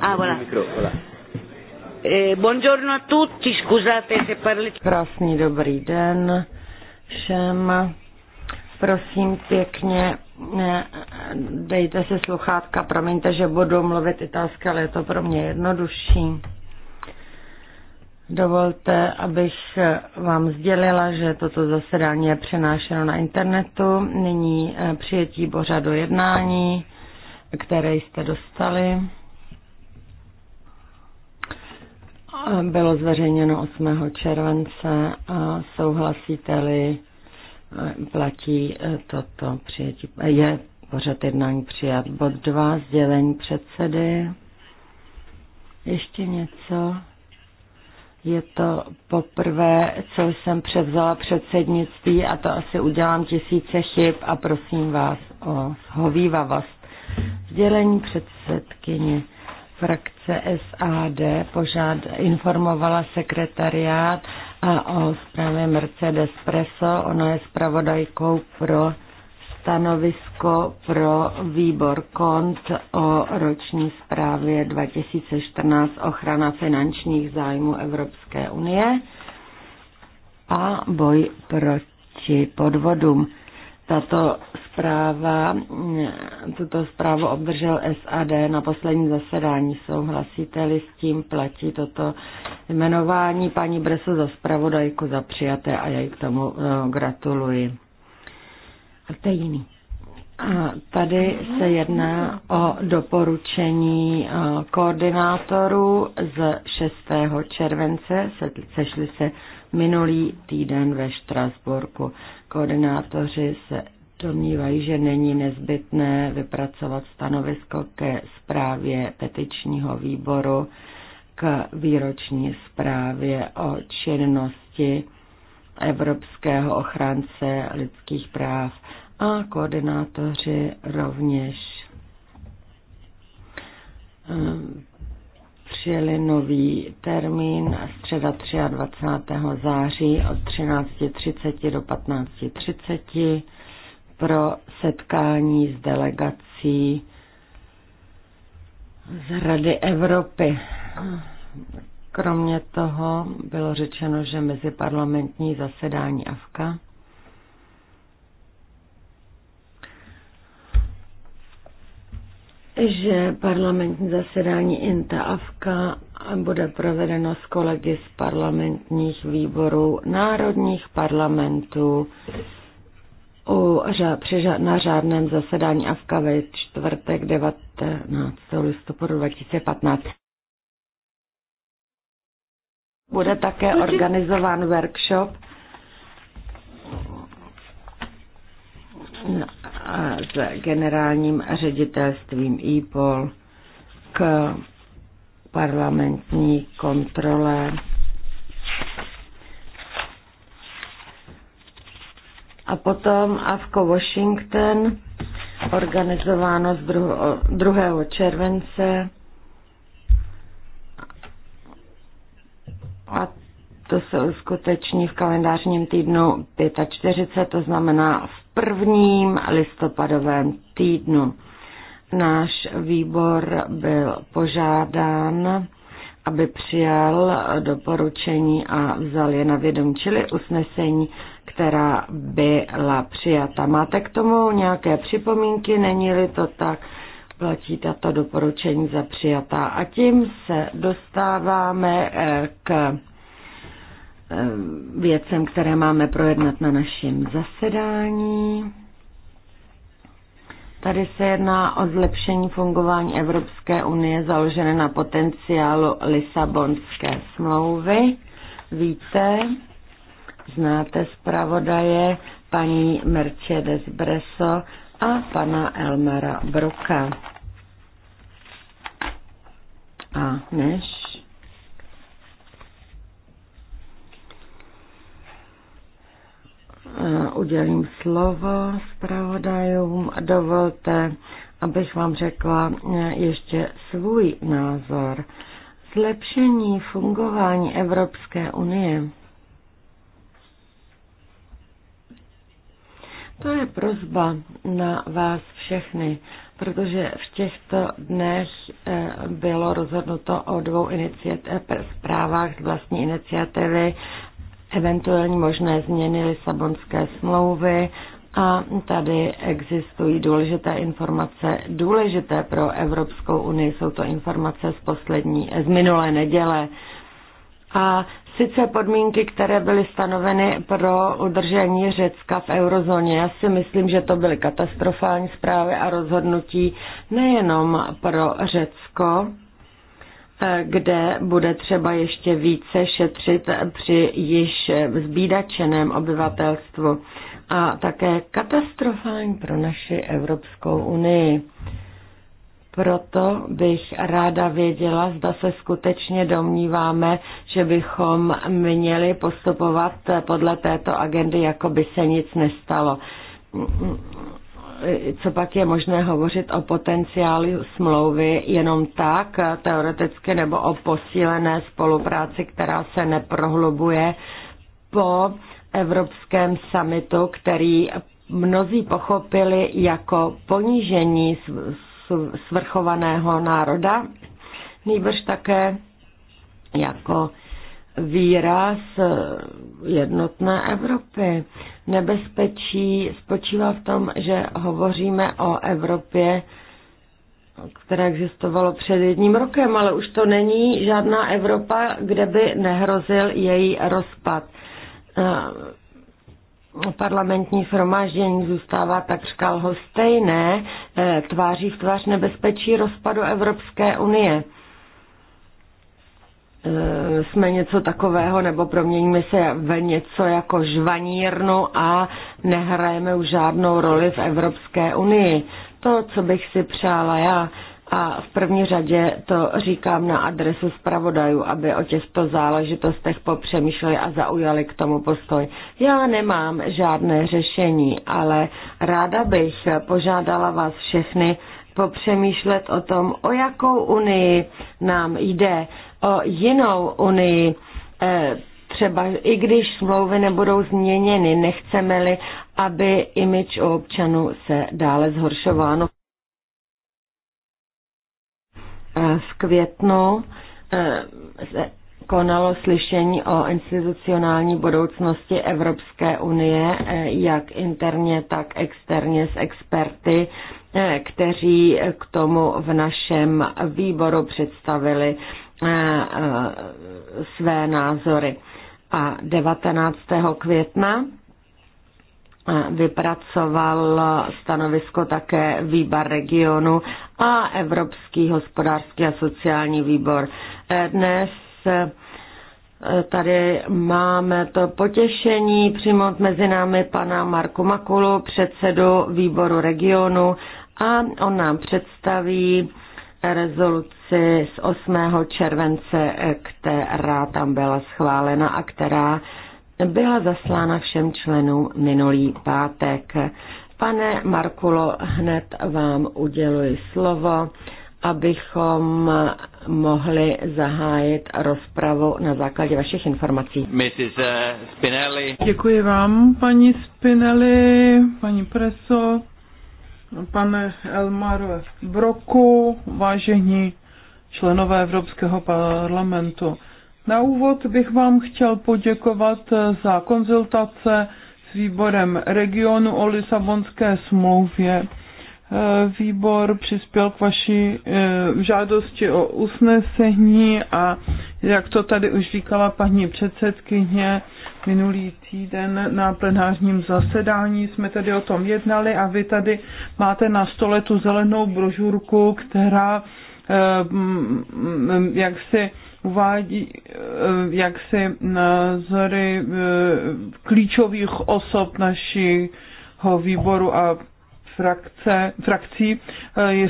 Ah, voilà. Micro, voilà. Eh, buongiorno a tutti, scusate se parli... Krásný dobrý den všem. Prosím pěkně, ne, dejte se sluchátka, promiňte, že budu mluvit italsky, ale je to pro mě jednodušší. Dovolte, abych vám sdělila, že toto zasedání je přenášeno na internetu. Nyní eh, přijetí pořadu jednání, které jste dostali. bylo zveřejněno 8. července a souhlasíte-li, platí e, toto přijetí. E, je pořad jednání přijat. Bod 2, sdělení předsedy. Ještě něco? Je to poprvé, co jsem převzala předsednictví a to asi udělám tisíce chyb a prosím vás o hovývavost. Sdělení předsedkyně. Frakce SAD požád, informovala sekretariát a o zprávě Mercedes Preso. Ono je zpravodajkou pro stanovisko pro výbor KONT o roční zprávě 2014 ochrana finančních zájmů Evropské unie a boj proti podvodům. Tato zpráva, tuto zprávu obdržel SAD na poslední zasedání. Souhlasíte-li s tím, platí toto jmenování paní Breso za zpravodajku za přijaté a já jí k tomu eh, gratuluji. A to je jiný. A tady se jedná o doporučení eh, koordinátorů z 6. července. Sešli se minulý týden ve Štrasburku. Koordinátoři se domnívají, že není nezbytné vypracovat stanovisko ke zprávě petičního výboru k výroční zprávě o činnosti Evropského ochránce lidských práv a koordinátoři rovněž ehm, přijeli nový termín středa 23. září od 13.30 do 15.30 pro setkání s delegací z Rady Evropy. Kromě toho bylo řečeno, že meziparlamentní zasedání AFKA že parlamentní zasedání INTA AFKA bude provedeno s kolegy z parlamentních výborů národních parlamentů u, při, na řádném zasedání AFKA ve čtvrtek 19. listopadu 2015. Bude také organizován workshop s generálním ředitelstvím IPOL k parlamentní kontrole a potom AFCO Washington organizováno z 2. července a to se uskuteční v kalendářním týdnu 45, to znamená v prvním listopadovém týdnu. Náš výbor byl požádán, aby přijal doporučení a vzal je na vědom, čili usnesení, která byla přijata. Máte k tomu nějaké připomínky, není-li to tak, platí tato doporučení za přijatá. A tím se dostáváme eh, k Eh, věcem, které máme projednat na našem zasedání. Tady se jedná o zlepšení fungování Evropské unie založené na potenciálu Lisabonské smlouvy. Víte, znáte zpravodaje paní Mercedes Breso a pana Elmara Broka. A než Eh, udělím slovo zpravodajům. Dovolte, abych vám řekla eh, ještě svůj názor. Zlepšení fungování Evropské unie. To je prozba na vás všechny, protože v těchto dnech eh, bylo rozhodnuto o dvou iniciat- zprávách z vlastní iniciativy eventuální možné změny Lisabonské smlouvy a tady existují důležité informace, důležité pro Evropskou unii, jsou to informace z poslední, z minulé neděle. A sice podmínky, které byly stanoveny pro udržení Řecka v eurozóně. Já si myslím, že to byly katastrofální zprávy a rozhodnutí nejenom pro Řecko, Eh, kde bude třeba ještě více šetřit při již zbídačeném obyvatelstvu a také katastrofální pro naši Evropskou unii. Proto bych ráda věděla, zda se skutečně domníváme, že bychom měli postupovat podle této agendy, jako by se nic nestalo co pak je možné hovořit o potenciálu smlouvy jenom tak teoreticky nebo o posílené spolupráci, která se neprohlubuje po Evropském summitu, který mnozí pochopili jako ponížení svrchovaného národa, nejbrž také jako výraz jednotné Evropy. Nebezpečí spočívá v tom, že hovoříme o Evropě, která existovalo před jedním rokem, ale už to není žádná Evropa, kde by nehrozil její rozpad. Eh, parlamentní shromáždění zůstává takřka lhostejné eh, tváří v tvář nebezpečí rozpadu Evropské unie. Eh, jsme něco takového, nebo proměníme se ve něco jako žvanírnu a nehrajeme už žádnou roli v Evropské unii. To, co bych si přála já, a v první řadě to říkám na adresu zpravodajů, aby o těchto záležitostech popřemýšleli a zaujali k tomu postoj. Já nemám žádné řešení, ale ráda bych požádala vás všechny popřemýšlet o tom, o jakou unii nám jde o jinou unii, e, třeba i když smlouvy nebudou změněny, nechceme-li, aby imič občanů se dále zhoršováno. E, v květnu e, se konalo slyšení o institucionální budoucnosti Evropské unie, jak interně, tak externě s experty, kteří k tomu v našem výboru představili Eh, eh, své názory. A 19. května eh, vypracoval stanovisko také výbor regionu a Evropský hospodářský a sociální výbor. Dnes Tady máme to potěšení přijmout mezi námi pana Marku Makulu, předsedu výboru regionu, a on nám představí rezoluci z 8. července, která tam byla schválena a která byla zaslána všem členům minulý pátek. Pane Markulo, hned vám uděluji slovo, abychom mohli zahájit rozpravu na základě vašich informací. Mrs. Spinelli. Děkuji vám, paní Spinelli, paní Preso, pane Elmar Broku, vážení členové Evropského parlamentu. Na úvod bych vám chtěl poděkovat za konzultace s výborem regionu o Lisabonské smlouvě. Výbor přispěl k vaší eh, žádosti o usnesení a jak to tady už říkala paní předsedkyně, Minulý týden na plenárním zasedání jsme tedy o tom jednali a vy tady máte na stole tu zelenou brožurku, která eh, mm, jak si uvádí eh, jak si názory eh, klíčových osob našeho výboru a frakce, frakcí.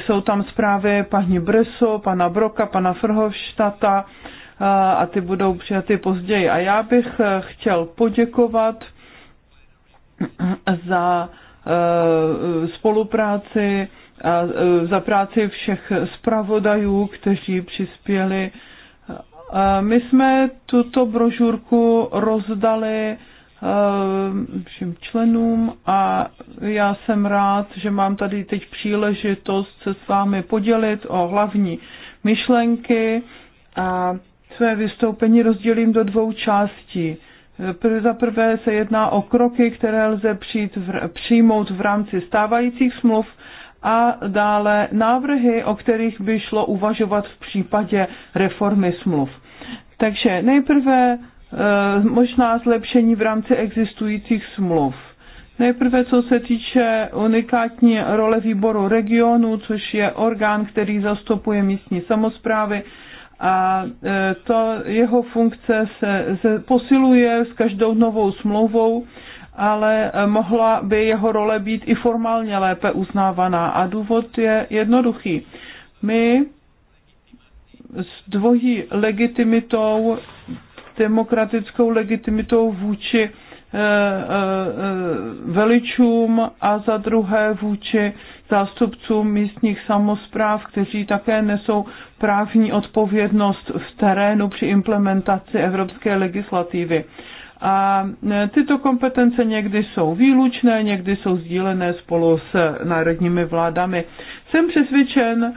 Jsou tam zprávy paní Breso, pana Broka, pana Frhovštata a ty budou přijaty později. A já bych eh, chtěl poděkovat za eh, spolupráci a eh, za práci všech zpravodajů, kteří přispěli. My jsme tuto brožurku rozdali všem členům a já jsem rád, že mám tady teď příležitost se s vámi podělit o hlavní myšlenky a své vystoupení rozdělím do dvou částí. Za prvé se jedná o kroky, které lze přijít v, přijmout v rámci stávajících smluv a dále návrhy, o kterých by šlo uvažovat v případě reformy smluv. Takže nejprve eh, možná zlepšení v rámci existujících smluv. Nejprve co se týče unikátní role výboru regionu, což je orgán, který zastupuje místní samozprávy, a e, to jeho funkce se, se posiluje s každou novou smlouvou, ale mohla by jeho role být i formálně lépe uznávaná. A důvod je jednoduchý. My s dvojí legitimitou, demokratickou legitimitou vůči e, e, veličům a za druhé vůči zástupcům místních samozpráv, kteří také nesou právní odpovědnost v terénu při implementaci evropské legislativy. A e, tyto kompetence někdy jsou výlučné, někdy jsou sdílené spolu s národními vládami. Jsem přesvědčen,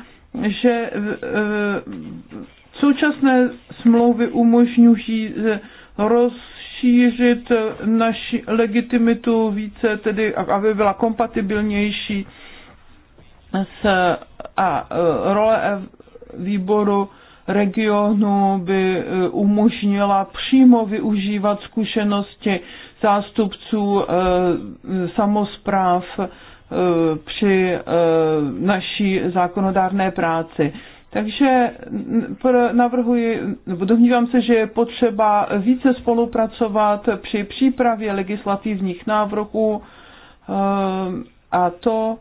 že e, e, současné smlouvy umožňují rozšířit naši legitimitu více, tedy aby byla kompatibilnější s, a e, role e, výboru regionu by e, umožnila přímo využívat zkušenosti zástupců samozpráv při naší zákonodárné práci. Takže navrhuji, domnívám se, že je potřeba více spolupracovat při přípravě legislativních návrhů a to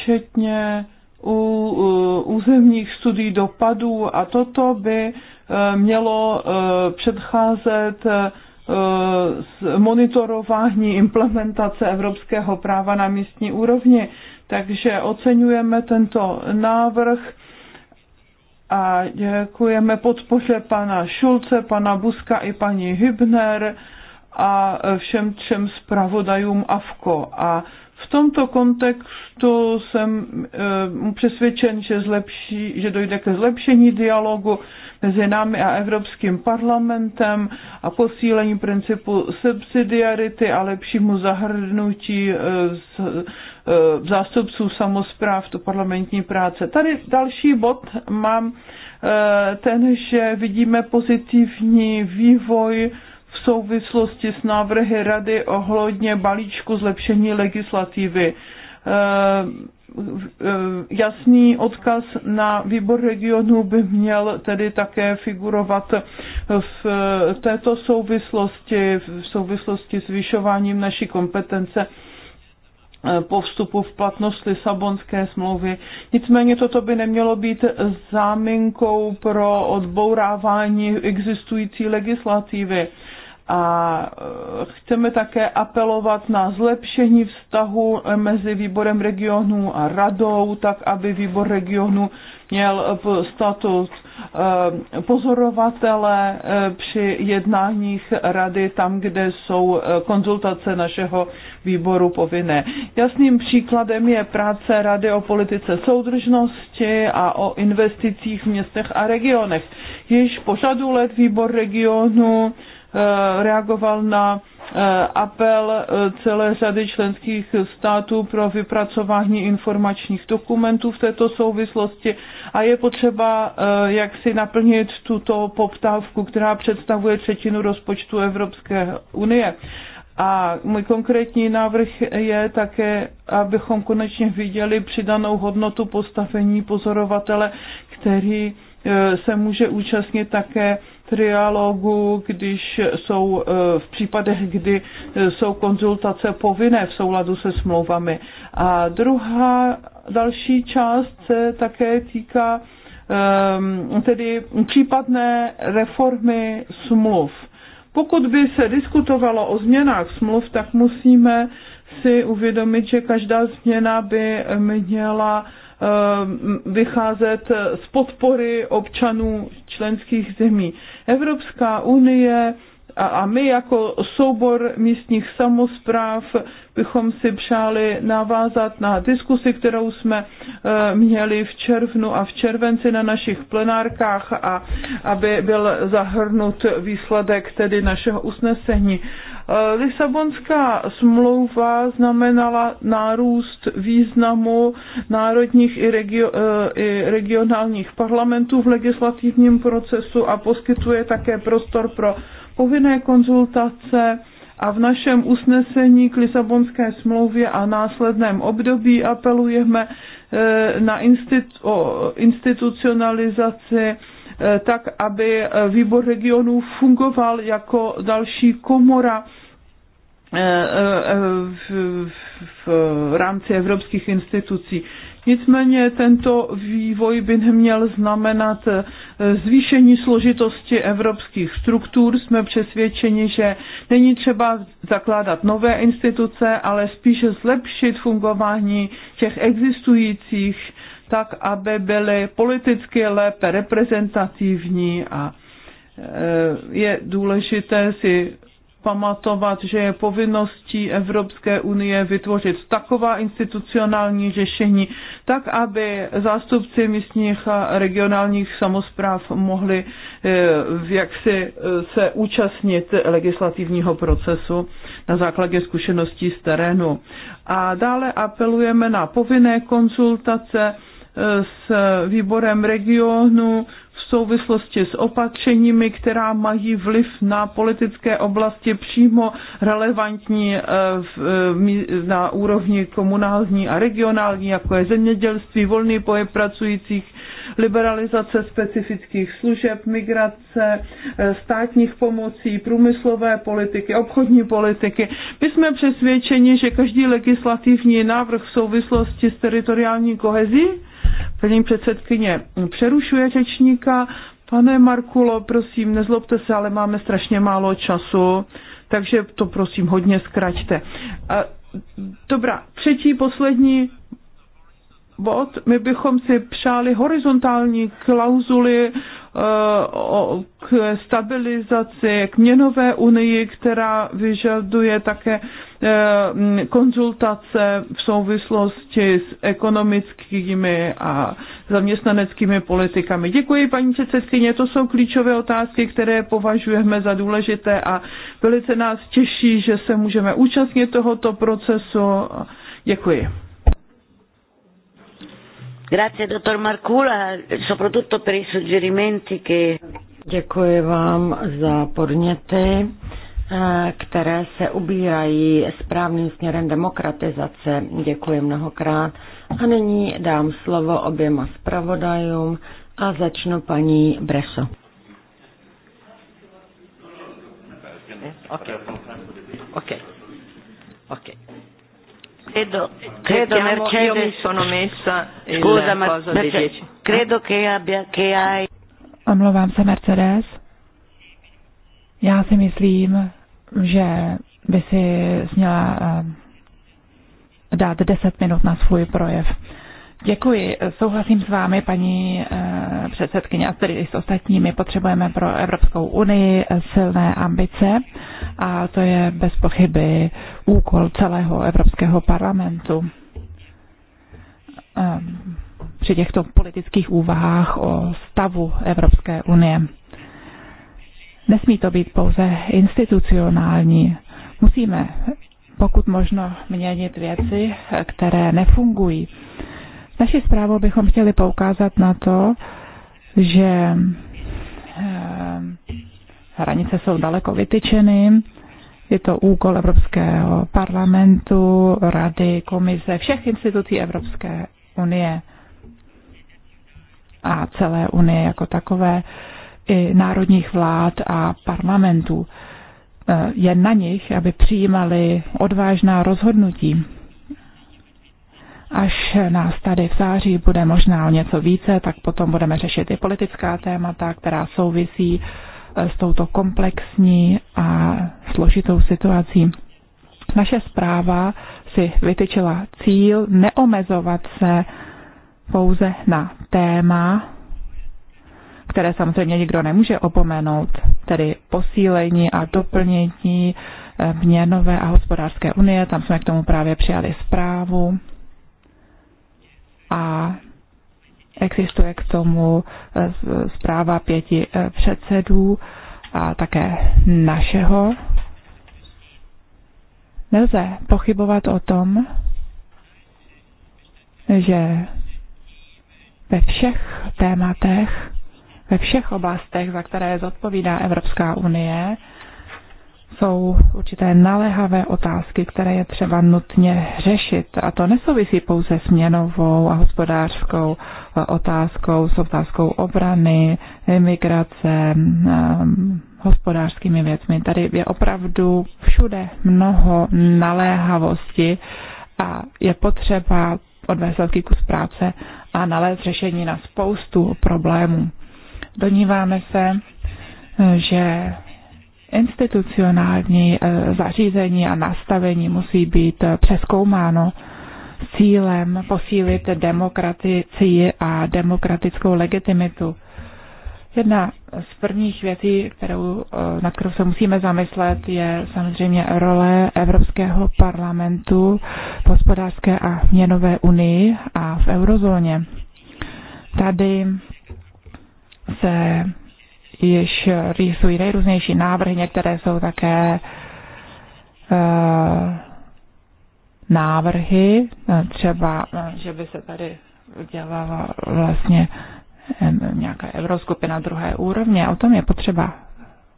včetně u územních studií dopadů a toto by eh, mělo eh, předcházet eh, monitorování implementace evropského práva na místní úrovni. Takže oceňujeme tento návrh a děkujeme podpoře pana Šulce, pana Buska i paní Hybner a všem třem zpravodajům AVKO. A v tomto kontextu jsem eh, přesvědčen, že, zlepší, že dojde ke zlepšení dialogu mezi námi a Evropským parlamentem a posílení principu subsidiarity a lepšímu zahrnutí eh, eh, zástupců samozpráv do parlamentní práce. Tady další bod mám ten, že vidíme pozitivní vývoj v souvislosti s návrhy Rady ohledně balíčku zlepšení legislativy. E, e, jasný odkaz na výbor regionu by měl tedy také figurovat v této souvislosti, v souvislosti s vyšováním naší kompetence po vstupu v platnost Lisabonské smlouvy. Nicméně toto by nemělo být záminkou pro odbourávání existující legislativy a e, chceme také apelovat na zlepšení vztahu e, mezi výborem regionu a radou, tak aby výbor regionu měl status e, pozorovatele při jednáních rady tam, kde jsou konzultace našeho výboru povinné. Jasným příkladem je práce rady o politice soudržnosti a o investicích v městech a regionech. Již po řadu let výbor regionu Eh, reagoval na eh, apel eh, celé řady členských států pro vypracování informačních dokumentů v této souvislosti a je potřeba jak si naplnit tuto poptávku, která představuje třetinu rozpočtu Evropské unie. A můj konkrétní návrh je také, abychom konečně viděli přidanou hodnotu postavení pozorovatele, který se může účastnit také trialogu, když jsou eh, v případech, kdy eh, jsou konzultace povinné v souladu se smlouvami. A druhá další část se také týká ehm, tedy případné reformy smluv. Pokud by se diskutovalo o změnách smluv, tak musíme si uvědomit, že každá změna by měla Eh, vycházet z podpory občanů členských zemí. Evropská unie a my jako soubor místních samozpráv bychom si přáli navázat na diskusi, kterou jsme eh, měli v červnu a v červenci na našich plenárkách a aby byl zahrnut výsledek tedy našeho usnesení. Eh, Lisabonská smlouva znamenala nárůst významu národních i, regio, eh, i regionálních parlamentů v legislativním procesu a poskytuje také prostor pro povinné konzultace a v našem usnesení k Lisabonské smlouvě a následném období apelujeme eh, na institu, institucionalizaci tak, aby výbor regionů fungoval jako další komora Eh, eh, v, v rámci evropských institucí. Nicméně tento vývoj by neměl znamenat eh, zvýšení složitosti evropských struktur. Jsme přesvědčeni, že není třeba zakládat nové instituce, ale spíše zlepšit fungování těch existujících tak, aby byly politicky lépe reprezentativní a je důležité si pamatovat, že je povinností Evropské unie vytvořit taková institucionální řešení, tak aby zástupci místních a regionálních samozpráv mohli eh, jaksi eh, se účastnit legislativního procesu na základě zkušeností z terénu. A dále apelujeme na povinné konzultace eh, s výborem regionu, souvislosti s opatřeními, která mají vliv na politické oblasti přímo relevantní eh, eh, na úrovni komunální a regionální, jako je zemědělství, volný pohyb pracujících, liberalizace specifických služeb, migrace, eh, státních pomocí, průmyslové politiky, obchodní politiky. My jsme přesvědčeni, že každý legislativní návrh v souvislosti s teritoriální kohezí Paní předsedkyně přerušuje řečníka. Pane Markulo, prosím, nezlobte se, ale máme strašně málo času, takže to prosím hodně zkraťte. dobrá, třetí, poslední bod. My bychom si přáli horizontální klauzuly eh, k stabilizaci, k měnové unii, která vyžaduje také eh, konzultace v souvislosti s ekonomickými a zaměstnaneckými politikami. Děkuji, paní předsedkyně, to jsou klíčové otázky, které považujeme za důležité a velice nás těší, že se můžeme účastnit tohoto procesu. Děkuji. Grazie dottor Marcula, soprattutto per i suggerimenti che... Děkuji vám za podněty, eh, které se ubírají správným směrem demokratizace. Děkuji mnohokrát. A nyní dám slovo oběma zpravodajům a začnu paní Breso. Eh, okay. Okay. Okay. Credo, credo Chiamo, Mercedes, io mi sono messa scusa, ma cosa Mercedes, credo che abbia, che hai... Omlouvám se, Mercedes. Já si myslím, že by si směla eh, dát 10 minut na svůj projev. uh, Děkuji. Souhlasím s vámi, paní eh, předsedkyně, a tedy i s ostatními. Potřebujeme pro Evropskou unii eh, silné ambice a to je bez pochyby úkol celého Evropského parlamentu. Ehm, při těchto politických úvahách o stavu Evropské unie. Nesmí to být pouze institucionální. Musíme pokud možno měnit věci, které nefungují. Naší zprávou bychom chtěli poukázat na to, že eh, hranice jsou daleko vytyčeny, je to úkol Evropského parlamentu, rady, komise, všech institucí Evropské unie a celé unie jako takové, i národních vlád a parlamentů. Eh, je na nich, aby přijímali odvážná rozhodnutí Až nás tady v září bude možná o něco více, tak potom budeme řešit i politická témata, která souvisí e, s touto komplexní a složitou situací. Naše zpráva si vytyčila cíl neomezovat se pouze na téma, které samozřejmě nikdo nemůže opomenout, tedy posílení a doplnění e, měnové a hospodářské unie. Tam jsme k tomu právě přijali zprávu a existuje k tomu eh, zpráva pěti eh, předsedů a také našeho. Nelze pochybovat o tom, že ve všech tématech, ve všech oblastech, za které zodpovídá Evropská unie, jsou určité naléhavé otázky, které je třeba nutně řešit. A to nesouvisí pouze s měnovou a hospodářskou e, otázkou, s otázkou obrany, imigrace, e, hospodářskými věcmi. Tady je opravdu všude mnoho naléhavosti a je potřeba odvést velký kus práce a nalézt řešení na spoustu problémů. Doníváme se, e, že institucionální eh, zařízení a nastavení musí být eh, přeskoumáno s cílem posílit demokraticii a demokratickou legitimitu. Jedna z prvních věcí, kterou, eh, nad kterou se musíme zamyslet, je samozřejmě role Evropského parlamentu v hospodářské a měnové unii a v eurozóně. Tady se již rýsují nejrůznější návrhy, některé jsou také eh, návrhy, eh, třeba, eh, že by se tady dělala vlastně nějaká euroskupina druhé úrovně. O tom je potřeba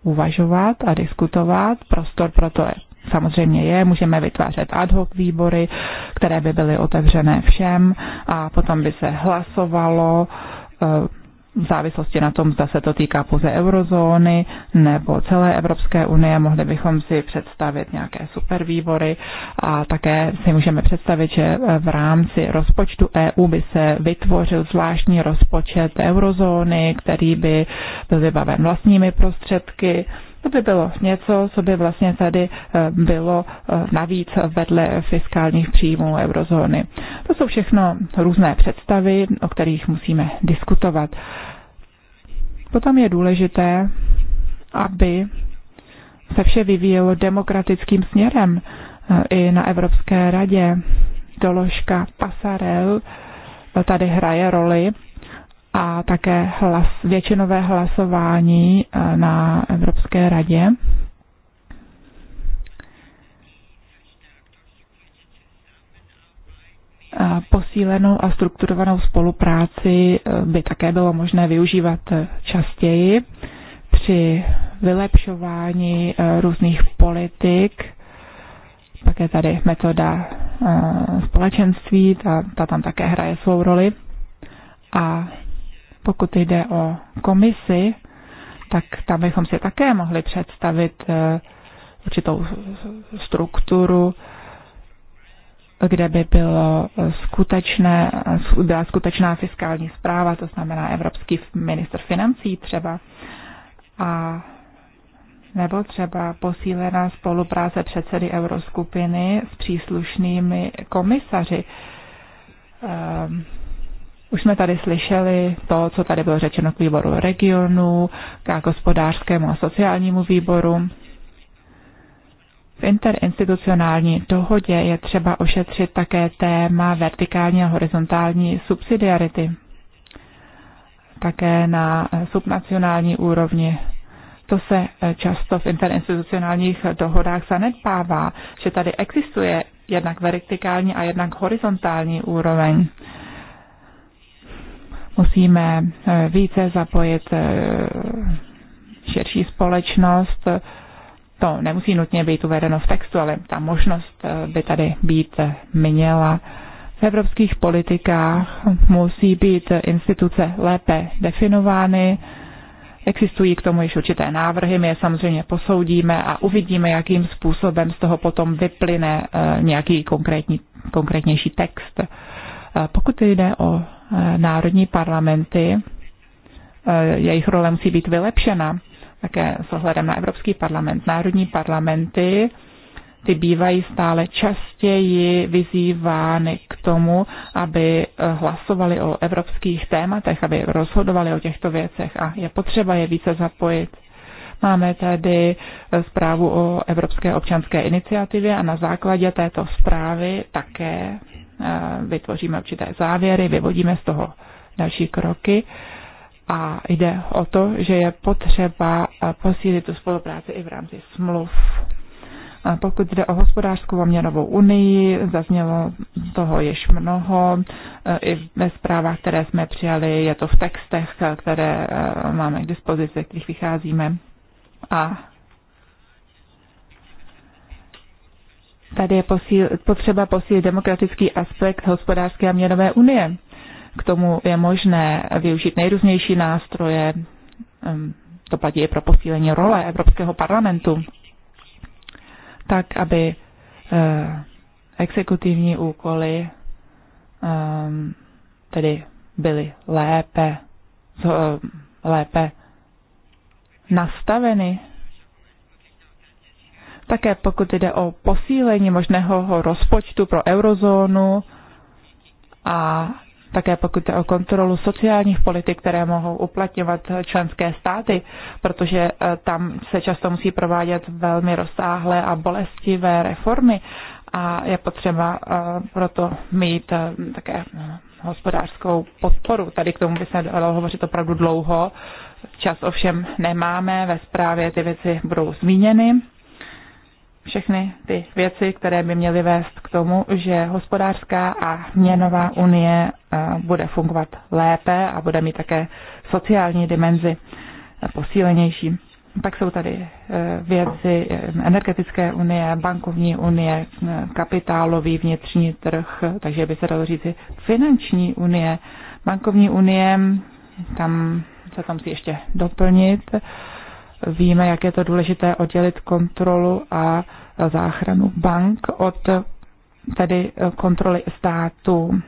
uvažovat a diskutovat. Prostor pro to je, samozřejmě je. Můžeme vytvářet ad hoc výbory, které by byly otevřené všem a potom by se hlasovalo v závislosti na tom, zda se to týká pouze eurozóny nebo celé Evropské unie, mohli bychom si představit nějaké supervýbory a také si můžeme představit, že v rámci rozpočtu EU by se vytvořil zvláštní rozpočet eurozóny, který by byl vybaven vlastními prostředky, to by bylo něco, co by vlastně tady eh, bylo eh, navíc vedle fiskálních příjmů eurozóny. To jsou všechno různé představy, o kterých musíme diskutovat. Potom je důležité, aby se vše vyvíjelo demokratickým směrem eh, i na Evropské radě. Doložka Pasarel tady hraje roli a také hlas, většinové hlasování eh, na Evropské radě. Posílenou a strukturovanou spolupráci eh, by také bylo možné využívat eh, častěji při vylepšování různých politik. Pak je tady metoda společenství, ta, ta tam také hraje svou roli. A pokud jde o komisi, tak tam bychom si také mohli představit eh, určitou strukturu, kde by bylo skutečné, byla skutečná fiskální zpráva, to znamená Evropský minister financí třeba, a nebo třeba posílená spolupráce předsedy euroskupiny s příslušnými komisaři. Ehm, už jsme tady slyšeli to, co tady bylo řečeno k výboru regionu, k hospodářskému a sociálnímu výboru. V interinstitucionální dohodě je třeba ošetřit také téma vertikální a horizontální subsidiarity, také na subnacionální úrovni. To se často v interinstitucionálních dohodách zanedbává, že tady existuje jednak vertikální a jednak horizontální úroveň. Musíme eh, více zapojit eh, širší společnost. To nemusí nutně být uvedeno v textu, ale ta možnost eh, by tady být měla. V evropských politikách musí být instituce lépe definovány. Existují k tomu již určité návrhy, my je samozřejmě posoudíme a uvidíme, jakým způsobem z toho potom vyplyne nějaký konkrétní, konkrétnější text. Pokud jde o národní parlamenty, eh, jejich role musí být vylepšena, také s ohledem na Evropský parlament. Národní parlamenty ty bývají stále častěji vyzývány k tomu, aby eh, hlasovali o evropských tématech, aby rozhodovali o těchto věcech a je potřeba je více zapojit. Máme tedy eh, zprávu o Evropské občanské iniciativě a na základě této zprávy také Eh, vytvoříme určité závěry, vyvodíme z toho další kroky. A jde o to, že je potřeba eh, posílit tu spolupráci i v rámci smluv. Pokud jde o hospodářskou a měnovou unii, zaznělo toho již mnoho. Eh, I ve zprávách, které jsme přijali, je to v textech, které máme k dispozici, kterých vycházíme. A Tady je posíl, potřeba posílit demokratický aspekt hospodářské a měnové unie. K tomu je možné využít nejrůznější nástroje. To platí i pro posílení role Evropského parlamentu. Tak, aby eh, exekutivní úkoly tedy byly lépe, eh, lépe nastaveny také pokud jde o posílení možného rozpočtu pro eurozónu a také pokud jde o kontrolu sociálních politik, které mohou uplatňovat členské státy, protože eh, tam se často musí provádět velmi rozsáhlé a bolestivé reformy a je potřeba eh, proto mít eh, také hospodářskou podporu. Tady k tomu by se dalo hovořit opravdu dlouho. Čas ovšem nemáme, ve zprávě ty věci budou zmíněny všechny ty věci, které by měly vést k tomu, že hospodářská a měnová unie eh, bude fungovat lépe a bude mít také sociální dimenzi eh, posílenější. Pak jsou tady eh, věci energetické unie, bankovní unie, kapitálový vnitřní trh, takže by se dalo říci finanční unie, bankovní unie, tam se tam si ještě doplnit Víme, jak je to důležité oddělit kontrolu a záchranu bank od tedy kontroly státu.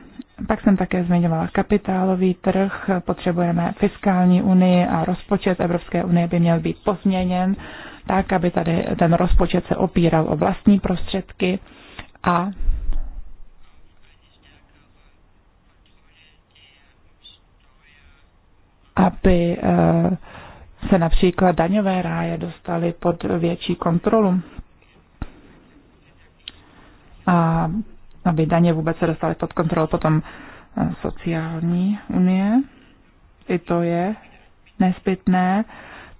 Pak jsem také zmiňovala kapitálový trh, potřebujeme fiskální unii a rozpočet Evropské unie by měl být pozměněn tak, aby tady ten rozpočet se opíral o vlastní prostředky a aby uh, se například daňové ráje dostaly pod větší kontrolu a aby daně vůbec se dostaly pod kontrolu potom eh, sociální unie. I to je nezbytné,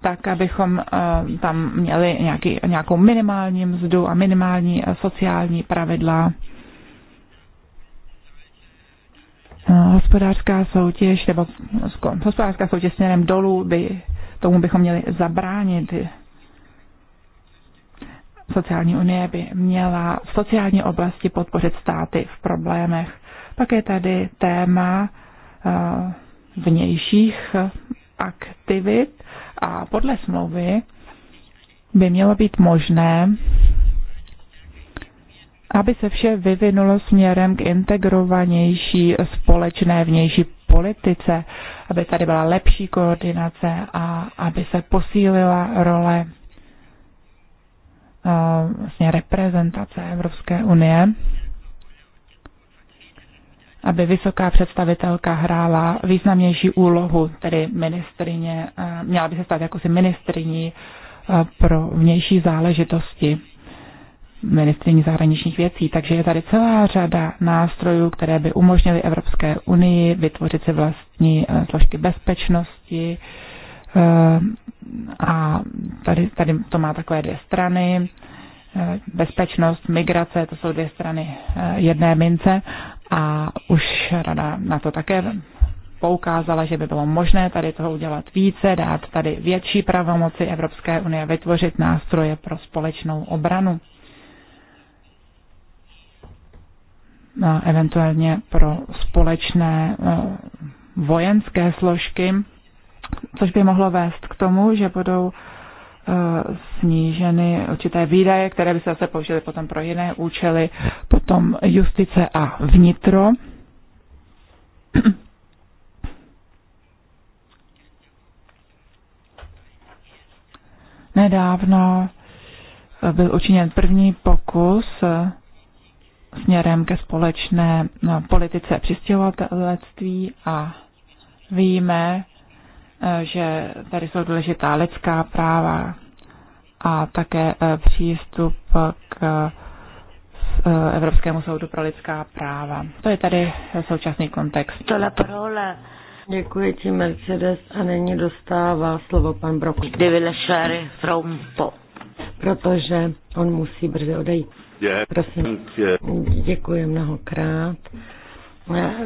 tak abychom eh, tam měli nějaký, nějakou minimální mzdu a minimální eh, sociální pravidla. Hospodářská soutěž nebo hospodářská soutěž směrem dolů by tomu bychom měli zabránit. Sociální unie by měla v sociální oblasti podpořit státy v problémech. Pak je tady téma eh, vnějších aktivit a podle smlouvy by mělo být možné aby se vše vyvinulo směrem k integrovanější společné vnější politice, aby tady byla lepší koordinace a aby se posílila role eh, vlastně reprezentace Evropské unie, aby vysoká představitelka hrála významnější úlohu, tedy ministrině, eh, měla by se stát jakousi ministriní eh, pro vnější záležitosti ministriní zahraničních věcí. Takže je tady celá řada nástrojů, které by umožnily Evropské unii vytvořit si vlastní eh, složky bezpečnosti. Eh, a tady, tady to má takové dvě strany. Eh, bezpečnost, migrace, to jsou dvě strany jedné mince. A už rada na to také poukázala, že by bylo možné tady toho udělat více, dát tady větší pravomoci Evropské unie, vytvořit nástroje pro společnou obranu. eventuálně pro společné e, vojenské složky, což by mohlo vést k tomu, že budou e, sníženy určité výdaje, které by se zase použily potom pro jiné účely, potom justice a vnitro. Nedávno byl učiněn první pokus směrem ke společné eh, politice přistěhovatelství a víme, eh, že tady jsou důležitá lidská práva a také eh, přístup k Evropskému soudu pro lidská práva. To je tady současný kontext. Děkuji ti, Mercedes, a nyní dostává slovo pan Brok. Protože on musí brzy odejít. Prosím, děkuji mnohokrát.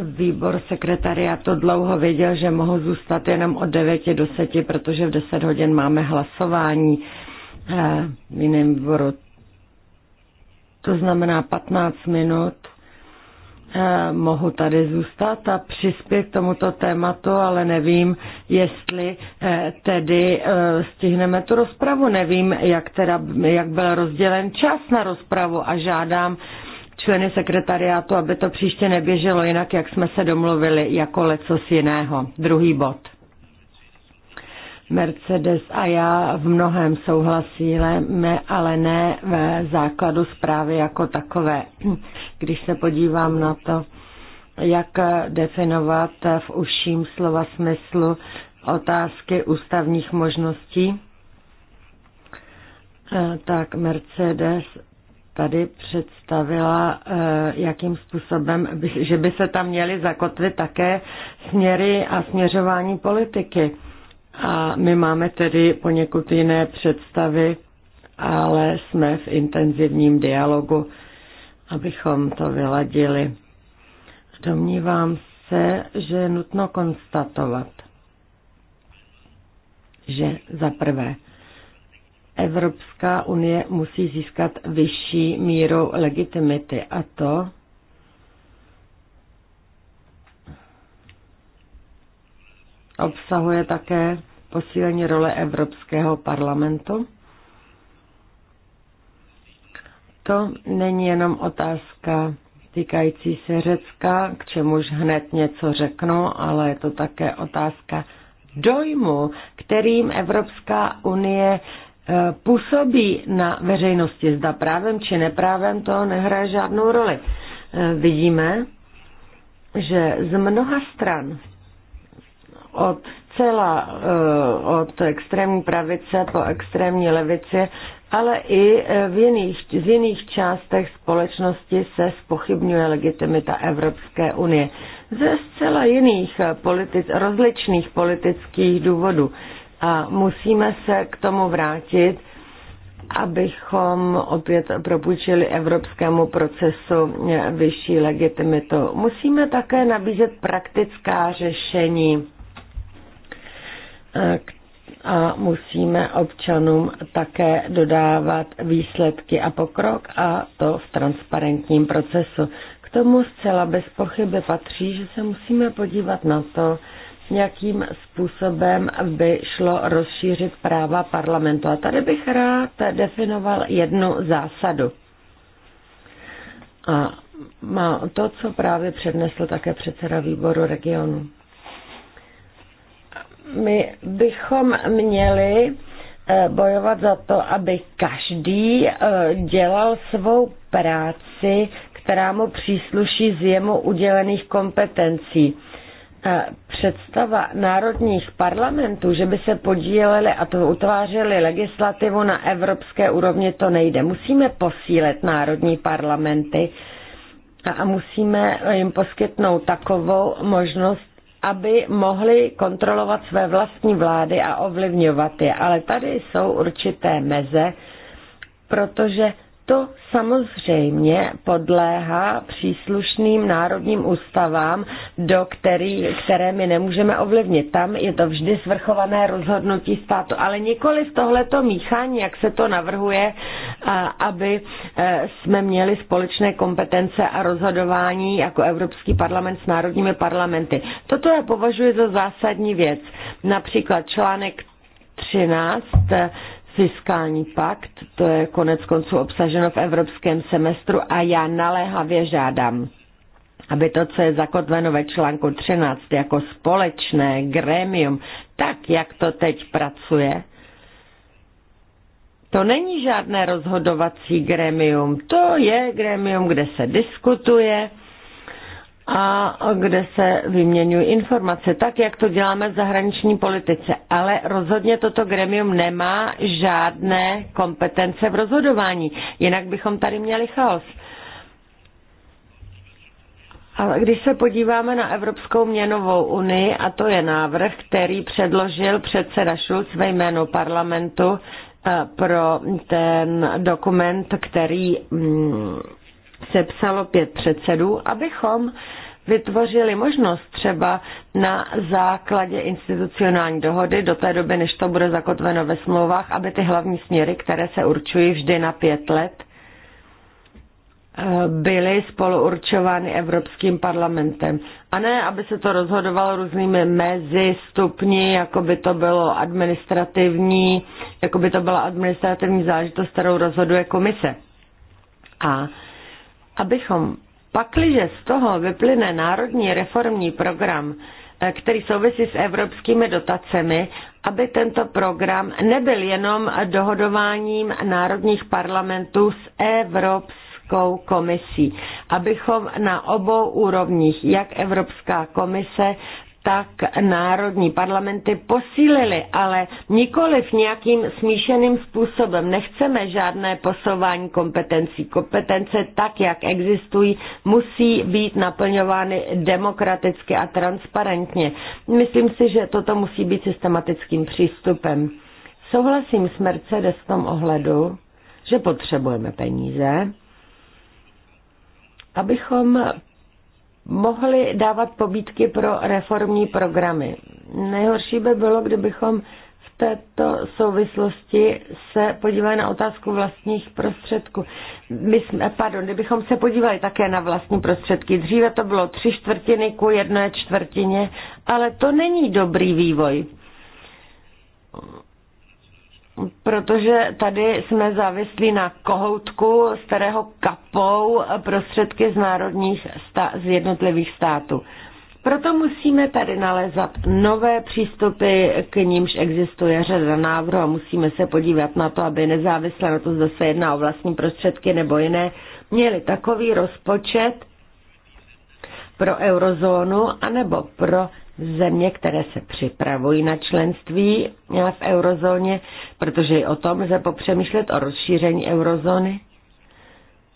Výbor sekretariátu dlouho věděl, že mohu zůstat jenom od 9 do 10, protože v 10 hodin máme hlasování eh, v jiném výboru. To znamená 15 minut Eh, mohu tady zůstat a přispět k tomuto tématu, ale nevím, jestli eh, tedy eh, stihneme tu rozpravu. Nevím, jak, teda, jak byl rozdělen čas na rozpravu a žádám členy sekretariátu, aby to příště neběželo jinak, jak jsme se domluvili, jako lecos jiného. Druhý bod. Mercedes a já v mnohem souhlasíme, ale ne ve základu zprávy jako takové. Když se podívám na to, jak definovat v užším slova smyslu otázky ústavních možností, tak Mercedes tady představila, eh, jakým způsobem, že by se tam měly zakotvit také směry a směřování politiky. A my máme tedy poněkud jiné představy, ale jsme v intenzivním dialogu, abychom to vyladili. Domnívám se, že je nutno konstatovat, že za prvé Evropská unie musí získat vyšší míru legitimity a to obsahuje také posílení role Evropského parlamentu. To není jenom otázka týkající se Řecka, k čemuž hned něco řeknu, ale je to také otázka dojmu, kterým Evropská unie e, působí na veřejnosti. Zda právem či neprávem to nehraje žádnou roli. E, vidíme, že z mnoha stran od zcela eh, od extrémní pravice po extrémní levici, ale i eh, v jiných, v jiných částech společnosti se spochybňuje legitimita Evropské unie ze zcela jiných eh, politi- rozličných politických důvodů. A musíme se k tomu vrátit, abychom opět propůjčili evropskému procesu vyšší legitimitu. Musíme také nabízet praktická řešení Eh, a musíme občanům také dodávat výsledky a pokrok a to v transparentním procesu. K tomu zcela bez pochyby patří, že se musíme podívat na to, jakým způsobem by šlo rozšířit práva parlamentu. A tady bych rád definoval jednu zásadu. A má to, co právě přednesl také předseda výboru regionu my bychom měli eh, bojovat za to, aby každý eh, dělal svou práci, která mu přísluší z jemu udělených kompetencí. Eh, představa národních parlamentů, že by se podíleli a to utvářeli legislativu na evropské úrovni, to nejde. Musíme posílit národní parlamenty a musíme jim poskytnout takovou možnost, aby mohli kontrolovat své vlastní vlády a ovlivňovat je. Ale tady jsou určité meze, protože to samozřejmě podléhá příslušným národním ústavám, do který, které my nemůžeme ovlivnit. Tam je to vždy svrchované rozhodnutí státu, ale nikoli z tohleto míchání, jak se to navrhuje, aby e, jsme měli společné kompetence a rozhodování jako Evropský parlament s národními parlamenty. Toto já považuji za zásadní věc. Například článek 13 fiskální pakt, to je konec konců obsaženo v evropském semestru a já naléhavě žádám, aby to, co je zakotveno ve článku 13 jako společné grémium, tak jak to teď pracuje, to není žádné rozhodovací grémium, to je grémium, kde se diskutuje a kde se vyměňují informace, tak jak to děláme v zahraniční politice. Ale rozhodně toto gremium nemá žádné kompetence v rozhodování, jinak bychom tady měli chaos. Ale když se podíváme na Evropskou měnovou unii, a to je návrh, který předložil předseda Schulz ve jménu parlamentu eh, pro ten dokument, který mm, sepsalo pět předsedů, abychom vytvořili možnost třeba na základě institucionální dohody do té doby, než to bude zakotveno ve smlouvách, aby ty hlavní směry, které se určují vždy na pět let, eh, byly spoluurčovány Evropským parlamentem. A ne, aby se to rozhodovalo různými mezi stupni, jako by to bylo administrativní, jako by to byla administrativní záležitost, kterou rozhoduje komise. A abychom pakliže z toho vyplyne národní reformní program, eh, který souvisí s evropskými dotacemi, aby tento program nebyl jenom dohodováním národních parlamentů s Evropskou komisí. Abychom na obou úrovních, jak Evropská komise, tak národní parlamenty posílily, ale nikoliv nějakým smíšeným způsobem. Nechceme žádné posování kompetencí. Kompetence tak, jak existují, musí být naplňovány demokraticky a transparentně. Myslím si, že toto musí být systematickým přístupem. Souhlasím s Mercedes v tom ohledu, že potřebujeme peníze, abychom mohli dávat pobídky pro reformní programy. Nejhorší by bylo, kdybychom v této souvislosti se podívali na otázku vlastních prostředků. My jsme, pardon, kdybychom se podívali také na vlastní prostředky. Dříve to bylo tři čtvrtiny ku jedné čtvrtině, ale to není dobrý vývoj Protože tady jsme závislí na kohoutku, z kterého kapou prostředky z národních sta- z jednotlivých států. Proto musíme tady nalézat nové přístupy, k nímž existuje řada návrhů a musíme se podívat na to, aby nezávisle na to, zda se jedná o vlastní prostředky nebo jiné, měli takový rozpočet pro eurozónu anebo pro země, které se připravují na členství v eurozóně, protože i o tom lze popřemýšlet o rozšíření eurozóny,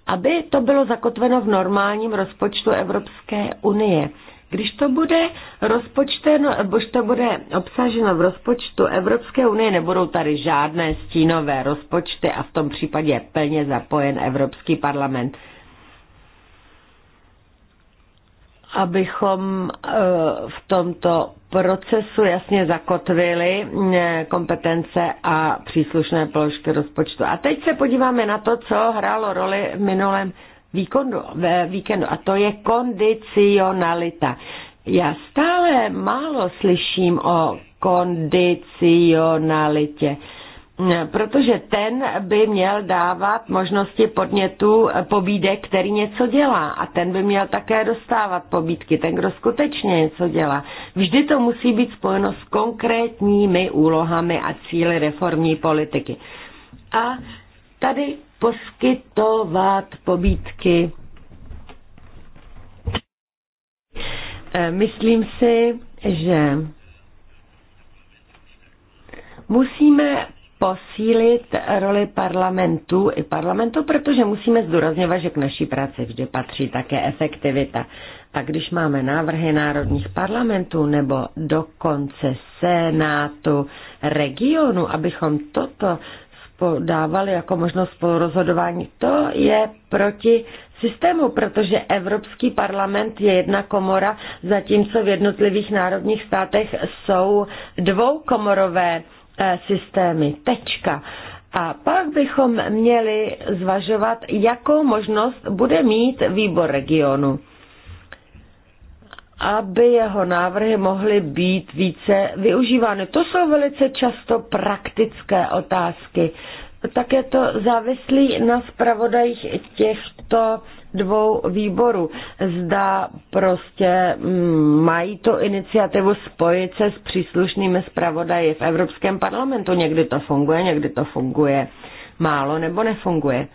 aby to bylo zakotveno v normálním rozpočtu Evropské unie. Když to bude rozpočteno, když to bude obsaženo v rozpočtu Evropské unie, nebudou tady žádné stínové rozpočty a v tom případě je plně zapojen Evropský parlament. abychom eh, v tomto procesu jasně zakotvili eh, kompetence a příslušné položky rozpočtu. A teď se podíváme na to, co hrálo roli v minulém víkendu, ve víkendu a to je kondicionalita. Já stále málo slyším o kondicionalitě. Uh, protože ten by měl dávat možnosti podnětu eh, pobídek, který něco dělá a ten by měl také dostávat pobídky, ten, kdo skutečně něco dělá. Vždy to musí být spojeno s konkrétními úlohami a cíly reformní politiky. A tady poskytovat pobídky. Eh, myslím si, že musíme posílit roli parlamentu i parlamentu, protože musíme zdůrazněvat, že k naší práci vždy patří také efektivita. A když máme návrhy národních parlamentů nebo dokonce senátu, regionu, abychom toto dávali jako možnost spolurozhodování, to je proti systému, protože Evropský parlament je jedna komora, zatímco v jednotlivých národních státech jsou dvoukomorové Eh, systémy. Tečka. A pak bychom měli zvažovat, jakou možnost bude mít výbor regionu, aby jeho návrhy mohly být více využívány. To jsou velice často praktické otázky. je to závislí na zpravodajích těchto dvou výborů. Zda prostě mm, mají to iniciativu spojit se s příslušnými zpravodaji v Evropském parlamentu. Někdy to funguje, někdy to funguje málo nebo nefunguje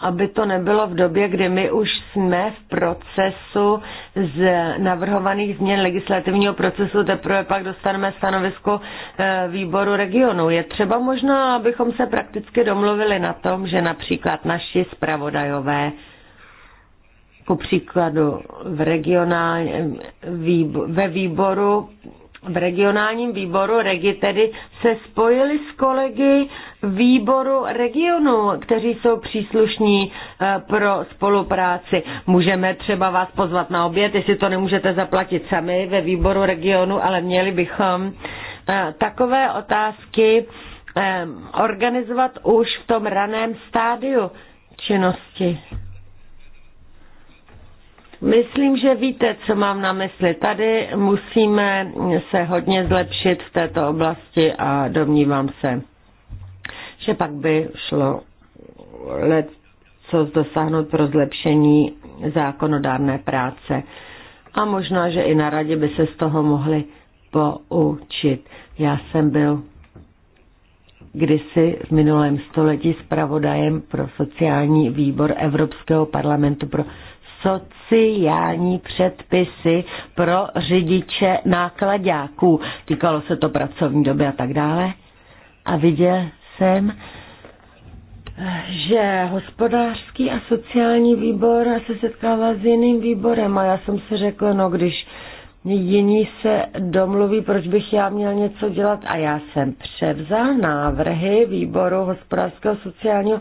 aby to nebylo v době, kdy my už jsme v procesu z navrhovaných změn legislativního procesu, teprve pak dostaneme stanovisko eh, výboru regionu. Je třeba možná, abychom se prakticky domluvili na tom, že například naši zpravodajové ku příkladu v regionál, ve výboru v regionálním výboru Regi tedy se spojili s kolegy výboru regionu, kteří jsou příslušní eh, pro spolupráci. Můžeme třeba vás pozvat na oběd, jestli to nemůžete zaplatit sami ve výboru regionu, ale měli bychom eh, takové otázky eh, organizovat už v tom raném stádiu činnosti. Myslím, že víte, co mám na mysli. Tady musíme se hodně zlepšit v této oblasti a domnívám se, že pak by šlo let co dosáhnout pro zlepšení zákonodárné práce. A možná, že i na radě by se z toho mohli poučit. Já jsem byl kdysi v minulém století zpravodajem pro sociální výbor Evropského parlamentu pro sociální předpisy pro řidiče nákladáků. Týkalo se to pracovní doby a tak dále. A viděl jsem, že hospodářský a sociální výbor se setkává s jiným výborem a já jsem si řekl, no když jiní se domluví, proč bych já měl něco dělat a já jsem převzal návrhy výboru hospodářského sociálního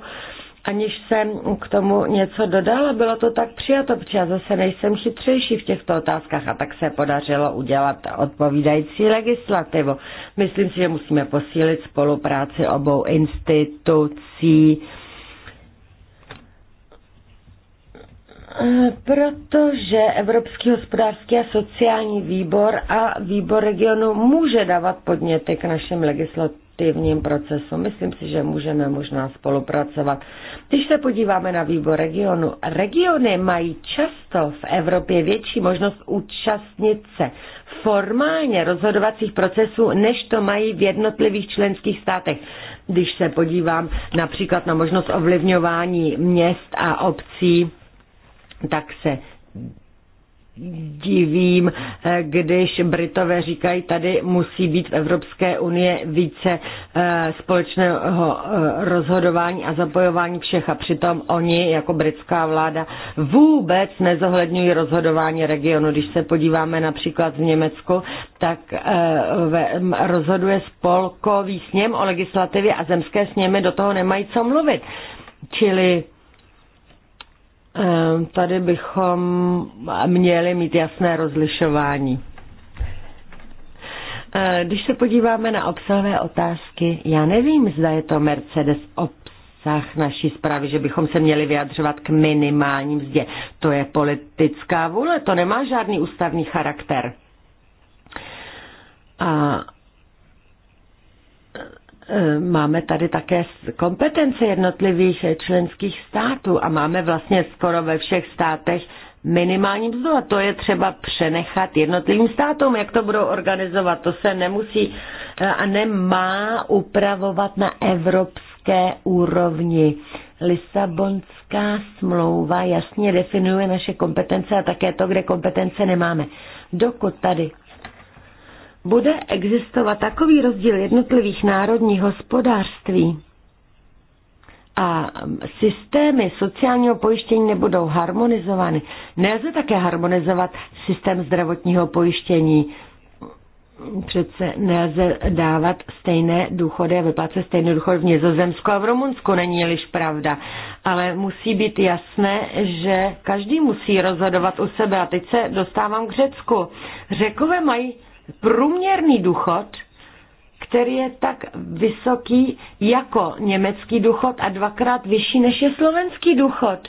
aniž jsem k tomu něco dodala, bylo to tak přijato, protože já zase nejsem chytřejší v těchto otázkách a tak se podařilo udělat odpovídající legislativu. Myslím si, že musíme posílit spolupráci obou institucí, Protože Evropský hospodářský a sociální výbor a výbor regionu může dávat podněty k našim legislativním aktivním procesu. Myslím si, že můžeme možná spolupracovat. Když se podíváme na výbor regionu, regiony mají často v Evropě větší možnost účastnit se formálně rozhodovacích procesů, než to mají v jednotlivých členských státech. Když se podívám například na možnost ovlivňování měst a obcí, tak se divím, eh, když Britové říkají, tady musí být v Evropské unie více eh, společného eh, rozhodování a zapojování všech a přitom oni jako britská vláda vůbec nezohledňují rozhodování regionu. Když se podíváme například v Německu, tak rozhoduje spolkový sněm o legislativě a zemské sněmy do toho nemají co mluvit. Čili Ehm, tady bychom měli mít jasné rozlišování. Ehm, když se podíváme na obsahové otázky, já nevím, zda je to Mercedes obsah naší zprávy, že bychom se měli vyjadřovat k minimálním mzdě. To je politická vůle, to nemá žádný ústavní charakter. A E, máme tady také kompetence jednotlivých členských států a máme vlastně skoro ve všech státech minimální mzdu a to je třeba přenechat jednotlivým státům, jak to budou organizovat. To se nemusí e, a nemá upravovat na evropské úrovni. Lisabonská smlouva jasně definuje naše kompetence a také to, kde kompetence nemáme. Dokud tady bude existovat takový rozdíl jednotlivých národních hospodářství a systémy sociálního pojištění nebudou harmonizovány. Nelze také harmonizovat systém zdravotního pojištění. Přece nelze dávat stejné důchody a vyplácet stejné důchody v Nizozemsku a v Rumunsku, není-liž pravda. Ale musí být jasné, že každý musí rozhodovat u sebe. A teď se dostávám k Řecku. Řekové mají průměrný důchod, který je tak vysoký jako německý důchod a dvakrát vyšší než je slovenský důchod.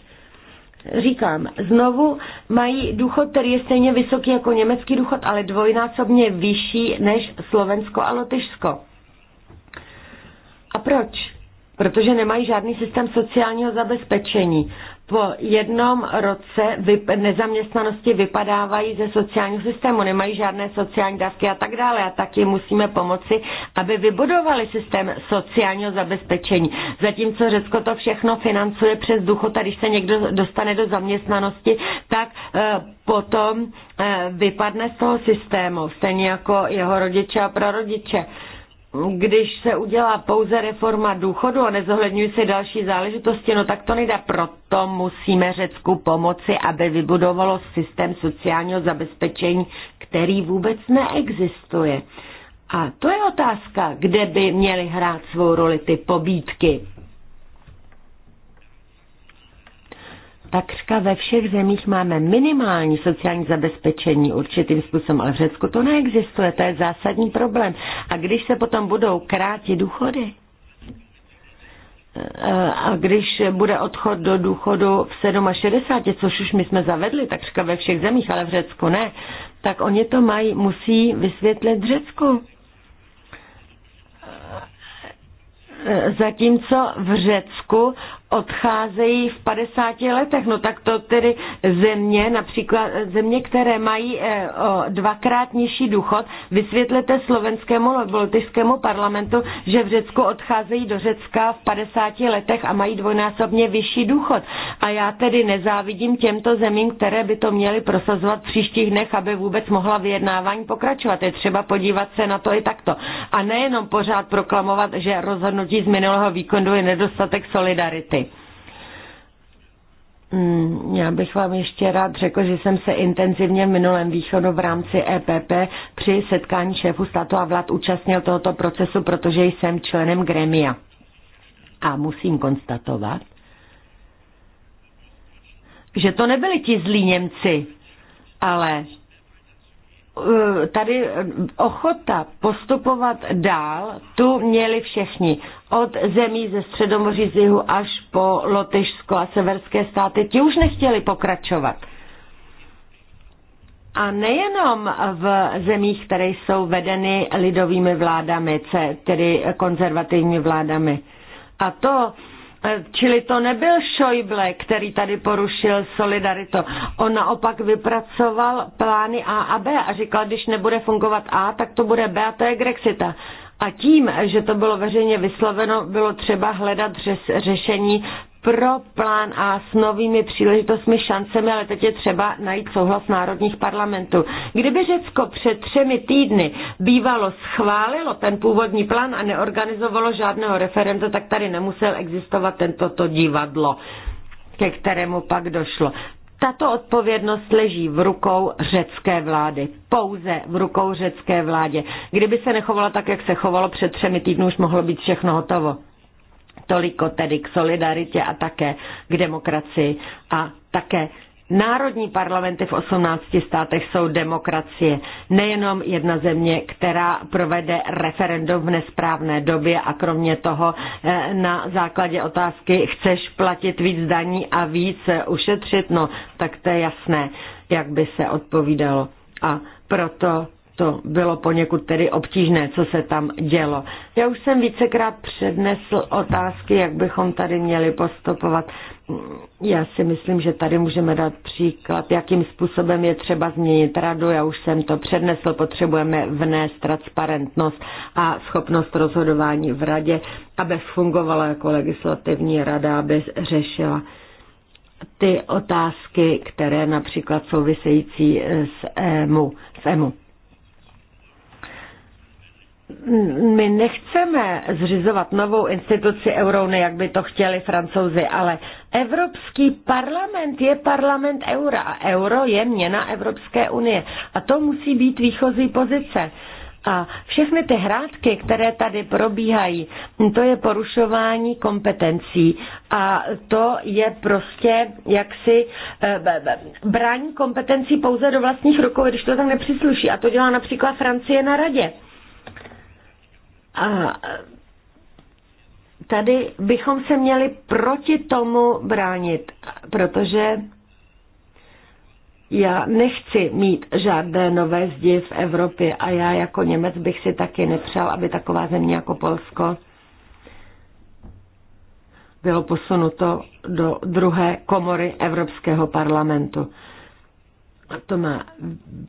Říkám, znovu mají důchod, který je stejně vysoký jako německý důchod, ale dvojnásobně vyšší než Slovensko a Lotyšsko. A proč? Protože nemají žádný systém sociálního zabezpečení po jednom roce vyp- nezaměstnanosti vypadávají ze sociálního systému, nemají žádné sociální dávky a tak dále. A taky musíme pomoci, aby vybudovali systém sociálního zabezpečení. Zatímco Řecko to všechno financuje přes ducho, a když se někdo dostane do zaměstnanosti, tak e, potom e, vypadne z toho systému, stejně jako jeho rodiče a prarodiče. rodiče když se udělá pouze reforma důchodu a nezohledňují se další záležitosti, no tak to nejde. Proto musíme Řecku pomoci, aby vybudovalo systém sociálního zabezpečení, který vůbec neexistuje. A to je otázka, kde by měly hrát svou roli ty pobídky. takřka ve všech zemích máme minimální sociální zabezpečení určitým způsobem, ale v Řecku to neexistuje, to je zásadní problém. A když se potom budou krátit důchody, eh, a když bude odchod do důchodu v 67, což už my jsme zavedli takřka ve všech zemích, ale v Řecku ne, tak oni to mají, musí vysvětlit Řecku. Eh, zatímco v Řecku odcházejí v 50 letech. No tak to tedy země, například země, které mají eh, dvakrát nižší důchod, vysvětlete slovenskému lotyšskému parlamentu, že v Řecku odcházejí do Řecka v 50 letech a mají dvojnásobně vyšší důchod. A já tedy nezávidím těmto zemím, které by to měly prosazovat v příštích dnech, aby vůbec mohla vyjednávání pokračovat. Je třeba podívat se na to i takto. A nejenom pořád proklamovat, že rozhodnutí z minulého výkonu je nedostatek solidarity. Mm, já bych vám ještě rád řekl, že jsem se intenzivně v minulém východu v rámci EPP při setkání šéfů státu a vlád účastnil tohoto procesu, protože jsem členem gremia. A musím konstatovat, že to nebyli ti zlí Němci, ale Eh, tady ochota postupovat dál, tu měli všichni. Od zemí ze Středomoří z jihu až po Lotyšsko a severské státy, ti už nechtěli pokračovat. A nejenom v zemích, které jsou vedeny lidovými vládami, tedy konzervativními vládami. A to Eh, čili to nebyl Schäuble, který tady porušil solidaritu. On naopak vypracoval plány A a B a říkal, když nebude fungovat A, tak to bude B a to je Grexita. A tím, že to bylo veřejně vysloveno, bylo třeba hledat řešení pro plán A s novými příležitostmi, šancemi, ale teď je třeba najít souhlas národních parlamentů. Kdyby Řecko před třemi týdny bývalo schválilo ten původní plán a neorganizovalo žádného referenda, tak tady nemusel existovat tento divadlo, ke kterému pak došlo. Tato odpovědnost leží v rukou řecké vlády. Pouze v rukou řecké vládě. Kdyby se nechovalo tak, jak se chovalo před třemi týdny, už mohlo být všechno hotovo. Toliko tedy k solidaritě a také k demokracii a také Národní parlamenty v 18 státech jsou demokracie. Nejenom jedna země, která provede referendum v nesprávné době a kromě toho eh, na základě otázky chceš platit víc daní a víc eh, ušetřit, no tak to je jasné, jak by se odpovídalo. A proto to bylo poněkud tedy obtížné, co se tam dělo. Já už jsem vícekrát přednesl otázky, jak bychom tady měli postupovat. Já si myslím, že tady můžeme dát příklad, jakým způsobem je třeba změnit radu. Já už jsem to přednesl, potřebujeme vnést transparentnost a schopnost rozhodování v radě, aby fungovala jako legislativní rada, aby řešila ty otázky, které například související s EMU. S EMU my nechceme zřizovat novou instituci eurony, jak by to chtěli francouzi, ale Evropský parlament je parlament eura a euro je měna Evropské unie. A to musí být výchozí pozice. A všechny ty hrátky, které tady probíhají, to je porušování kompetencí a to je prostě jaksi eh, brání kompetencí pouze do vlastních rukou, když to tak nepřísluší. A to dělá například Francie na radě. A e, tady bychom se měli proti tomu bránit, protože já nechci mít žádné nové zdi v Evropě a já jako Němec bych si taky nepřál, aby taková země jako Polsko bylo posunuto do druhé komory Evropského parlamentu. To má,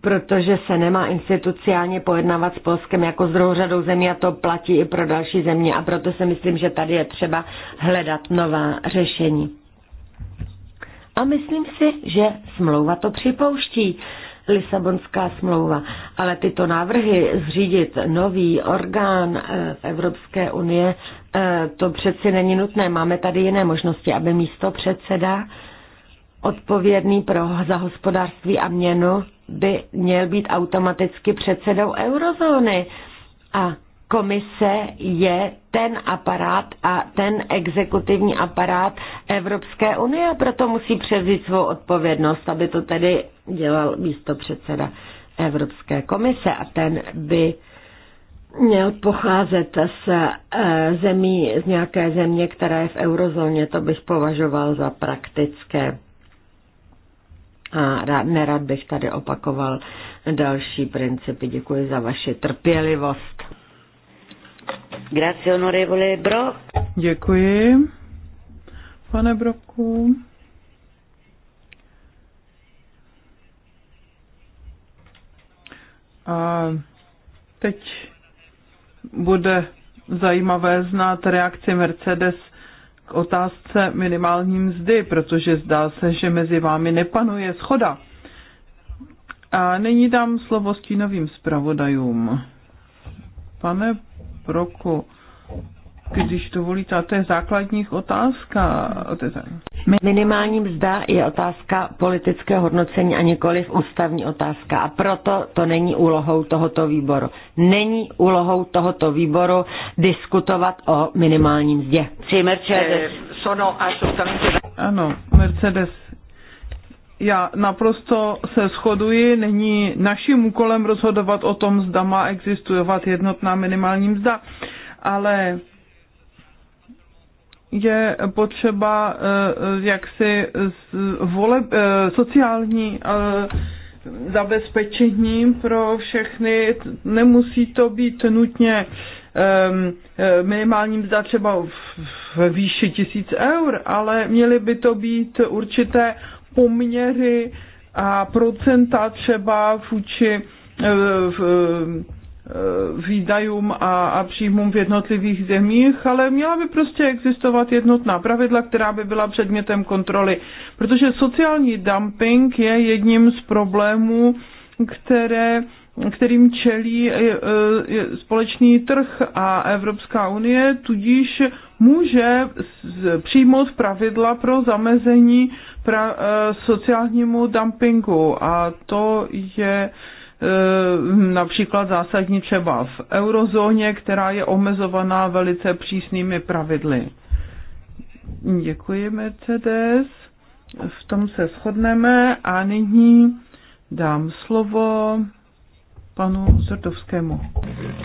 protože se nemá instituciálně pojednávat s Polskem jako s druhou řadou zemí a to platí i pro další země a proto si myslím, že tady je třeba hledat nová řešení. A myslím si, že smlouva to připouští. Lisabonská smlouva. Ale tyto návrhy zřídit nový orgán eh, v Evropské unie, eh, to přeci není nutné. Máme tady jiné možnosti, aby místo předseda odpovědný pro, za hospodářství a měnu by měl být automaticky předsedou eurozóny. A komise je ten aparát a ten exekutivní aparát Evropské unie a proto musí převzít svou odpovědnost, aby to tedy dělal místo předseda Evropské komise a ten by měl pocházet z eh, zemí, z nějaké země, která je v eurozóně, to bych považoval za praktické. A rád, nerad bych tady opakoval další principy. Děkuji za vaši trpělivost. Grazie, onorevole bro. Děkuji, pane Broku. A teď bude zajímavé znát reakci Mercedes k otázce minimální mzdy, protože zdá se, že mezi vámi nepanuje schoda. A není tam slovo stínovým zpravodajům. Pane Proku, když to volíte a to je základních otázka. Minimální mzda je otázka politického hodnocení a v ústavní otázka. A proto to není úlohou tohoto výboru. Není úlohou tohoto výboru diskutovat o minimální mzdě. Tři Mercedes. Eh, ano, Mercedes. Já naprosto se shoduji, není naším úkolem rozhodovat o tom, zda má existovat jednotná minimální mzda, ale je potřeba eh, eh, jaksi vole, eh, sociální zabezpečení pro všechny. Nemusí to být nutně ehm, minimální mzda třeba v výši tisíc eur, ale měly by to být určité poměry a procenta třeba vůči v, v, Eh, výdajům a, a příjmům v jednotlivých zemích, ale měla by prostě existovat jednotná pravidla, která by byla předmětem kontroly. Protože sociální dumping je jedním z problémů, které, kterým čelí eh, eh, společný trh a Evropská unie, tudíž může přijmout pravidla pro zamezení pra, sociálnímu dumpingu. A to je Eh, například zásadní třeba v eurozóně, která je omezovaná velice přísnými pravidly. Děkuji, Mercedes. V tom se shodneme a nyní dám slovo panu Zrdovskému.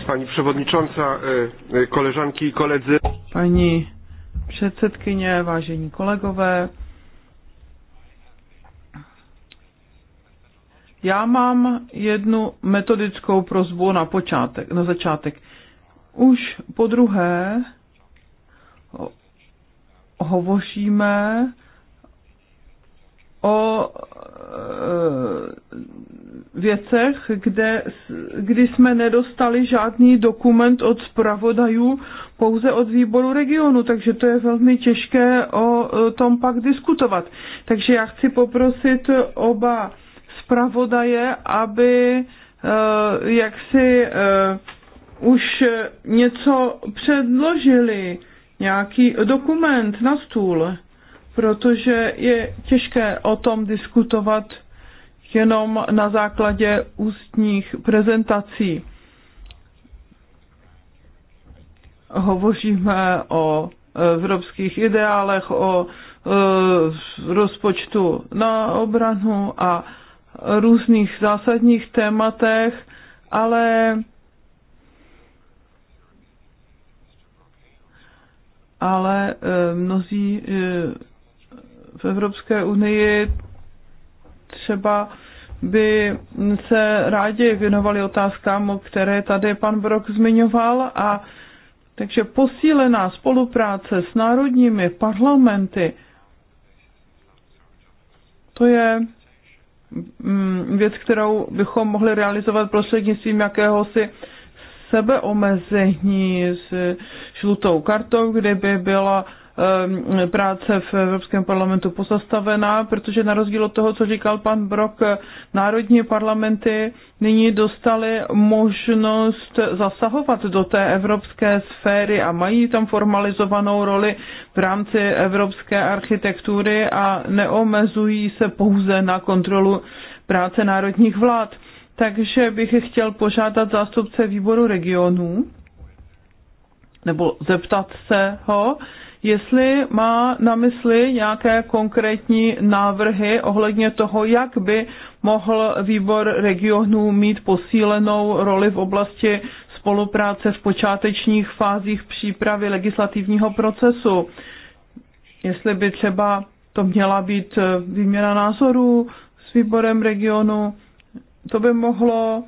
Pani przewodnicząca, eh, koleżanki i koledzy. Pani předsedkyně, vážení kolegové, Já mám jednu metodickou prozbu na, počátek, na začátek. Už po druhé hovoříme o eh, věcech, kde, kdy jsme nedostali žádný dokument od zpravodajů, pouze od výboru regionu, takže to je velmi těžké o tom pak diskutovat. Takže já chci poprosit oba zpravodaje, aby eh, jak si eh, už něco předložili, nějaký dokument na stůl, protože je těžké o tom diskutovat jenom na základě ústních prezentací. Hovoříme o evropských ideálech, o eh, rozpočtu na obranu a různých zásadních tématech, ale ale eh, mnozí eh, v Evropské unii třeba by se rádi věnovali otázkám, které tady pan Brok zmiňoval a takže posílená spolupráce s národními parlamenty, to je Mm, věc, kterou bychom mohli realizovat prostřednictvím jakéhosi sebeomezení s žlutou kartou, kdyby byla Ehm, práce v Evropském parlamentu pozastavená, protože na rozdíl od toho, co říkal pan Brok, národní parlamenty nyní dostali možnost zasahovat do té evropské sféry a mají tam formalizovanou roli v rámci evropské architektury a neomezují se pouze na kontrolu práce národních vlád. Takže bych chtěl požádat zástupce výboru regionů, nebo zeptat se ho, jestli má na mysli nějaké konkrétní návrhy ohledně toho, jak by mohl výbor regionů mít posílenou roli v oblasti spolupráce v počátečních fázích přípravy legislativního procesu. Jestli by třeba to měla být eh, výměna názorů s výborem regionu, to by mohlo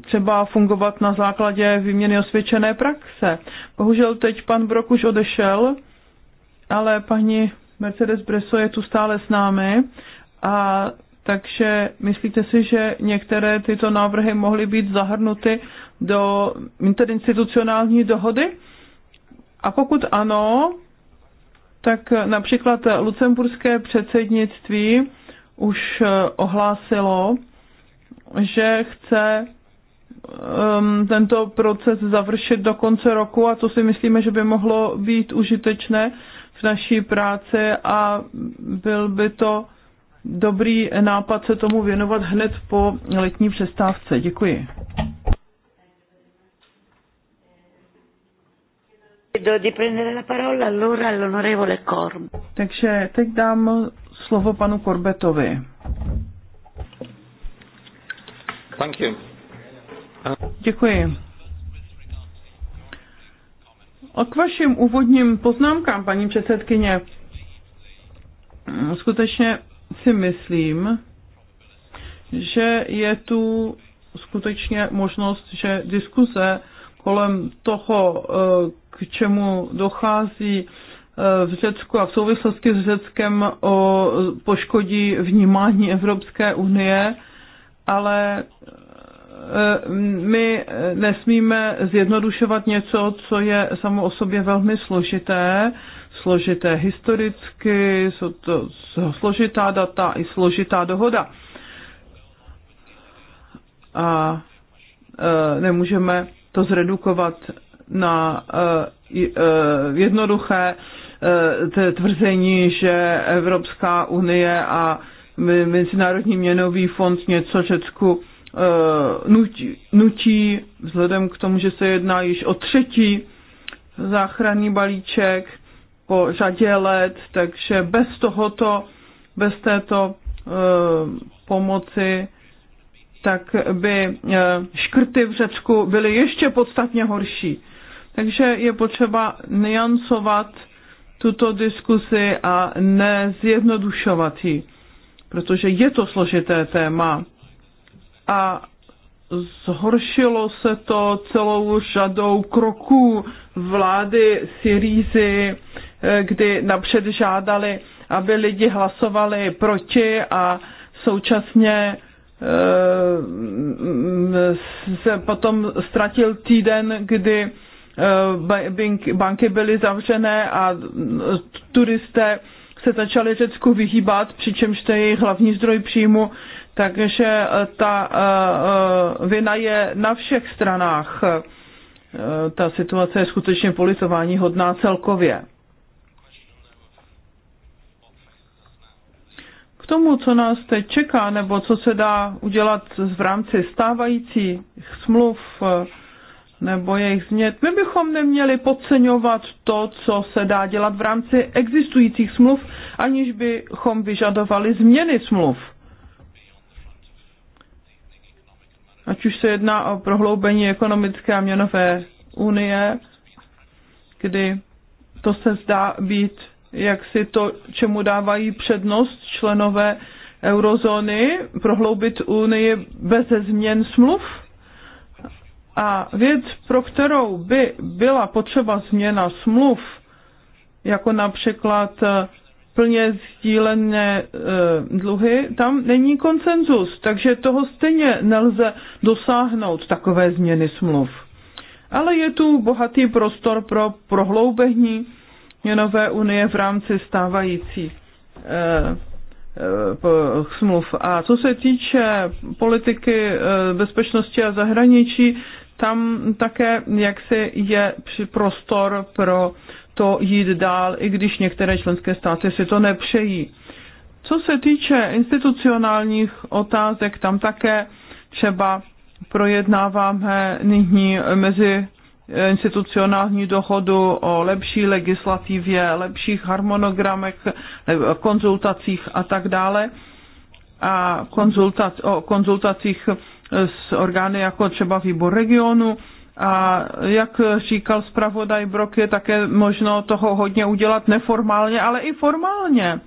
třeba fungovat na základě výměny osvědčené praxe. Bohužel teď pan Brok už odešel, ale paní Mercedes Bresso je tu stále s námi a takže myslíte si, že některé tyto návrhy mohly být zahrnuty do interinstitucionální dohody? A pokud ano, tak například lucemburské předsednictví už eh, ohlásilo, že chce um, tento proces završit do konce roku a to si myslíme, že by mohlo být užitečné v naší práci a byl by to dobrý nápad se tomu věnovat hned po letní přestávce. Děkuji. Takže teď dám slovo panu Korbetovi. Thank you. Děkuji. A k vašim úvodním poznámkám, paní předsedkyně, skutečně si myslím, že je tu skutečně možnost, že diskuze kolem toho, eh, k čemu dochází eh, v Řecku a v souvislosti s Řeckem o eh, poškodí vnímání Evropské unie, ale eh, my nesmíme zjednodušovat něco, co je samo o sobě velmi složité, složité historicky, jsou to složitá data i složitá dohoda. A eh, nemůžeme to zredukovat na eh, jednoduché tvrzení, že Evropská unie a Mezinárodní měnový fond něco Řecku eh, nutí, nutí, vzhledem k tomu, že se jedná již o třetí záchranný balíček po řadě let, takže bez tohoto, bez této eh, pomoci tak by eh, škrty v Řecku byly ještě podstatně horší. Takže je potřeba niancovat tuto diskusi a nezjednodušovat ji protože je to složité téma. A zhoršilo se to celou řadou kroků vlády Syrízy, eh, kdy napřed žádali, aby lidi hlasovali proti a současně eh, se potom ztratil týden, kdy eh, banky byly zavřené a turisté se začaly Řecku vyhýbat, přičemž to je jejich hlavní zdroj příjmu, takže eh, ta eh, eh, vina je na všech stranách. Ta situace je skutečně politování hodná celkově. K tomu, co nás teď čeká, nebo co se dá udělat v rámci stávajících smluv, nebo jejich změn. My bychom neměli podceňovat to, co se dá dělat v rámci existujících smluv, aniž bychom vyžadovali změny smluv. Ať už se jedná o prohloubení ekonomické a měnové unie, kdy to se zdá být jak si to, čemu dávají přednost členové eurozóny, prohloubit unii bez změn smluv, a věc, pro kterou by byla potřeba změna smluv, jako například eh, plně sdílené eh, dluhy, tam není konsenzus, takže toho stejně nelze dosáhnout takové změny smluv. Ale je tu bohatý prostor pro prohloubení měnové unie v rámci stávající eh, smluv. A co se týče politiky bezpečnosti a zahraničí, tam také jaksi je prostor pro to jít dál, i když některé členské státy si to nepřejí. Co se týče institucionálních otázek, tam také třeba projednáváme nyní mezi institucionální dohodu o lepší legislativě, lepších harmonogramech, konzultacích a tak dále. A konzultac, o konzultacích s orgány jako třeba výbor regionu, a jak říkal zpravodaj Brok, je také možno toho hodně udělat neformálně, ale i formálně.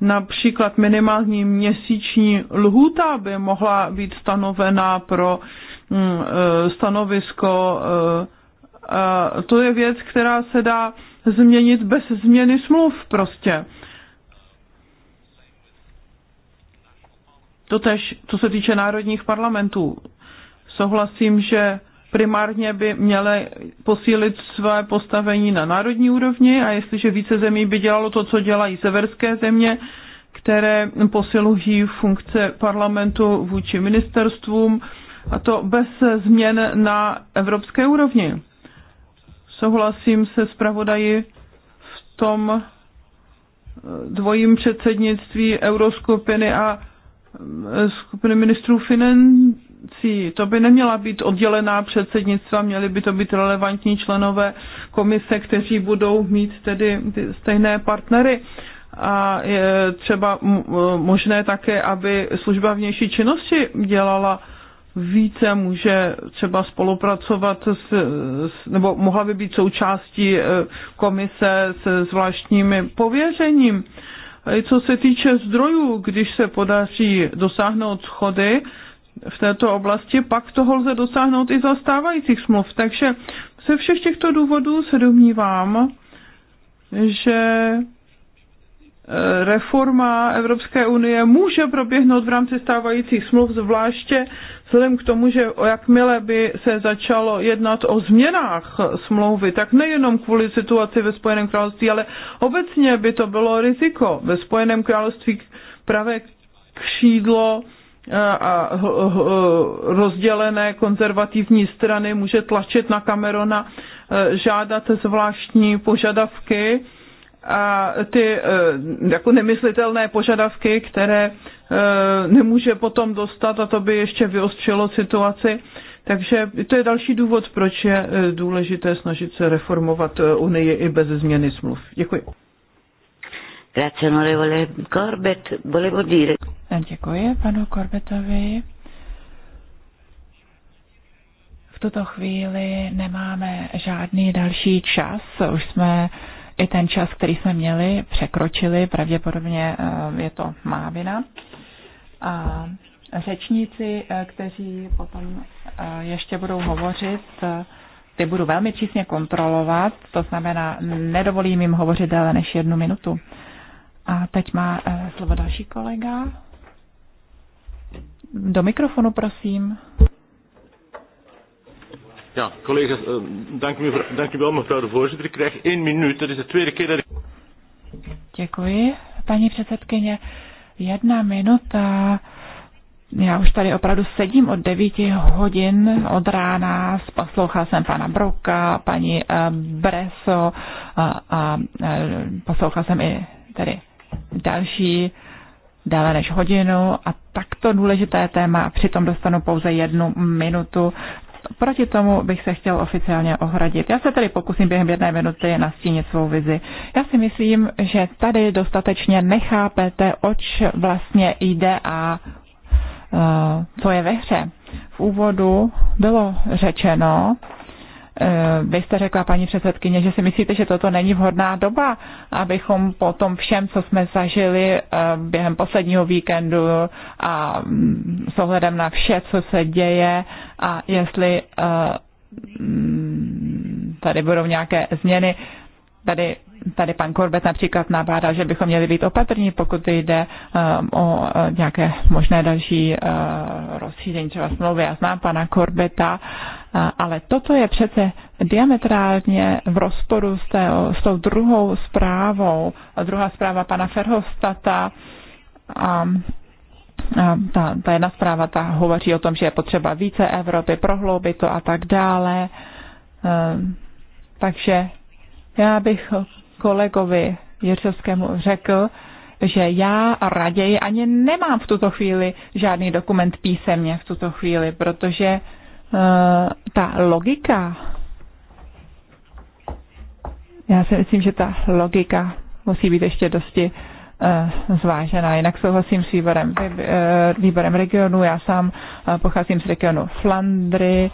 Například minimální měsíční lhůta by mohla být stanovena pro mm, eh, stanovisko. Eh, to je věc, která se dá změnit bez změny smluv prostě. Totež, co se týče národních parlamentů, souhlasím, že primárně by měly posílit své postavení na národní úrovni a jestliže více zemí by dělalo to, co dělají severské země, které posilují funkce parlamentu vůči ministerstvům, a to bez změn na evropské úrovni. Souhlasím se zpravodaji v tom eh, dvojím předsednictví euroskupiny a skupiny ministrů financí. To by neměla být oddělená předsednictva, měli by to být relevantní členové komise, kteří budou mít tedy stejné partnery a je třeba možné také, aby služba vnější činnosti dělala více, může třeba spolupracovat s, s, nebo mohla by být součástí e, komise se zvláštním pověřením. Co se týče zdrojů, když se podaří dosáhnout schody v této oblasti, pak toho lze dosáhnout i za stávajících smluv. Takže ze všech těchto důvodů se domnívám, že reforma Evropské unie může proběhnout v rámci stávajících smluv, zvláště vzhledem k tomu, že jakmile by se začalo jednat o změnách smlouvy, tak nejenom kvůli situaci ve Spojeném království, ale obecně by to bylo riziko. Ve Spojeném království pravé křídlo eh, a rozdělené konzervativní strany může tlačit na Camerona, eh, žádat zvláštní požadavky a ty eh, jako nemyslitelné požadavky, které eh, nemůže potom dostat a to by ještě vyostřilo situaci. Takže to je další důvod, proč je eh, důležité snažit se reformovat Unii i bez změny smluv. Děkuji. Grazie onorevole Corbett, volevo dire. Děkuji panu Corbettovi. V tuto chvíli nemáme žádný další čas, už jsme i ten čas, který jsme měli, překročili. Pravděpodobně eh, je to má vina. A řečníci, eh, kteří potom eh, ještě budou hovořit, ty budu velmi přísně kontrolovat, to znamená, nedovolím jim hovořit déle než jednu minutu. A teď má slovo další kolega. Do mikrofonu, prosím. Ja, collega's, uh, dank, u, dank u wel mevrouw de voorzitter. Ik krijg één minuut. Dat is de tweede keer dat ik... Děkuji, paní předsedkyně. Jedna minuta. Já už tady opravdu sedím od 9 hodin od rána, poslouchal jsem pana Broka, paní eh, Breso a, a eh, poslouchal jsem i tady další déle než hodinu a takto důležité téma, přitom dostanu pouze jednu minutu. Proti tomu bych se chtěl oficiálně ohradit. Já se tady pokusím během jedné minuty nastínit svou vizi. Já si myslím, že tady dostatečně nechápete, oč vlastně jde a e, co je ve hře. V úvodu bylo řečeno, Eh, vy jste řekla, paní předsedkyně, že si myslíte, že toto není vhodná doba, abychom po tom všem, co jsme zažili eh, během posledního víkendu a mm, s ohledem na vše, co se děje a jestli eh, mm, tady budou nějaké změny, tady tady pan Korbet například nabádal, že bychom měli být opatrní, pokud jde um, o nějaké možné další uh, rozšíření třeba smlouvy. Já znám pana Korbeta ale toto je přece diametrálně v rozporu s, té, s tou druhou zprávou, druhá zpráva pana Ferhostata. A, a ta, ta jedna zpráva ta hovoří o tom, že je potřeba více Evropy, prohloubit to a tak dále. Takže já bych kolegovi Jiřovskému řekl, že já raději ani nemám v tuto chvíli žádný dokument písemně v tuto chvíli, protože Eh, ta logika, já si myslím, že ta logika musí být ještě dosti eh, zvážená. Jinak souhlasím s výborem, eh, výborem regionu. Já sám pocházím z regionu Flandry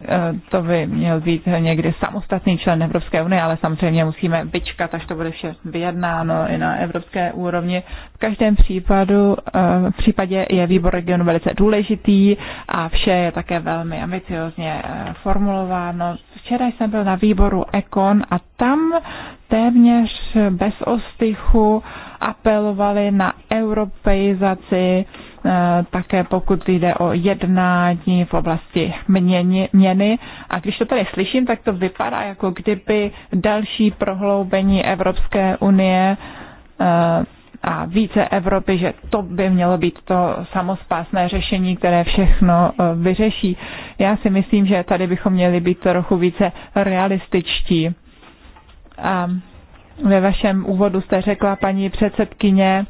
Eh, to by měl být někdy samostatný člen Evropské unie, ale samozřejmě musíme vyčkat, až to bude vše vyjednáno i na evropské úrovni. V každém případu, eh, v případě je výbor regionu velice důležitý a vše je také velmi ambiciozně eh, formulováno. Včera jsem byl na výboru Econ a tam téměř bez ostychu apelovali na europeizaci Eh, také pokud jde o jednání v oblasti měny, měny. A když to tady slyším, tak to vypadá, jako kdyby další prohloubení Evropské unie eh, a více Evropy, že to by mělo být to samospásné řešení, které všechno eh, vyřeší. Já si myslím, že tady bychom měli být trochu více realističtí. A ve vašem úvodu jste řekla, paní předsedkyně,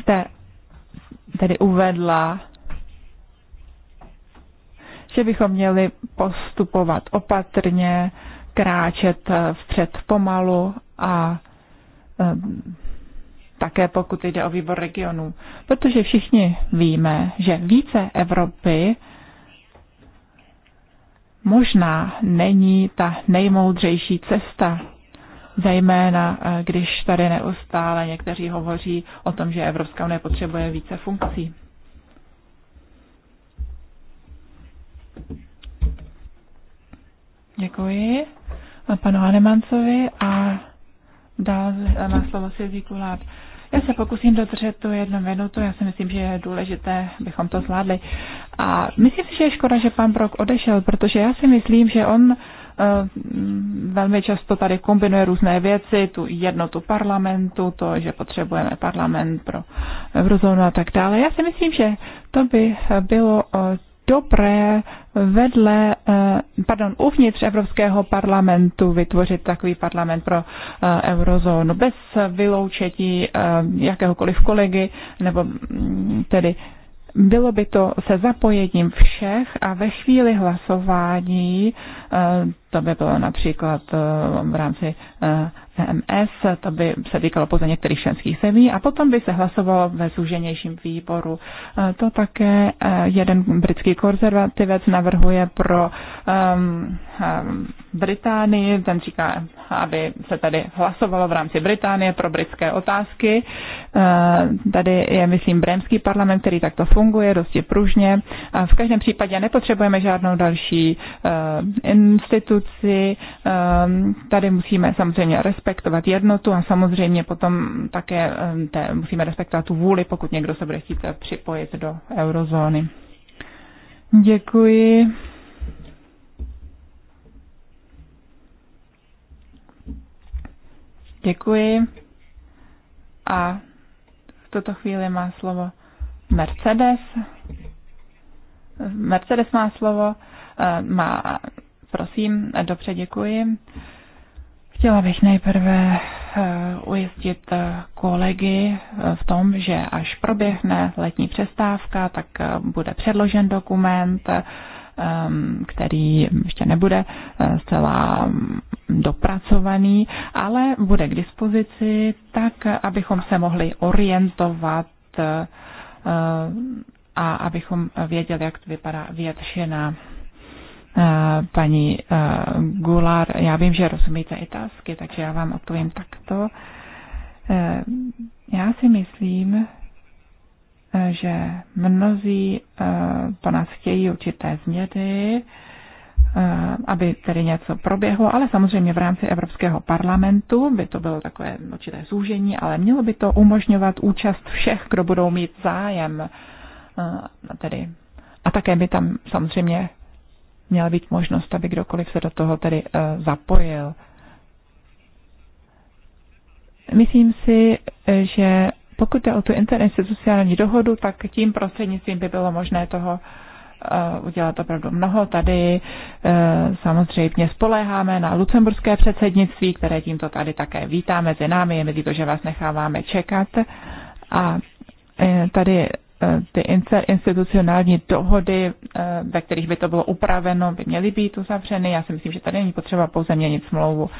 jste tedy uvedla, že bychom měli postupovat opatrně, kráčet eh, vpřed pomalu a ehm, také pokud jde o výbor regionů. Protože všichni víme, že více Evropy možná není ta nejmoudřejší cesta zejména eh, když tady neustále někteří hovoří o tom, že Evropská unie potřebuje více funkcí. Děkuji panu Hanemancovi a dál má slovo Silví Kulát. Já se pokusím dodržet tu jednu minutu, já si myslím, že je důležité, abychom to zvládli. A myslím si, že je škoda, že pan Brok odešel, protože já si myslím, že on Eh, velmi často tady kombinuje různé věci, tu jednotu parlamentu, to, že potřebujeme parlament pro eurozónu a tak dále. Já si myslím, že to by bylo eh, dobré vedle, eh, pardon, uvnitř Evropského parlamentu vytvořit takový parlament pro eurozónu bez vyloučetí jakéhokoliv kolegy, nebo mm, tedy bylo by to se zapojením všech a ve chvíli hlasování uh, to by bylo například eh, v rámci CMS, eh, to by se týkalo pouze některých členských zemí a potom by se hlasovalo ve zúženějším výboru. Eh, to také jeden britský konzervativec navrhuje pro ehm, ehm, Británii, ten říká, aby se tady hlasovalo v rámci Británie pro britské otázky. Tady je, myslím, brémský parlament, který takto funguje, dosti pružně. V každém případě nepotřebujeme žádnou další instituci. Ehm, tady musíme samozřejmě respektovat jednotu a samozřejmě potom také ehm, té, musíme respektovat tu vůli, pokud někdo se bude chtít připojit do eurozóny. Děkuji. Děkuji. A v tuto chvíli má slovo Mercedes. Mercedes má slovo, ehm, má Prosím, dobře děkuji. Chtěla bych nejprve eh, ujistit eh, kolegy eh, v tom, že až proběhne letní přestávka, tak bude předložen dokument, který ještě nebude zcela mm, dopracovaný, ale bude k dispozici tak, abychom se mohli orientovat a abychom věděli, jak to vypadá většina Eh, paní eh, Gular. Já vím, že rozumíte italsky, takže já vám odpovím takto. Eh, já si myslím, že mnozí po nás chtějí určité změny, aby tedy něco proběhlo, ale samozřejmě v rámci Evropského parlamentu by to bylo takové určité zúžení, ale mělo by to umožňovat účast všech, kdo budou mít zájem. Tedy. A také by tam samozřejmě měla být možnost, aby kdokoliv se do toho tedy eh, zapojil. Myslím si, že pokud jde o tu interinstitucionální dohodu, tak tím prostřednictvím by bylo možné toho eh, udělat opravdu mnoho. Tady eh, samozřejmě spoléháme na lucemburské předsednictví, které tímto tady také vítáme mezi námi, je mezi to, že vás necháváme čekat. A tady Eh, ty institucionální dohody, eh, ve kterých by to bylo upraveno, by měly být uzavřeny. Já si myslím, že tady není potřeba pouze měnit smlouvu,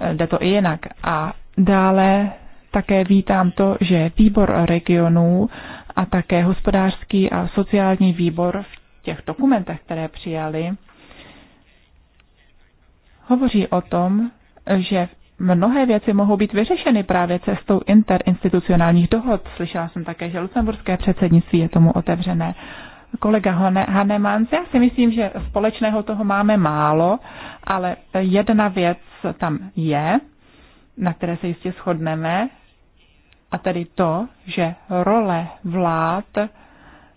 eh, jde to i jinak. A dále také vítám to, že výbor regionů a také hospodářský a sociální výbor v těch dokumentech, které přijali, hovoří o tom, že mnohé věci mohou být vyřešeny právě cestou interinstitucionálních dohod. Slyšela jsem také, že lucemburské předsednictví je tomu otevřené. Kolega Hanemans, já si myslím, že společného toho máme málo, ale jedna věc tam je, na které se jistě shodneme, a tedy to, že role vlád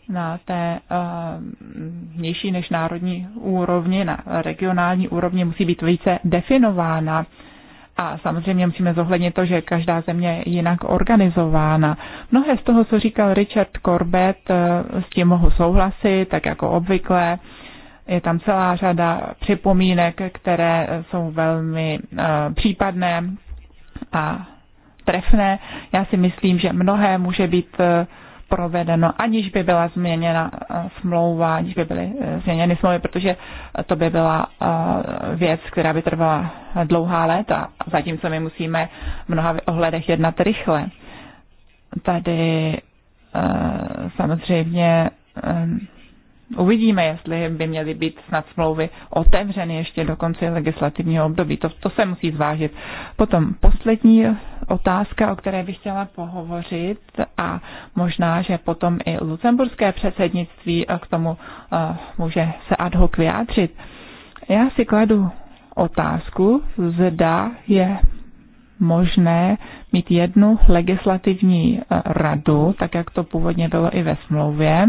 na té uh, eh, nižší než národní úrovni, na regionální úrovni musí být více definována. Uh, a samozřejmě musíme zohlednit to, že každá země je jinak organizována. Mnohé z toho, co říkal Richard Corbett, eh, s tím mohu souhlasit, tak jako obvykle. Je tam celá řada připomínek, které jsou velmi eh, případné a trefné. Já si myslím, že mnohé může být eh, provedeno, aniž by byla změněna eh, smlouva, aniž by byly eh, změněny smlouvy, protože to by byla eh, věc, která by trvala dlouhá léta, zatímco my musíme v mnoha ohledech jednat rychle. Tady samozřejmě Uvidíme, jestli by měly být snad smlouvy otevřeny ještě do konce legislativního období. To, to se musí zvážit. Potom poslední otázka, o které bych chtěla pohovořit a možná, že potom i lucemburské předsednictví eh, k tomu uh, může se ad hoc vyjádřit. Já si kladu otázku, zda je možné mít jednu legislativní eh, radu, tak jak to původně bylo i ve smlouvě,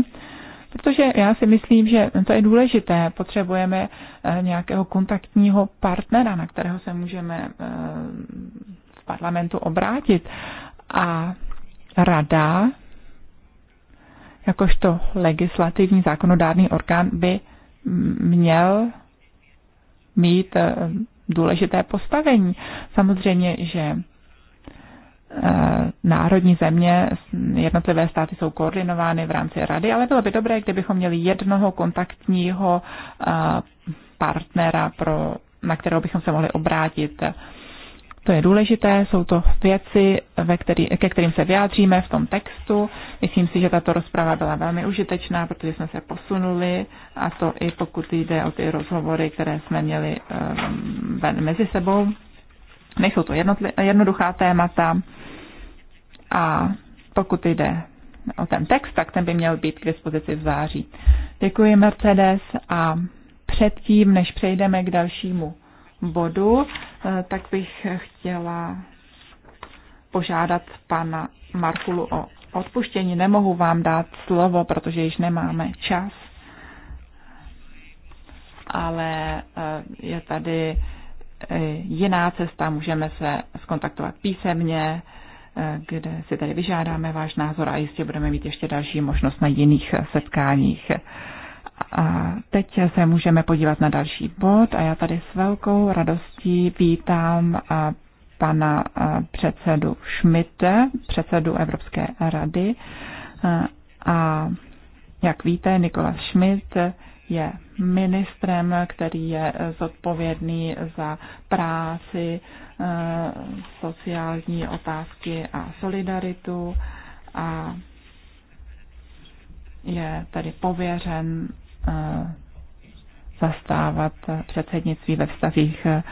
Protože já si myslím, že to je důležité. Potřebujeme eh, nějakého kontaktního partnera, na kterého se můžeme eh, v parlamentu obrátit. A rada, jakožto legislativní zákonodárný orgán, by měl mít eh, důležité postavení. Samozřejmě, že Eh, národní země, jednotlivé státy jsou koordinovány v rámci rady, ale bylo by dobré, kdybychom měli jednoho kontaktního eh, partnera, pro, na kterého bychom se mohli obrátit. To je důležité, jsou to věci, ve který, ke kterým se vyjádříme v tom textu. Myslím si, že tato rozprava byla velmi užitečná, protože jsme se posunuli a to i pokud jde o ty rozhovory, které jsme měli um, mezi sebou. Nejsou to jednoduchá témata, a pokud jde o ten text, tak ten by měl být k dispozici v září. Děkuji Mercedes a předtím, než přejdeme k dalšímu bodu, eh, tak bych chtěla požádat pana Markulu o odpuštění. Nemohu vám dát slovo, protože již nemáme čas, ale eh, je tady eh, jiná cesta, můžeme se skontaktovat písemně kde si tady vyžádáme váš názor a jistě budeme mít ještě další možnost na jiných setkáních. A teď se můžeme podívat na další bod a já tady s velkou radostí vítám pana předsedu Schmidte, předsedu Evropské rady. A jak víte, Nikola Schmidt je ministrem, který je zodpovědný za práci, eh, sociální otázky a solidaritu a je tedy pověřen eh, zastávat předsednictví ve vztazích eh,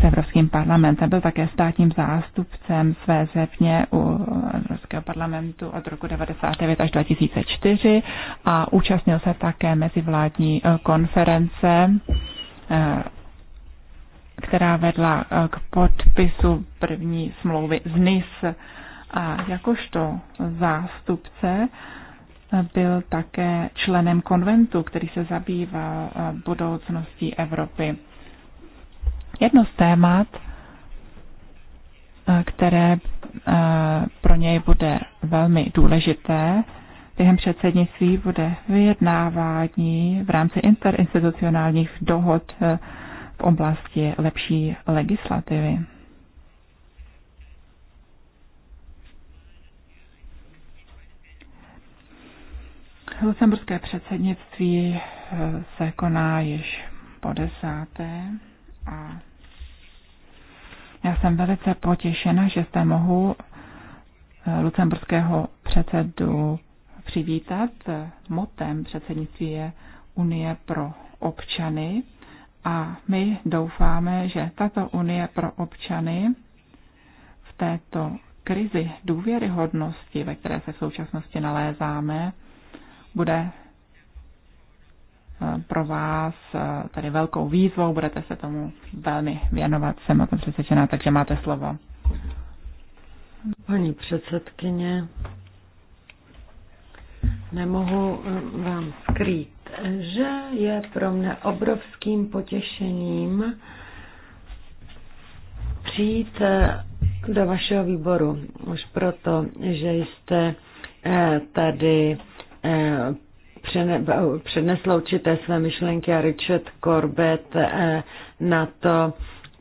s Evropským parlamentem. Byl také státním zástupcem své země u Evropského parlamentu od roku 1999 až 2004 a účastnil se také mezivládní eh, konference, eh, která vedla eh, k podpisu první smlouvy z NIS. A jakožto zástupce byl také členem konventu, který se zabýval budoucností Evropy. Jedno z témat, eh, které eh, pro něj bude velmi důležité, během předsednictví bude vyjednávání v rámci interinstitucionálních dohod eh, v oblasti lepší legislativy. Lucemburské předsednictví se koná již po desáté a já jsem velice potěšena, že jste mohu eh, lucemburského předsedu přivítat. Motem předsednictví je Unie pro občany a my doufáme, že tato Unie pro občany v této krizi důvěryhodnosti, ve které se v současnosti nalézáme, bude pro vás eh, tady velkou výzvou, budete se tomu velmi věnovat, jsem o tom přesvědčená, takže máte slovo. Paní předsedkyně, nemohu eh, vám skrýt, že je pro mne obrovským potěšením přijít eh, do vašeho výboru. Už proto, že jste tady přednesl určité své myšlenky a Richard Corbett eh, na to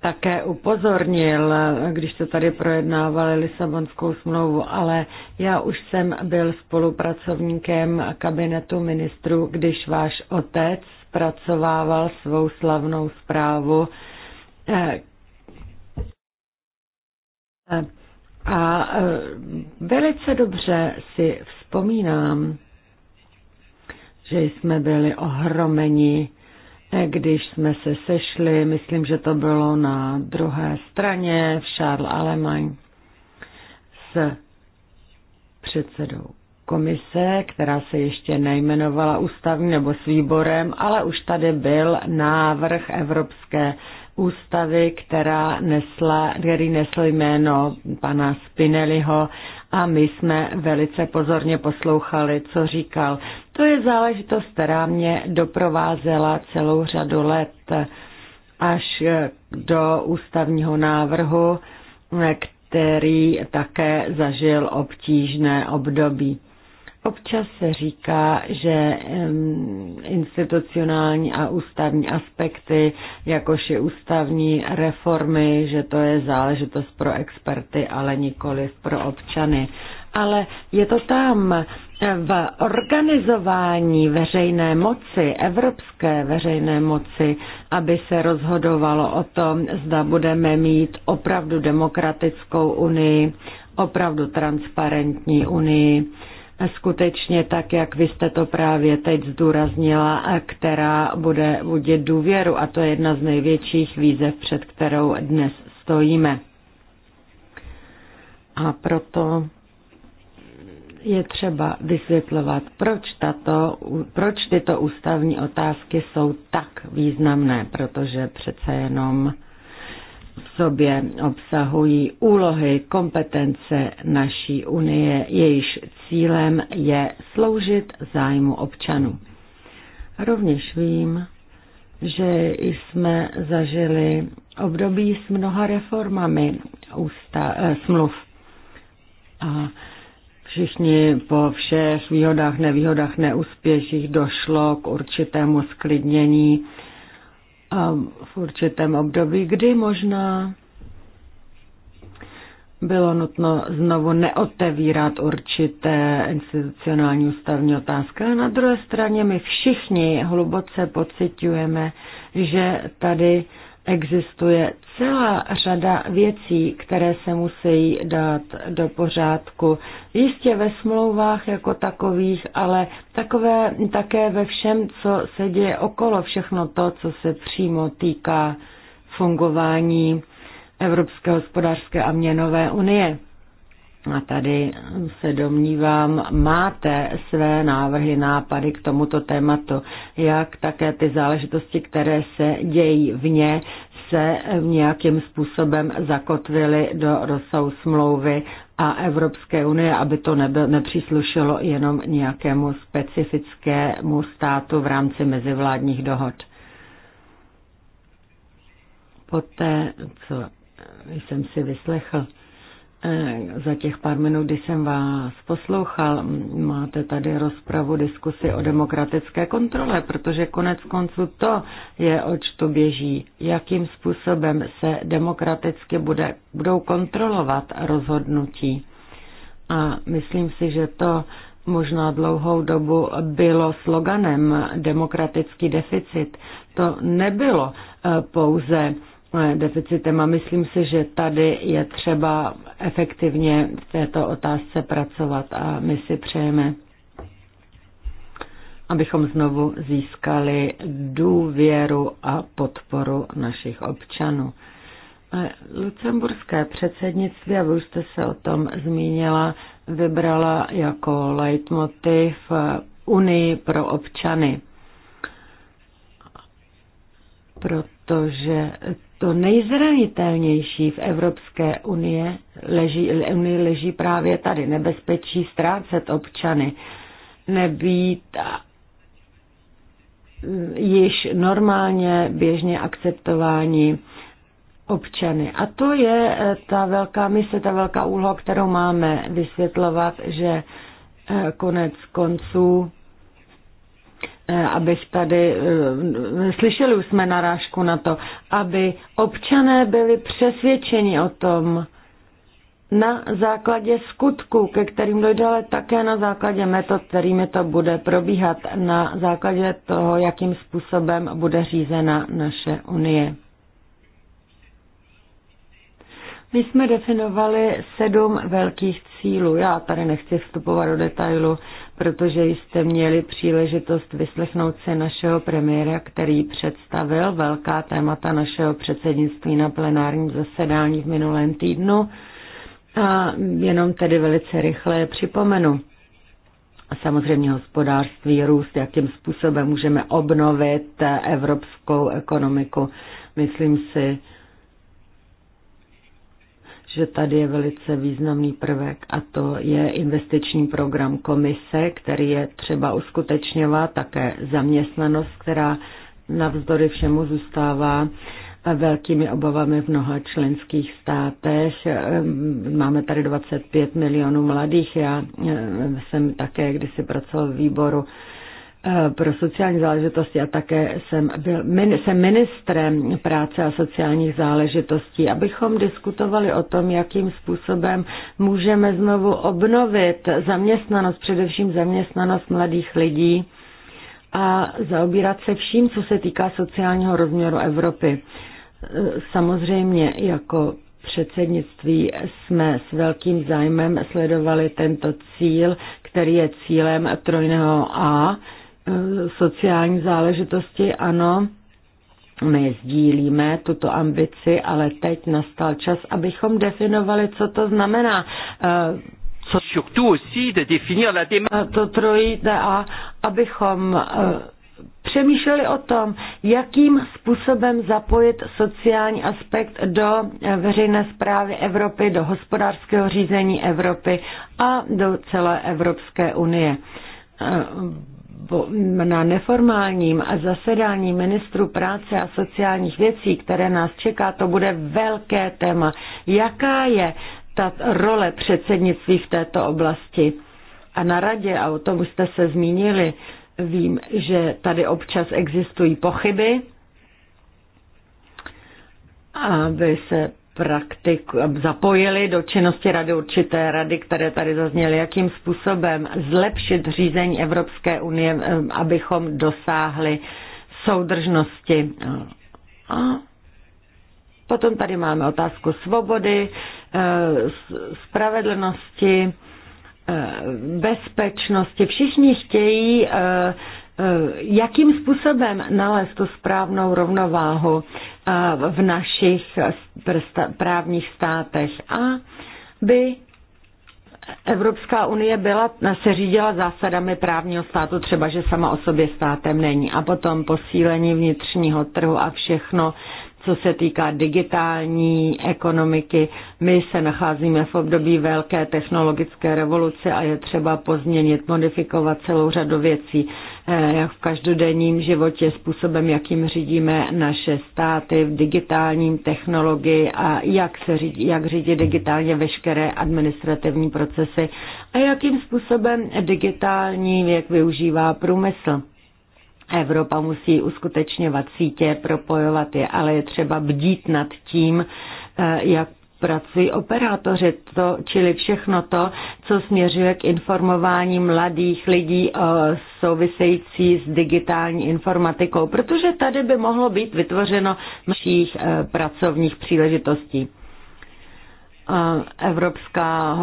také upozornil, když se tady projednávali Lisabonskou smlouvu, ale já už jsem byl spolupracovníkem kabinetu ministrů, když váš otec zpracovával svou slavnou zprávu, eh, eh, a velice dobře si vzpomínám, že jsme byli ohromeni, e, když jsme se sešli, myslím, že to bylo na druhé straně v Charles Alemagne s předsedou komise, která se ještě nejmenovala ústavní nebo s výborem, ale už tady byl návrh Evropské ústavy, která nesla, který nesl jméno pana Spinelliho a my jsme velice pozorně poslouchali, co říkal. To je záležitost, která mě doprovázela celou řadu let až do ústavního návrhu, který také zažil obtížné období. Občas se říká, že institucionální a ústavní aspekty, jakož i ústavní reformy, že to je záležitost pro experty, ale nikoli pro občany. Ale je to tam v organizování veřejné moci, evropské veřejné moci, aby se rozhodovalo o tom, zda budeme mít opravdu demokratickou unii, opravdu transparentní unii skutečně tak, jak vy jste to právě teď zdůraznila, která bude budit důvěru a to je jedna z největších výzev, před kterou dnes stojíme. A proto je třeba vysvětlovat, proč, tato, proč tyto ústavní otázky jsou tak významné, protože přece jenom v sobě obsahují úlohy, kompetence naší unie, jejíž cílem je sloužit zájmu občanů. Rovněž vím, že jsme zažili období s mnoha reformami ústa, eh, smluv. A všichni po všech výhodách, nevýhodách, neúspěších došlo k určitému sklidnění eh, a v určitém období, kdy možná bylo nutno znovu neotevírat určité institucionální ústavní otázky. A na druhé straně my všichni hluboce pocitujeme, že tady Existuje celá řada věcí, které se musí dát do pořádku. Jistě ve smlouvách jako takových, ale takové, také ve všem, co se děje okolo, všechno to, co se přímo týká fungování Evropské hospodářské a měnové unie. A tady se domnívám, máte své návrhy, nápady k tomuto tématu, jak také ty záležitosti, které se dějí vně, se nějakým způsobem zakotvily do rozsahu smlouvy a Evropské unie, aby to nebyl, nepříslušelo jenom nějakému specifickému státu v rámci mezivládních dohod. Poté, co jsem si vyslechl Eh, za těch pár minut, kdy jsem vás poslouchal, máte tady rozpravu, diskusi o demokratické kontrole, protože konec konců to je, oč to běží. Jakým způsobem se demokraticky bude, budou kontrolovat rozhodnutí. A myslím si, že to možná dlouhou dobu bylo sloganem demokratický deficit. To nebylo eh, pouze Eh, deficitem a myslím si, že tady je třeba efektivně v této otázce pracovat a my si přejeme, abychom znovu získali důvěru a podporu našich občanů. Eh, Lucemburské předsednictví, a vy už jste se o tom zmínila, vybrala jako leitmotiv eh, Unii pro občany, protože to nejzranitelnější v Evropské unie leží, unii leží právě tady nebezpečí ztrácet občany, nebýt již normálně běžně akceptování občany. A to je eh, ta velká mise, ta velká úloha, kterou máme vysvětlovat, že eh, konec konců Eh, abych tady, eh, slyšeli už jsme narážku na to, aby občané byli přesvědčeni o tom, na základě skutků, ke kterým dojde, ale také na základě metod, kterými to bude probíhat, na základě toho, jakým způsobem bude řízena naše unie. My jsme definovali sedm velkých cílů. Já tady nechci vstupovat do detailu, protože jste měli příležitost vyslechnout si našeho premiéra, který představil velká témata našeho předsednictví na plenárním zasedání v minulém týdnu. A jenom tedy velice rychle připomenu. Samozřejmě hospodářství, růst, jakým způsobem můžeme obnovit evropskou ekonomiku. Myslím si, že tady je velice významný prvek a to je investiční program komise, který je třeba uskutečňovat, také zaměstnanost, která navzdory všemu zůstává velkými obavami v mnoha členských státech. Ehm, máme tady 25 milionů mladých. Já ehm, jsem také kdysi pracoval v výboru Eh, pro sociální záležitosti a také jsem, byl, min, jsem ministrem práce a sociálních záležitostí, abychom diskutovali o tom, jakým způsobem můžeme znovu obnovit zaměstnanost, především zaměstnanost mladých lidí a zaobírat se vším, co se týká sociálního rozměru Evropy. Eh, samozřejmě jako předsednictví jsme s velkým zájmem sledovali tento cíl, který je cílem trojného A, Eh, sociální záležitosti, ano, my sdílíme tuto ambici, ale teď nastal čas, abychom definovali, co to znamená. Eh, co... Eh, to trojité a abychom přemýšleli o tom, jakým způsobem zapojit sociální aspekt do veřejné zprávy Evropy, do hospodářského řízení Evropy a do celé Evropské unie na neformálním zasedání ministru práce a sociálních věcí, které nás čeká, to bude velké téma. Jaká je ta role předsednictví v této oblasti? A na radě, a o tom jste se zmínili, vím, že tady občas existují pochyby, aby se praktik, zapojili do činnosti rady určité rady, které tady zazněly, jakým způsobem zlepšit řízení Evropské unie, eh, abychom dosáhli soudržnosti. A potom tady máme otázku svobody, eh, spravedlnosti, eh, bezpečnosti. Všichni chtějí Eh, jakým způsobem nalézt tu správnou rovnováhu eh, v našich právních státech a by Evropská unie byla, eh, se řídila zásadami právního státu, třeba že sama o sobě státem není. A potom posílení vnitřního trhu a všechno, co se týká digitální ekonomiky. My se nacházíme v období velké technologické revoluce a je třeba pozměnit, modifikovat celou řadu věcí. Eh, jak v každodenním životě, způsobem, jakým řídíme naše státy v digitálním technologii a jak, se řídí, jak řídí digitálně veškeré administrativní procesy a jakým způsobem digitální věk využívá průmysl. Evropa musí uskutečňovat sítě, propojovat je, ale je třeba bdít nad tím, eh, jak prací operátoři, to, čili všechno to, co směřuje k informování mladých lidí eh, související s digitální informatikou, protože tady by mohlo být vytvořeno mnohých eh, pracovních příležitostí eh, evropská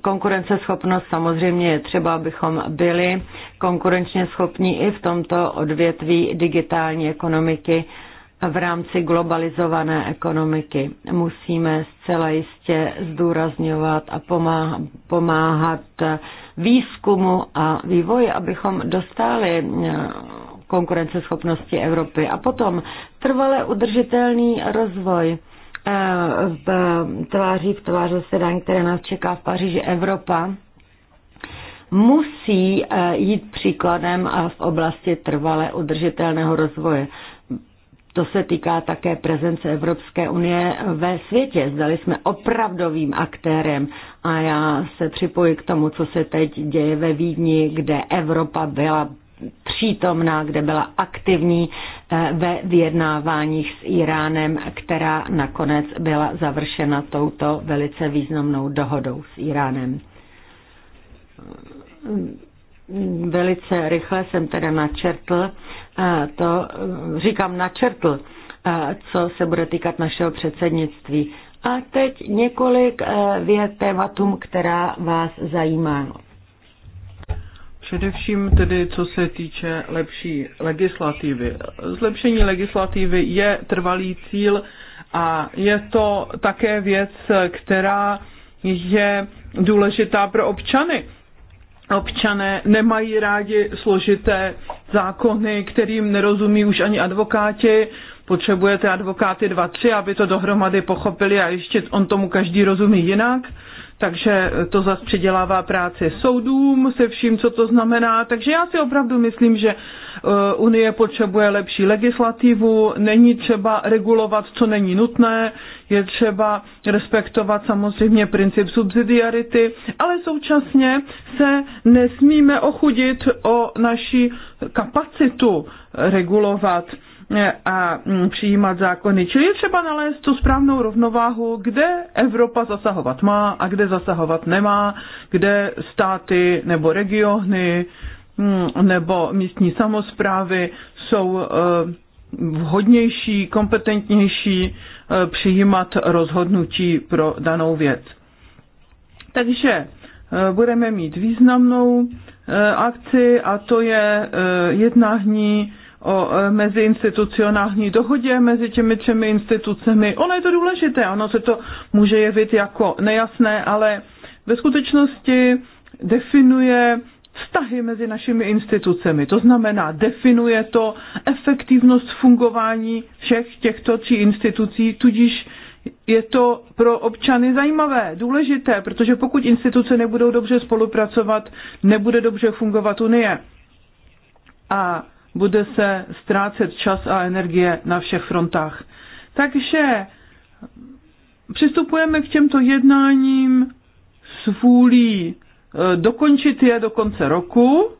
konkurenceschopnost samozřejmě je třeba, abychom byli konkurenčně schopní i v tomto odvětví digitální ekonomiky v rámci globalizované ekonomiky. Musíme zcela jistě zdůrazňovat a pomáhat výzkumu a vývoji, abychom dostali eh, konkurenceschopnosti Evropy. A potom trvale udržitelný rozvoj eh, v tváří v tvář zasedání, které nás čeká v Paříži Evropa, musí eh, jít příkladem v oblasti trvale udržitelného rozvoje. To se týká také prezence Evropské unie ve světě. Zdali jsme opravdovým aktérem a já se připoji k tomu, co se teď děje ve Vídni, kde Evropa byla přítomná, kde byla aktivní eh, ve vyjednáváních s Iránem, která nakonec byla završena touto velice významnou dohodou s Iránem Velice rychle jsem teda načrtl, eh, to eh, říkám načrtl, eh, co se bude týkat našeho předsednictví. A teď několik věd tématům, která vás zajímá. Především tedy, co se týče lepší legislativy. Zlepšení legislativy je trvalý cíl a je to také věc, která je důležitá pro občany občané nemají rádi složité zákony, kterým nerozumí už ani advokáti. Potřebujete advokáty dva, tři, aby to dohromady pochopili a ještě on tomu každý rozumí jinak takže to zas přidělává práci soudům se vším, co to znamená. Takže já si opravdu myslím, že eh, Unie potřebuje lepší legislativu, není třeba regulovat, co není nutné, je třeba respektovat samozřejmě princip subsidiarity, ale současně se nesmíme ochudit o naši kapacitu regulovat a mm, přijímat zákony. Čili je třeba nalézt tu správnou rovnováhu, kde Evropa zasahovat má a kde zasahovat nemá, kde státy nebo regiony mm, nebo místní samozprávy jsou e, vhodnější, kompetentnější e, přijímat rozhodnutí pro danou věc. Takže e, budeme mít významnou akci a to je jednání o e, meziinstitucionální dohodě mezi těmi třemi institucemi. Ono je to důležité, ono se to může jevit jako nejasné, ale ve skutečnosti definuje vztahy mezi našimi institucemi. To znamená, definuje to efektivnost fungování všech těchto tří institucí, tudíž je to pro občany zajímavé, důležité, protože pokud instituce nebudou dobře spolupracovat, nebude dobře fungovat Unie. A bude se ztrácet čas a energie na všech frontách. Takže přistupujeme k těmto jednáním s vůlí eh, dokončit je do konce roku.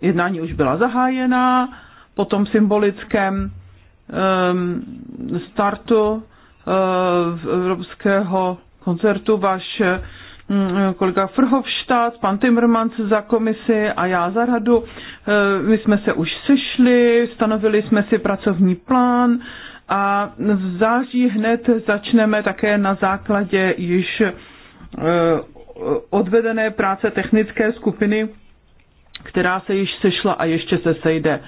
Jednání už byla zahájena, potom symbolickém ehm, startu eh, evropského koncertu vaše Mm, kolega Frhovštát, pan Timmermans za komisi a já za radu. Eh, my jsme se už sešli, stanovili jsme si pracovní plán a v září hned začneme také na základě již eh, odvedené práce technické skupiny, která se již sešla a ještě se sejde.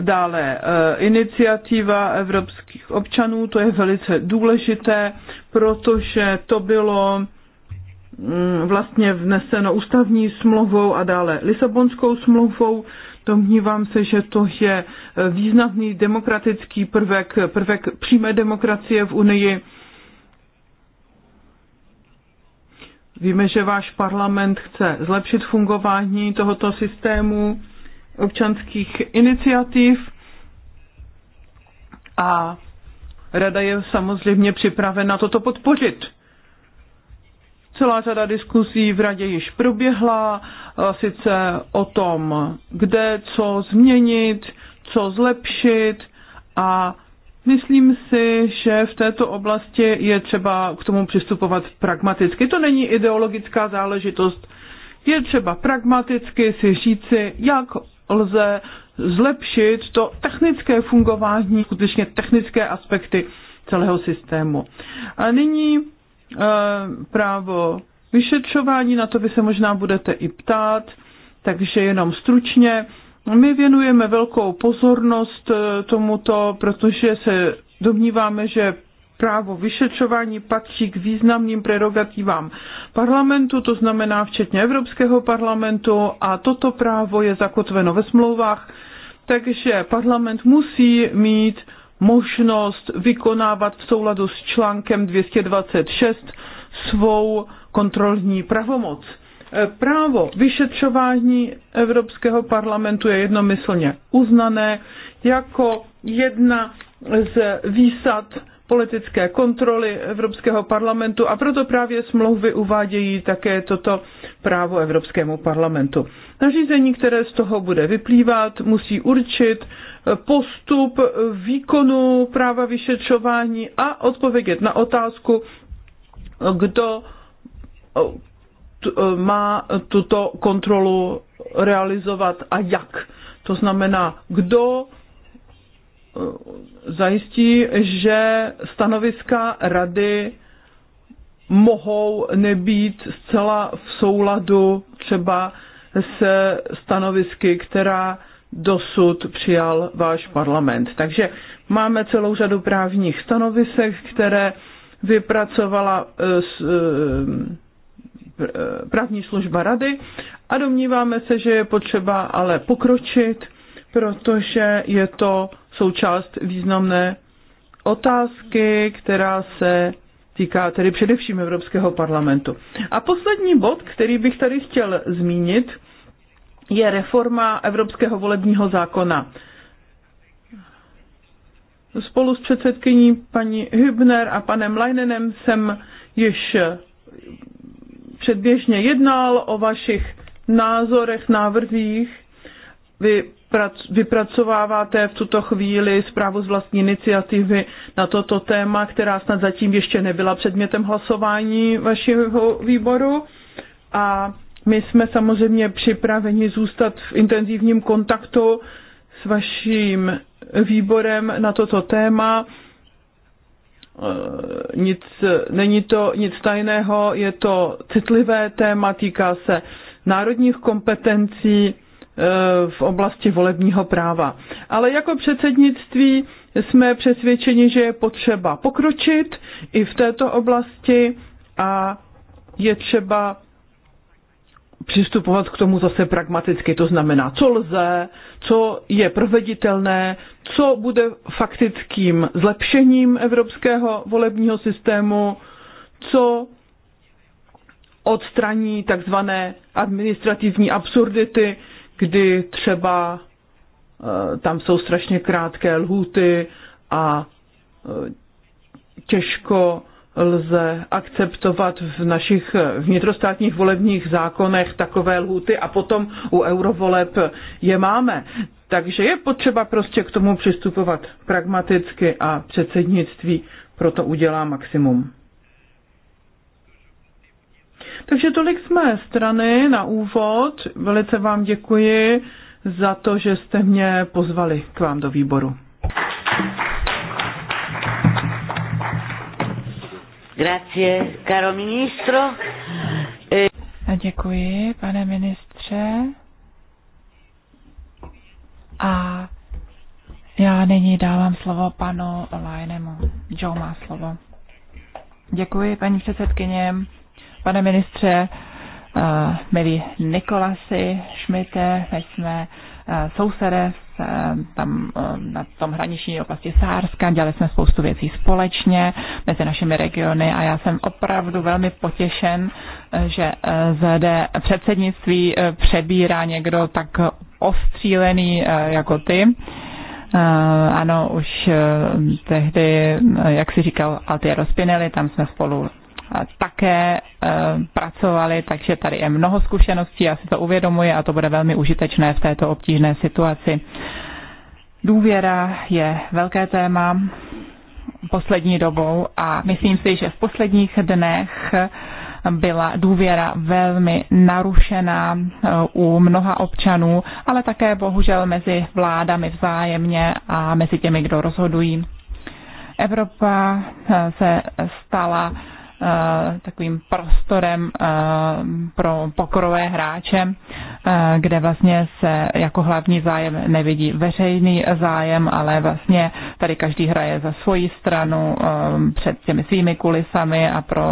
Dále eh, iniciativa evropských občanů, to je velice důležité, protože to bylo Mm, vlastně vneseno ústavní smlouvou a dále Lisabonskou smlouvou. Domnívám se, že to je eh, významný demokratický prvek, prvek přímé demokracie v Unii. Víme, že váš parlament chce zlepšit fungování tohoto systému občanských iniciativ a Rada je samozřejmě připravena toto podpořit Celá řada diskusí v radě již proběhla, sice o tom, kde co změnit, co zlepšit a Myslím si, že v této oblasti je třeba k tomu přistupovat pragmaticky. To není ideologická záležitost. Je třeba pragmaticky si říci, jak lze zlepšit to technické fungování, skutečně technické aspekty celého systému. A nyní Eh, právo vyšetřování, na to vy se možná budete i ptát, takže jenom stručně. My věnujeme velkou pozornost eh, tomuto, protože se domníváme, že právo vyšetřování patří k významným prerogativám parlamentu, to znamená včetně Evropského parlamentu a toto právo je zakotveno ve smlouvách, takže parlament musí mít možnost vykonávat v souladu s článkem 226 svou kontrolní pravomoc. E, právo vyšetřování Evropského parlamentu je jednomyslně uznané jako jedna z výsad politické kontroly Evropského parlamentu a proto právě smlouvy uvádějí také toto právo Evropskému parlamentu. Nařízení, které z toho bude vyplývat, musí určit, postup výkonu práva vyšetřování a odpovědět na otázku, kdo eh, eh, má tuto kontrolu realizovat a jak. To znamená, kdo eh, zajistí, že stanoviska rady mohou nebýt zcela v souladu třeba se stanovisky, která dosud přijal váš parlament. Takže máme celou řadu právních stanovisek, které vypracovala eh, eh, eh, právní služba rady a domníváme se, že je potřeba ale pokročit, protože je to součást významné otázky, která se týká tedy především Evropského parlamentu. A poslední bod, který bych tady chtěl zmínit, je reforma Evropského volebního zákona. Spolu s předsedkyní paní Hübner a panem Leinenem jsem již předběžně jednal o vašich názorech, návrzích. Vy vypracováváte v tuto chvíli zprávu z vlastní iniciativy na toto téma, která snad zatím ještě nebyla předmětem hlasování vašeho výboru. A my jsme samozřejmě připraveni zůstat v intenzivním kontaktu s vaším výborem na toto téma. Eh, nic, není to nic tajného, je to citlivé téma, týká se národních kompetencí eh, v oblasti volebního práva. Ale jako předsednictví jsme přesvědčeni, že je potřeba pokročit i v této oblasti a je třeba přistupovat k tomu zase pragmaticky. To znamená, co lze, co je proveditelné, co bude faktickým zlepšením evropského volebního systému, co odstraní takzvané administrativní absurdity, kdy třeba eh, tam jsou strašně krátké lhůty a eh, těžko lze akceptovat v našich vnitrostátních volebních zákonech takové lhuty a potom u eurovoleb je máme. Takže je potřeba prostě k tomu přistupovat pragmaticky a předsednictví proto udělá maximum. Takže tolik z mé strany na úvod. Velice vám děkuji za to, že jste mě pozvali k vám do výboru. Grazie, caro ministro. E- děkuji, pane ministře. A já nyní dávám slovo panu Lajnemu. Joe má slovo. Děkuji, paní předsedkyně, pane ministře, eh, milí Nikolasi Šmite, my jsme eh, sousedé v Eh, tam eh, na tom hraniční oblasti Sárska, dělali jsme spoustu věcí společně mezi našimi regiony a já jsem opravdu velmi potěšen, eh, že zde předsednictví přebírá někdo tak ostřílený jako ty. Ano, už tehdy, jak si říkal Altiero Spinelli, tam jsme spolu také eh, pracovali, takže tady je mnoho zkušeností, já si to uvědomuji a to bude velmi užitečné v této obtížné situaci. Důvěra je velké téma poslední dobou a myslím si, že v posledních dnech byla důvěra velmi narušená eh, u mnoha občanů, ale také bohužel mezi vládami vzájemně a mezi těmi, kdo rozhodují. Evropa eh, se stala Eh, takovým prostorem eh, pro pokorové hráče, eh, kde vlastně se jako hlavní zájem nevidí veřejný zájem, ale vlastně tady každý hraje za svoji stranu před těmi svými kulisami a pro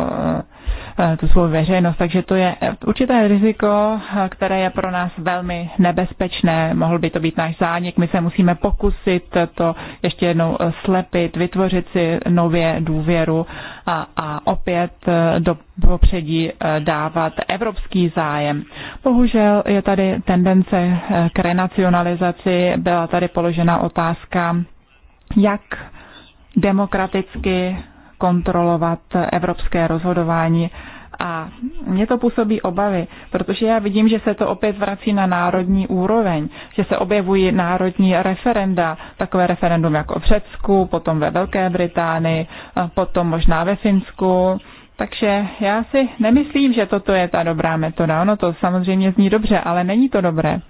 Eh, tu svou veřejnost. Takže to je eh, určité riziko, eh, které je pro nás velmi nebezpečné. Mohl by to být náš zánik. My se musíme pokusit to ještě jednou slepit, vytvořit si nově důvěru a, a opět do popředí dávat evropský zájem. Bohužel je tady tendence k renacionalizaci. Byla tady položena otázka, jak demokraticky kontrolovat evropské rozhodování. A mě to působí obavy, protože já vidím, že se to opět vrací na národní úroveň, že se objevují národní referenda, takové referendum jako v Řecku, potom ve Velké Británii, potom možná ve Finsku. Takže já si nemyslím, že toto je ta dobrá metoda. Ono to samozřejmě zní dobře, ale není to dobré,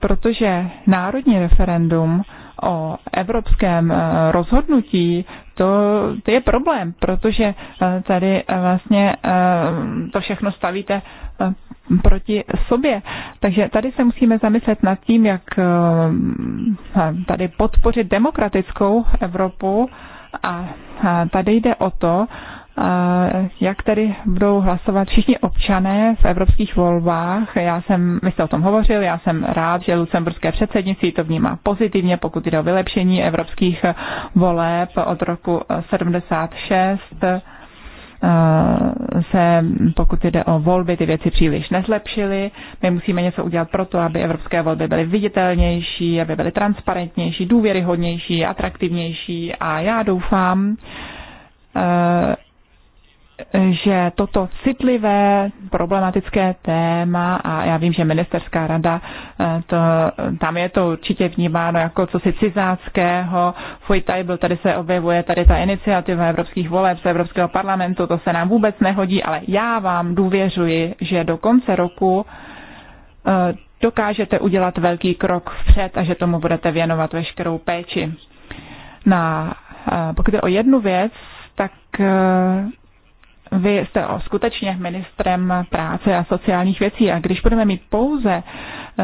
protože národní referendum o evropském eh, rozhodnutí, to, to je problém, protože eh, tady eh, vlastně to všechno stavíte proti sobě. Takže tady se musíme zamyslet nad tím, jak tady podpořit demokratickou Evropu a tady jde o to, jak tedy budou hlasovat všichni občané v evropských volbách. Já jsem, my jste o tom hovořil, já jsem rád, že lucemburské předsednictví to vnímá pozitivně, pokud jde o vylepšení evropských voleb od roku 76 eh, se, pokud jde o volby, ty věci příliš nezlepšily. My musíme něco udělat pro to, aby evropské volby byly viditelnější, aby byly transparentnější, důvěryhodnější, atraktivnější a já doufám, eh, že toto citlivé, problematické téma, a já vím, že ministerská rada, eh, to, tam je to určitě vnímáno jako cosi cizáckého, fuj, tady byl, tady se objevuje, tady ta iniciativa evropských voleb z Evropského parlamentu, to se nám vůbec nehodí, ale já vám důvěřuji, že do konce roku eh, dokážete udělat velký krok vpřed a že tomu budete věnovat veškerou péči. Na, eh, pokud je o jednu věc, tak vy jste skutečně ministrem práce a sociálních věcí a když budeme mít pouze eh,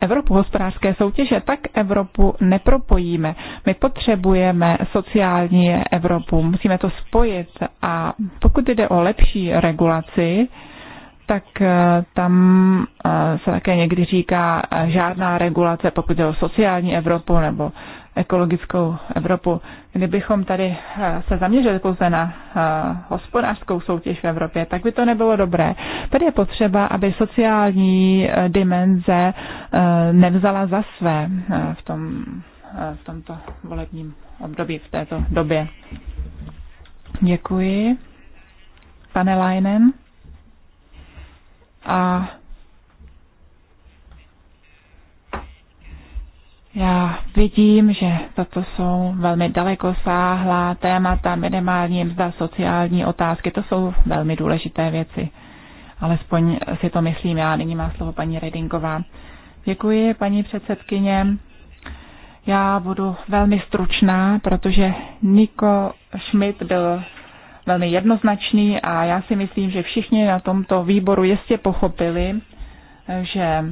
Evropu hospodářské soutěže, tak Evropu nepropojíme. My potřebujeme sociální Evropu, musíme to spojit a pokud jde o lepší regulaci, tak eh, tam eh, se také někdy říká žádná regulace, pokud jde o sociální Evropu nebo ekologickou Evropu. Kdybychom tady eh, se zaměřili pouze na eh, hospodářskou soutěž v Evropě, tak by to nebylo dobré. Tady je potřeba, aby sociální eh, dimenze nevzala za své v, tom, v tomto volebním období, v této době. Děkuji. Pane Leinen. A Já vidím, že toto jsou velmi daleko sáhlá témata, minimální mzda, sociální otázky, to jsou velmi důležité věci. Alespoň si to myslím já. Nyní má slovo paní Redinková. Děkuji, paní předsedkyně. Já budu velmi stručná, protože Niko Schmidt byl velmi jednoznačný a já si myslím, že všichni na tomto výboru jistě pochopili, že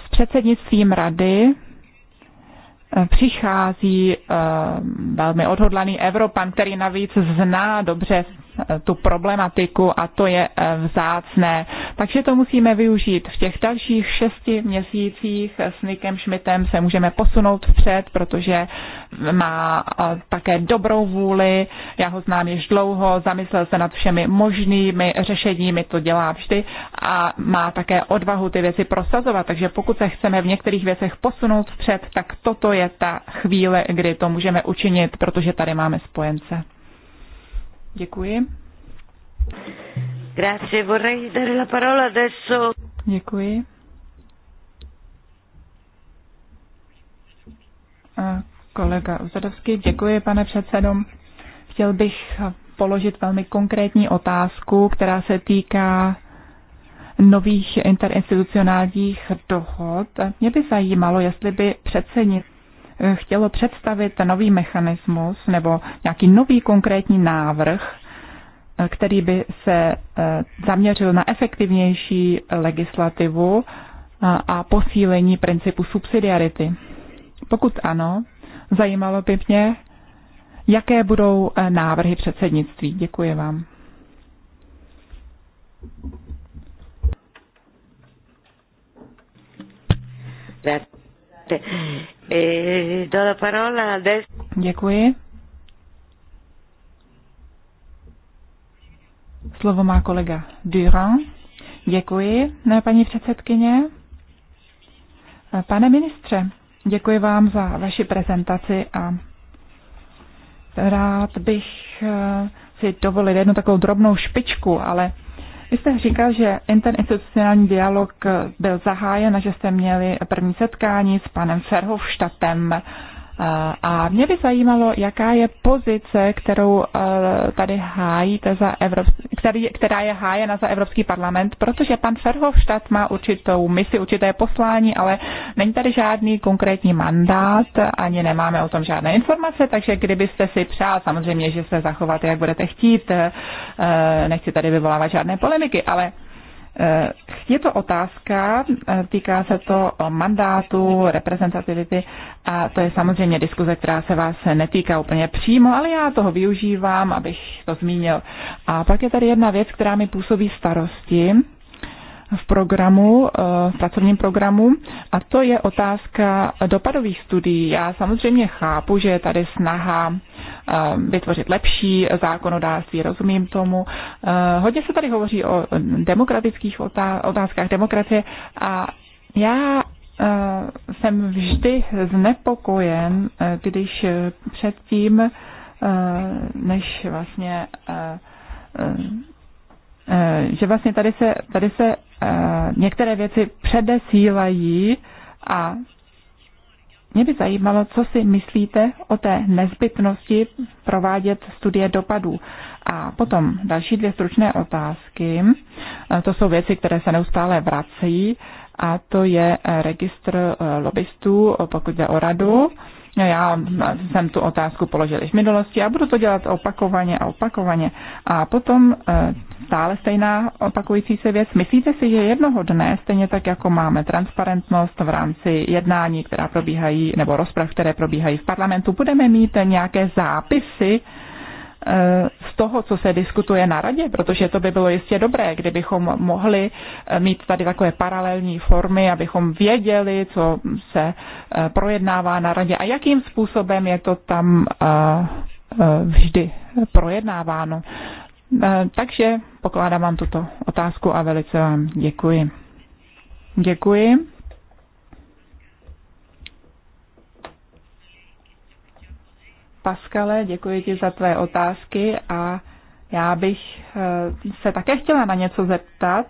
s předsednictvím rady eh, přichází eh, velmi odhodlaný Evropan, který navíc zná dobře Eh, tu problematiku a to je eh, vzácné. Takže to musíme využít. V těch dalších šesti měsících s Nikem Schmidtem se můžeme posunout vpřed, protože má eh, také dobrou vůli, já ho znám již dlouho, zamyslel se nad všemi možnými řešeními, to dělá vždy a má také odvahu ty věci prosazovat. Takže pokud se chceme v některých věcech posunout vpřed, tak toto je ta chvíle, kdy to můžeme učinit, protože tady máme spojence. Děkuji. Grazie, vorrei dare la parola adesso. Děkuji. A eh, kolega Uzadovský, děkuji, pane předsedo. Chtěl bych položit velmi konkrétní otázku, která se týká nových interinstitucionálních dohod. Mě by zajímalo, jestli by předsednictví chtělo představit nový mechanismus nebo nějaký nový konkrétní návrh, eh, který by se eh, zaměřil na efektivnější legislativu eh, a posílení principu subsidiarity. Pokud ano, zajímalo by mě, jaké budou návrhy předsednictví. Děkuji vám. That's E la parola Děkuji. Slovo má kolega Durand. Děkuji, ne, paní předsedkyně. Pane ministře, děkuji vám za vaši prezentaci a rád bych si dovolil jednu takovou drobnou špičku, ale vy jste říkal, že interinstitucionální dialog eh, byl zahájen a že jste měli první setkání s panem Ferhofštatem. A mě by zajímalo, jaká je pozice, kterou e, tady hájíte za Evropský, který, která je hájena za Evropský parlament, protože pan Ferhofstadt má určitou misi, určité poslání, ale není tady žádný konkrétní mandát, ani nemáme o tom žádné informace, takže kdybyste si přál, samozřejmě, že se zachováte, jak budete chtít, e, nechci tady vyvolávat žádné polemiky, ale Eh, je to otázka, eh, týká se to mandátu, reprezentativity a to je samozřejmě diskuze, která se vás netýká úplně přímo, ale já toho využívám, abych to zmínil. A pak je tady jedna věc, která mi působí starosti v programu, eh, v pracovním programu, a to je otázka dopadových studií. Já samozřejmě chápu, že je tady snaha Eh, vytvořit lepší zákonodárství, rozumím tomu. Eh, hodně se tady hovoří o demokratických otázkách demokracie a já eh, jsem vždy znepokojen, když předtím, než vlastně že vlastně tady se, tady se některé věci předesílají a mě by zajímalo, co si myslíte o té nezbytnosti provádět studie dopadů. A potom další dvě stručné otázky. To jsou věci, které se neustále vrací a to je registr lobbystů, pokud jde o radu já jsem tu otázku položil již v minulosti a budu to dělat opakovaně a opakovaně. A potom e, stále stejná opakující se věc. Myslíte si, že jednoho dne, stejně tak jako máme transparentnost v rámci jednání, která probíhají, nebo rozprav, které probíhají v parlamentu, budeme mít nějaké zápisy, z toho, co se diskutuje na radě, protože to by bylo jistě dobré, kdybychom mohli eh, mít tady takové paralelní formy, abychom věděli, co se eh, projednává na radě a jakým způsobem je to tam eh, vždy projednáváno. Takže pokládám vám tuto otázku a velice vám děkuji. Děkuji. Paskale, děkuji ti za tvé otázky a já bych eh, se také chtěla na něco zeptat.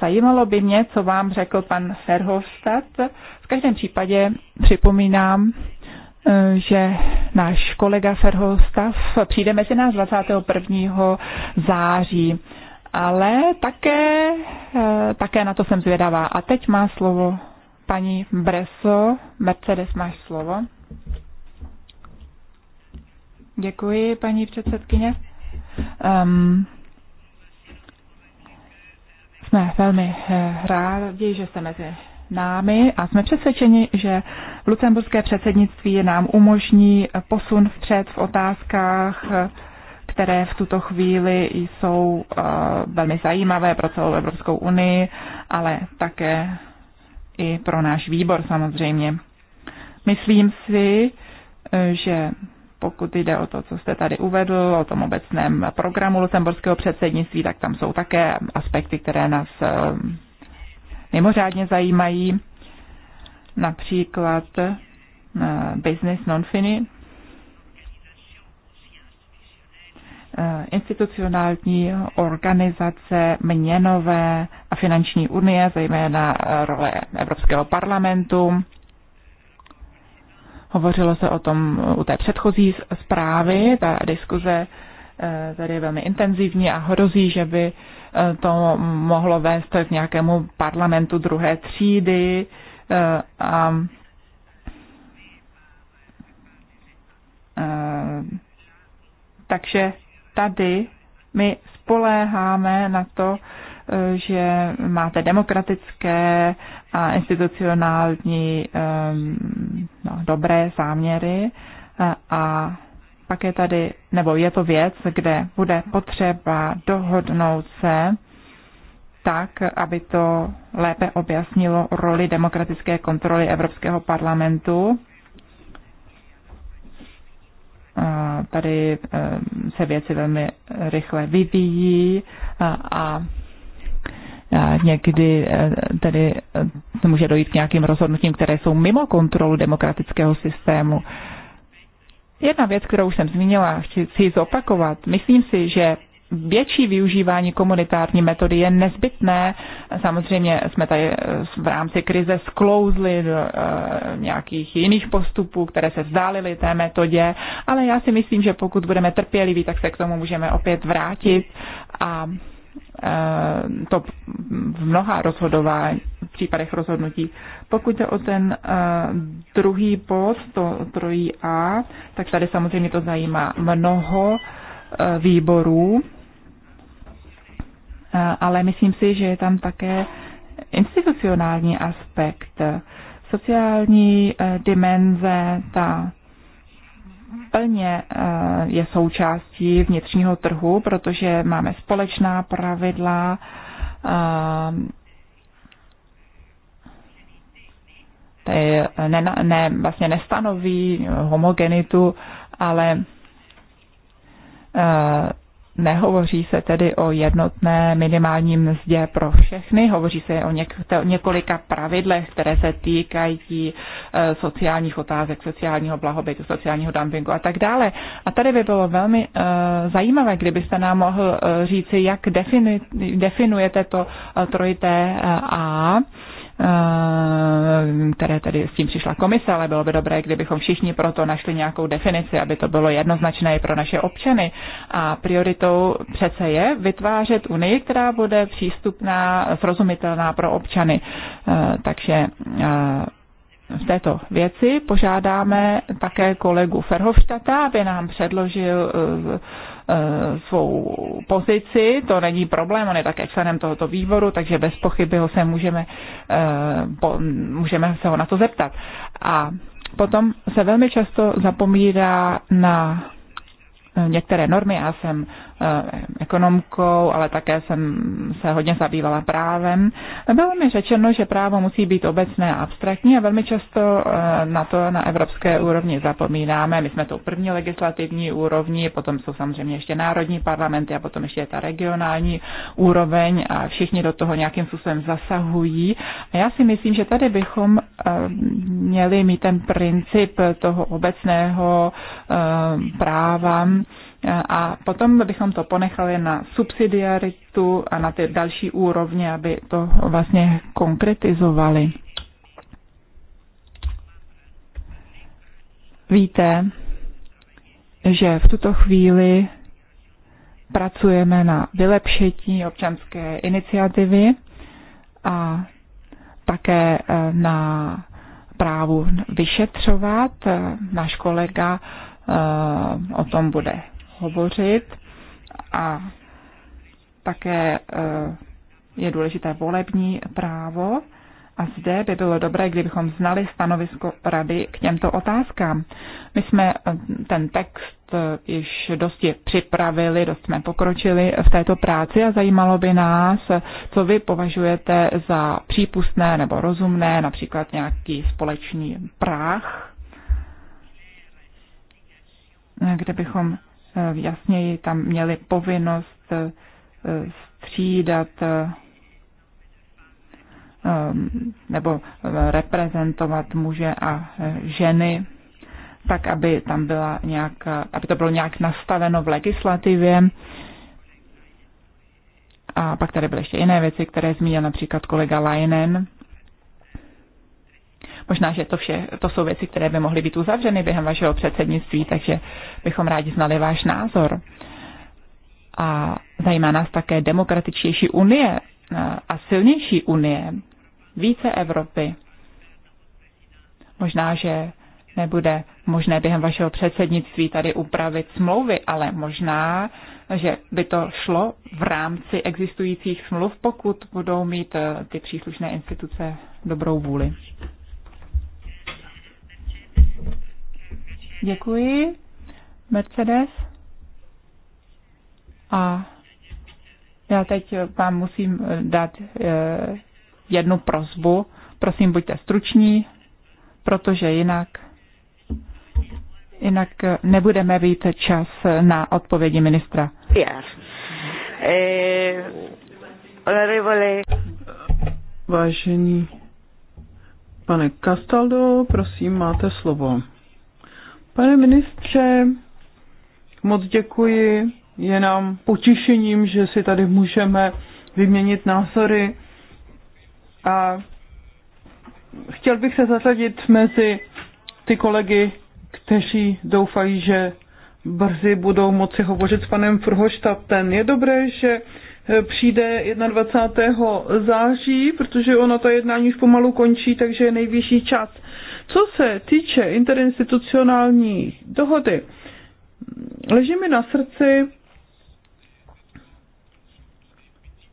Zajímalo by mě, co vám řekl pan Ferhofstadt. V každém případě připomínám, eh, že náš kolega Ferhostav přijde mezi nás 21. září. Ale také, eh, také na to jsem zvědavá. A teď má slovo paní Breso. Mercedes, máš slovo. Děkuji, paní předsedkyně. Um, jsme velmi eh, rádi, že jste mezi námi a jsme přesvědčeni, že lucemburské předsednictví nám umožní posun vpřed v otázkách, které v tuto chvíli jsou eh, velmi zajímavé pro celou Evropskou unii, ale také i pro náš výbor samozřejmě. Myslím si, eh, že pokud jde o to, co jste tady uvedl, o tom obecném programu lucemburského předsednictví, tak tam jsou také aspekty, které nás eh, mimořádně zajímají. Například eh, business non-fini, eh, institucionální organizace, měnové a finanční unie, zejména role Evropského parlamentu, Hovořilo se o tom u té předchozí zprávy, ta diskuze eh, tady je velmi intenzivní a hrozí, že by eh, to mohlo vést k nějakému parlamentu druhé třídy eh, a takže tady my spoléháme na to, že máte demokratické a institucionální no, dobré záměry a pak je tady, nebo je to věc, kde bude potřeba dohodnout se tak, aby to lépe objasnilo roli demokratické kontroly Evropského parlamentu. Tady se věci velmi rychle vyvíjí a někdy eh, tedy eh, může dojít k nějakým rozhodnutím, které jsou mimo kontrolu demokratického systému. Jedna věc, kterou už jsem zmínila, chci si ji zopakovat. Myslím si, že větší využívání komunitární metody je nezbytné. Samozřejmě jsme tady eh, v rámci krize sklouzli do nějakých jiných postupů, které se vzdálily té metodě, ale já si myslím, že pokud budeme trpěliví, tak se k tomu můžeme opět vrátit a Eh, to v mnoha rozhodování, v případech rozhodnutí. Pokud jde o ten eh, druhý bod, to trojí A, tak tady samozřejmě to zajímá mnoho eh, výborů, ale myslím si, že je tam také institucionální aspekt, sociální dimenze, ta plně eh, je součástí vnitřního trhu, protože máme společná pravidla, eh, eh, ne, ne, vlastně nestanoví homogenitu, ale Nehovoří se tedy o jednotné minimální mzdě pro všechny, hovoří se o několika pravidlech, které se týkají e, sociálních otázek, sociálního blahobytu, sociálního dumpingu a tak dále. A tady by bylo velmi e, zajímavé, kdybyste nám mohl e, říci, jak defini, definujete to trojité A Eh, které tedy s tím přišla komise, ale bylo by dobré, kdybychom všichni proto našli nějakou definici, aby to bylo jednoznačné i pro naše občany. A prioritou přece je vytvářet unii, která bude přístupná, srozumitelná pro občany. Eh, takže eh, v této věci požádáme také kolegu Ferhofštata, aby nám předložil Eh, svou pozici, to není problém, on je také členem tohoto výboru, takže bez pochyby ho se můžeme, eh, můžeme se ho na to zeptat. A potom se velmi často zapomíná na eh, některé normy. Já jsem Eh, ekonomkou, ale také jsem se hodně zabývala právem. Bylo mi řečeno, že právo musí být obecné a abstraktní a velmi často eh, na to na evropské úrovni zapomínáme. My jsme tou první legislativní úrovni, potom jsou samozřejmě ještě národní parlamenty a potom ještě je ta regionální úroveň a všichni do toho nějakým způsobem zasahují. A já si myslím, že tady bychom eh, měli mít ten princip toho obecného práva, a potom bychom to ponechali na subsidiaritu a na ty další úrovně, aby to vlastně konkretizovali. Víte, že v tuto chvíli pracujeme na vylepšení občanské iniciativy a také eh, na právu vyšetřovat. Náš kolega eh, o tom bude hovořit a také e, je důležité volební právo. A zde by bylo dobré, kdybychom znali stanovisko rady k těmto otázkám. My jsme e, ten text e, již dosti připravili, dost jsme pokročili v této práci a zajímalo by nás, co vy považujete za přípustné nebo rozumné, například nějaký společný práh, kde bychom Eh, jasněji tam měli povinnost eh, střídat eh, ehm, nebo reprezentovat muže a ženy, tak aby tam byla nějak, aby to bylo nějak nastaveno v legislativě. A pak tady byly ještě jiné věci, které zmínil například kolega Leinen. Možná, že to vše, to jsou věci, které by mohly být uzavřeny během vašeho předsednictví, takže bychom rádi znali váš názor. A zajímá nás také demokratičtější unie eh, a silnější unie, více Evropy. Možná, že nebude možné během vašeho předsednictví tady upravit smlouvy, ale možná, že by to šlo v rámci existujících smluv, pokud budou mít eh, ty příslušné instituce dobrou vůli. Děkuji. Mercedes. A já teď vám musím eh, dát eh, jednu prozbu. Prosím, buďte struční, protože jinak jinak nebudeme mít čas na odpovědi ministra. Vážení pane Castaldo, prosím, máte slovo. Pane ministře, moc děkuji. Je nám potěšením, že si tady můžeme vyměnit názory. A chtěl bych se zařadit mezi ty kolegy, kteří doufají, že brzy budou moci hovořit s panem Frhoštatem. Je dobré, že eh, přijde 21. září, protože ono ta jednání už pomalu končí, takže je nejvyšší čas. Co se týče interinstitucionální dohody, leží mi na srdci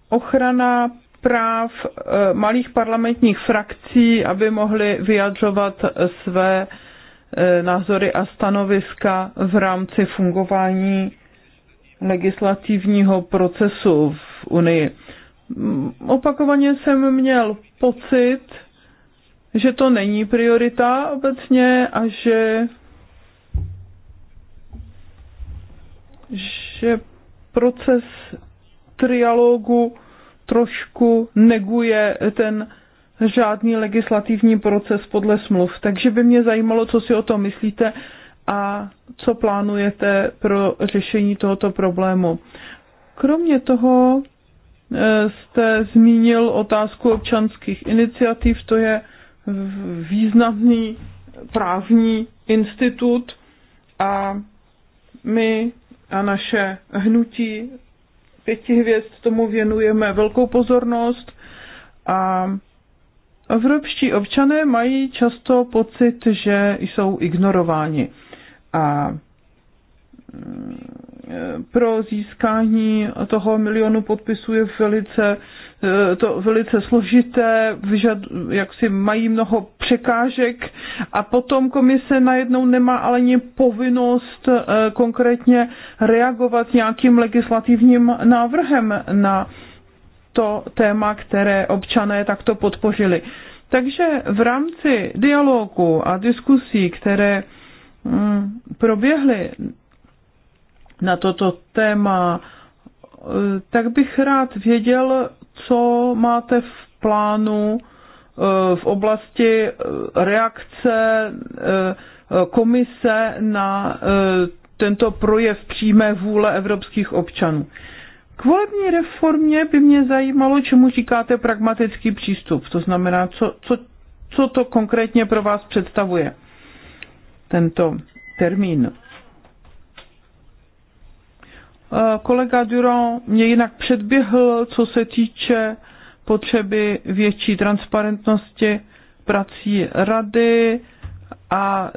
ochrana práv eh, malých parlamentních frakcí, aby mohly vyjadřovat své eh, názory a stanoviska v rámci fungování legislativního procesu v Unii. Opakovaně jsem měl pocit, že to není priorita obecně a že, že proces trialogu trošku neguje ten žádný legislativní proces podle smluv. Takže by mě zajímalo, co si o tom myslíte a co plánujete pro řešení tohoto problému. Kromě toho eh, jste zmínil otázku občanských iniciativ, to je významný právní institut a my a naše hnutí pěti hvězd tomu věnujeme velkou pozornost a evropští občané mají často pocit, že jsou ignorováni. A mm, e, pro získání toho milionu podpisů je velice Eh, to velice složité, vyžad, jak si mají mnoho překážek a potom komise najednou nemá ale ani povinnost eh, konkrétně reagovat nějakým legislativním návrhem na to téma, které občané takto podpořili. Takže v rámci dialogu a diskusí, které mm, proběhly na toto téma, eh, tak bych rád věděl, co máte v plánu eh, v oblasti eh, reakce eh, komise na tento projev přímé vůle evropských občanů. K volební reformě by mě zajímalo, čemu říkáte pragmatický přístup. To znamená, co, co, co to konkrétně pro vás představuje, tento termín. Eh, kolega Durand mě jinak předběhl, co se týče potřeby větší transparentnosti prací rady a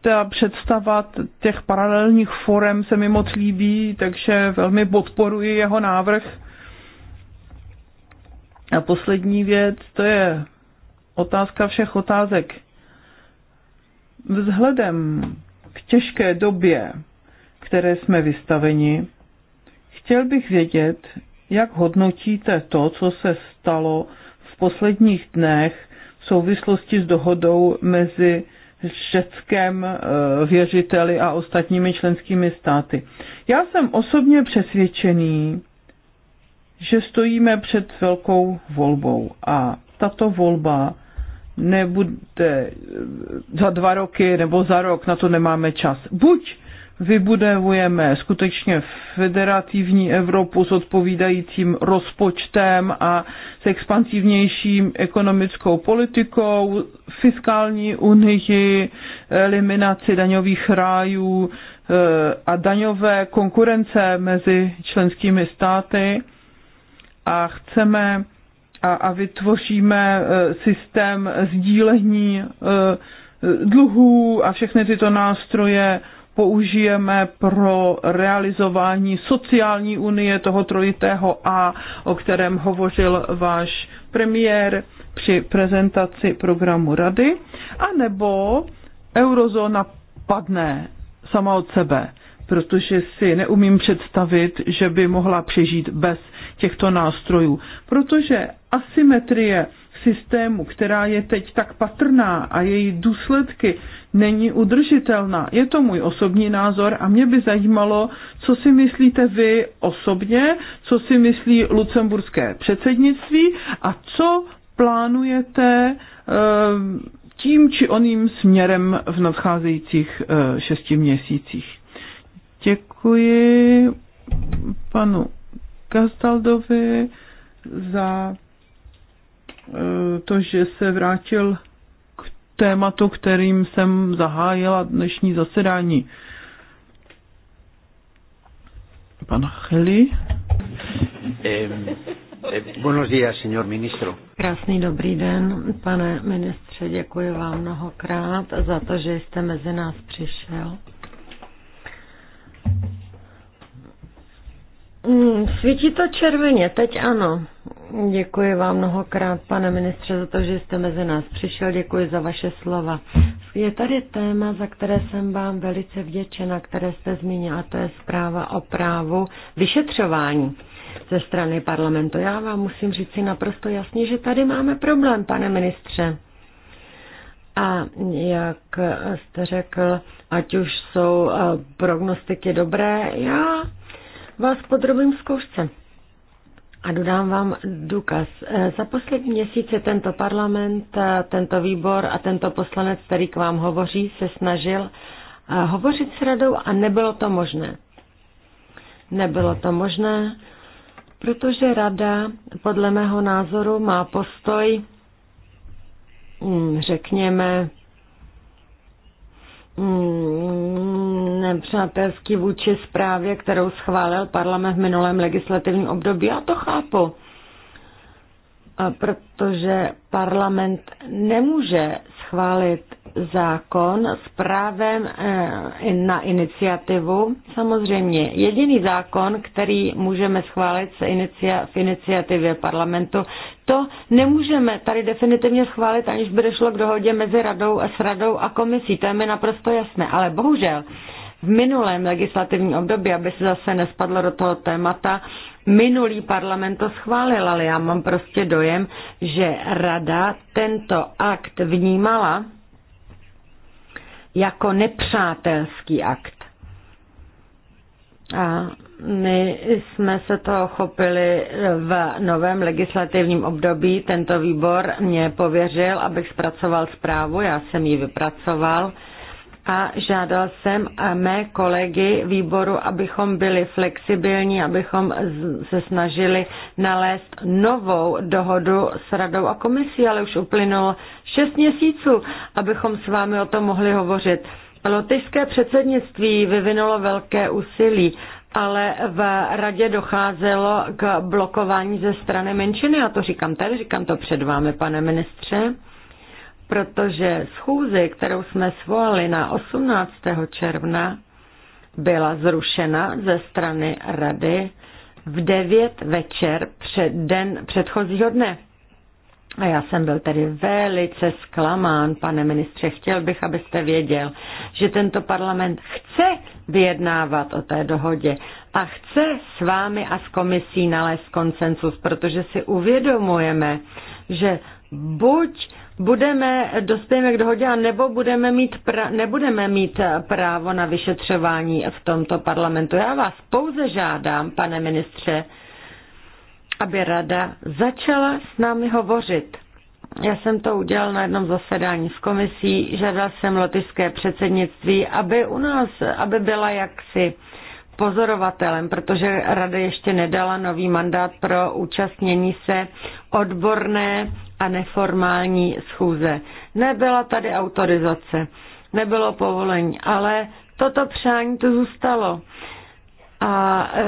ta představa těch paralelních forem se mi moc líbí, takže velmi podporuji jeho návrh. A poslední věc, to je otázka všech otázek. Vzhledem k těžké době, které jsme vystaveni, Chtěl bych vědět, jak hodnotíte to, co se stalo v posledních dnech v souvislosti s dohodou mezi řeckém eh, věřiteli a ostatními členskými státy. Já jsem osobně přesvědčený, že stojíme před velkou volbou a tato volba nebude eh, za dva roky nebo za rok, na to nemáme čas. Buď vybudujeme skutečně federativní Evropu s odpovídajícím rozpočtem a s expansivnějším ekonomickou politikou, fiskální unii, eliminaci daňových rájů eh, a daňové konkurence mezi členskými státy a chceme a, a vytvoříme eh, systém sdílení eh, dluhů a všechny tyto nástroje použijeme pro realizování sociální unie toho trojitého A, o kterém hovořil váš premiér při prezentaci programu rady, anebo eurozóna padne sama od sebe, protože si neumím představit, že by mohla přežít bez těchto nástrojů, protože asymetrie systému, která je teď tak patrná a její důsledky není udržitelná. Je to můj osobní názor a mě by zajímalo, co si myslíte vy osobně, co si myslí lucemburské předsednictví a co plánujete eh, tím či oným směrem v nadcházejících eh, šesti měsících. Děkuji panu Kastaldovi za Eh, to, že se vrátil k tématu, kterým jsem zahájila dnešní zasedání. Pan Cheli. Buenos días, señor ministro. Krásný dobrý den, pane ministře, děkuji vám mnohokrát za to, že jste mezi nás přišel. Mm, svítí to červeně, teď ano. Děkuji vám mnohokrát, pane ministře, za to, že jste mezi nás přišel. Děkuji za vaše slova. Je tady téma, za které jsem vám velice vděčena, které jste zmínila, to je zpráva o právu vyšetřování ze strany parlamentu. Já vám musím říct si naprosto jasně, že tady máme problém, pane ministře. A jak jste řekl, ať už jsou eh, prognostiky dobré, já vás podrobím zkoušce. A dodám vám důkaz. Eh, za poslední měsíce tento parlament, eh, tento výbor a tento poslanec, který k vám hovoří, se snažil eh, hovořit s radou a nebylo to možné. Nebylo to možné, protože rada podle mého názoru má postoj, hm, řekněme, Mm, nepřátelský vůči zprávě, kterou schválil parlament v minulém legislativním období. Já to chápu, protože parlament nemůže schválit zákon s právem eh, na iniciativu. Samozřejmě jediný zákon, který můžeme schválit v iniciativě parlamentu, to nemůžeme tady definitivně schválit, aniž by došlo k dohodě mezi radou, a s radou a komisí. To je mi naprosto jasné. Ale bohužel v minulém legislativním období, aby se zase nespadlo do toho témata, minulý parlament to schválil, ale já mám prostě dojem, že rada tento akt vnímala jako nepřátelský akt. A my jsme se toho chopili v novém legislativním období. Tento výbor mě pověřil, abych zpracoval zprávu, já jsem ji vypracoval a žádal jsem a mé kolegy výboru, abychom byli flexibilní, abychom se snažili nalézt novou dohodu s radou a komisí, ale už uplynulo šest měsíců, abychom s vámi o tom mohli hovořit. Lotyšské předsednictví vyvinulo velké úsilí, ale v radě docházelo k blokování ze strany menšiny, a to říkám tady, říkám to před vámi, pane ministře protože schůze, kterou jsme svolali na 18. června, byla zrušena ze strany rady v 9 večer před den předchozího dne. A já jsem byl tedy velice zklamán, pane ministře. Chtěl bych, abyste věděl, že tento parlament chce vyjednávat o té dohodě a chce s vámi a s komisí nalézt konsensus, protože si uvědomujeme, že buď budeme, dospějeme k dohodě a nebo budeme mít pra, nebudeme mít právo na vyšetřování v tomto parlamentu. Já vás pouze žádám, pane ministře, aby rada začala s námi hovořit. Já jsem to udělal na jednom zasedání s komisí, žádal jsem lotyšské předsednictví, aby u nás, aby byla jaksi pozorovatelem, protože rada ještě nedala nový mandát pro účastnění se odborné a neformální schůze. Nebyla tady autorizace, nebylo povolení, ale toto přání tu zůstalo. A e,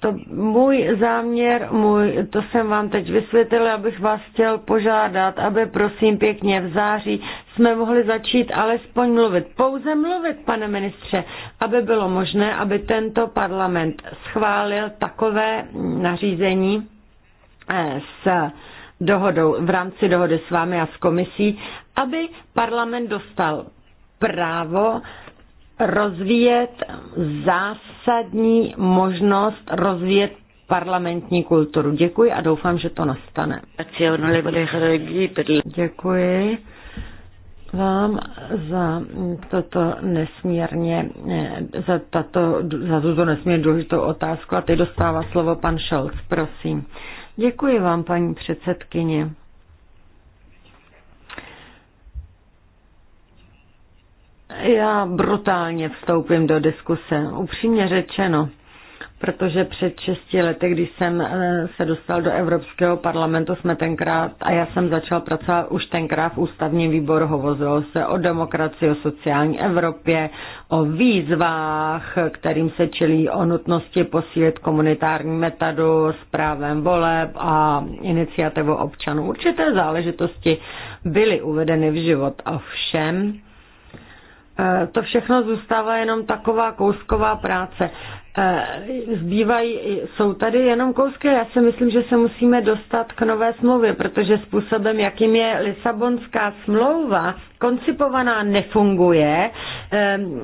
to můj záměr, můj, to jsem vám teď vysvětlil, abych vás chtěl požádat, aby prosím pěkně v září jsme mohli začít alespoň mluvit. Pouze mluvit, pane ministře, aby bylo možné, aby tento parlament schválil takové nařízení e, s dohodou, v rámci dohody s vámi a s komisí, aby parlament dostal právo rozvíjet zásadní možnost rozvíjet parlamentní kulturu. Děkuji a doufám, že to nastane. Děkuji vám za toto nesmírně, za, tato, za tuto nesmírně důležitou otázku. A teď dostává slovo pan Scholz, prosím. Děkuji vám, paní předsedkyně. Já brutálně vstoupím do diskuse, upřímně řečeno protože před 6 lety, když jsem eh, se dostal do Evropského parlamentu, jsme tenkrát, a já jsem začal pracovat už tenkrát v ústavním výboru, hovořilo se o demokracii, o sociální Evropě, o výzvách, kterým se čelí, o nutnosti posílit komunitární metodu s právem voleb a iniciativou občanů. Určité záležitosti byly uvedeny v život, ovšem eh, to všechno zůstává jenom taková kousková práce zbývají, jsou tady jenom kousky. Já si myslím, že se musíme dostat k nové smlouvě, protože způsobem, jakým je Lisabonská smlouva koncipovaná, nefunguje ehm,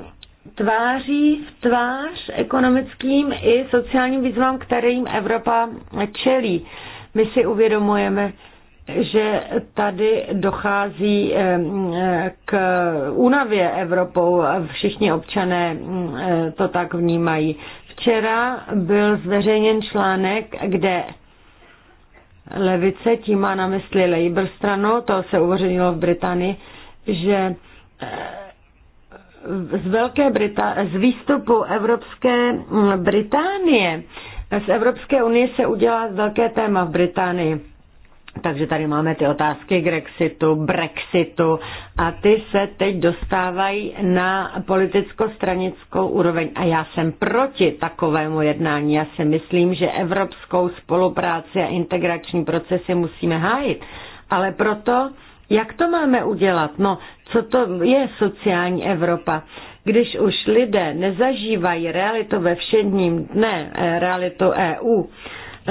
tváří v tvář ekonomickým i sociálním výzvám, kterým Evropa čelí. My si uvědomujeme, že tady dochází k únavě Evropou. Všichni občané to tak vnímají. Včera byl zveřejněn článek, kde levice, tím má na mysli Labour stranu, to se uvořenilo v Británii, že z Velké Britá z výstupu Evropské Británie z Evropské unie se udělá velké téma v Británii takže tady máme ty otázky Grexitu, Brexitu a ty se teď dostávají na politicko-stranickou úroveň. A já jsem proti takovému jednání. Já si myslím, že evropskou spolupráci a integrační procesy musíme hájit. Ale proto, jak to máme udělat? No, co to je sociální Evropa? Když už lidé nezažívají realitu ve všedním dne, eh, realitu EU,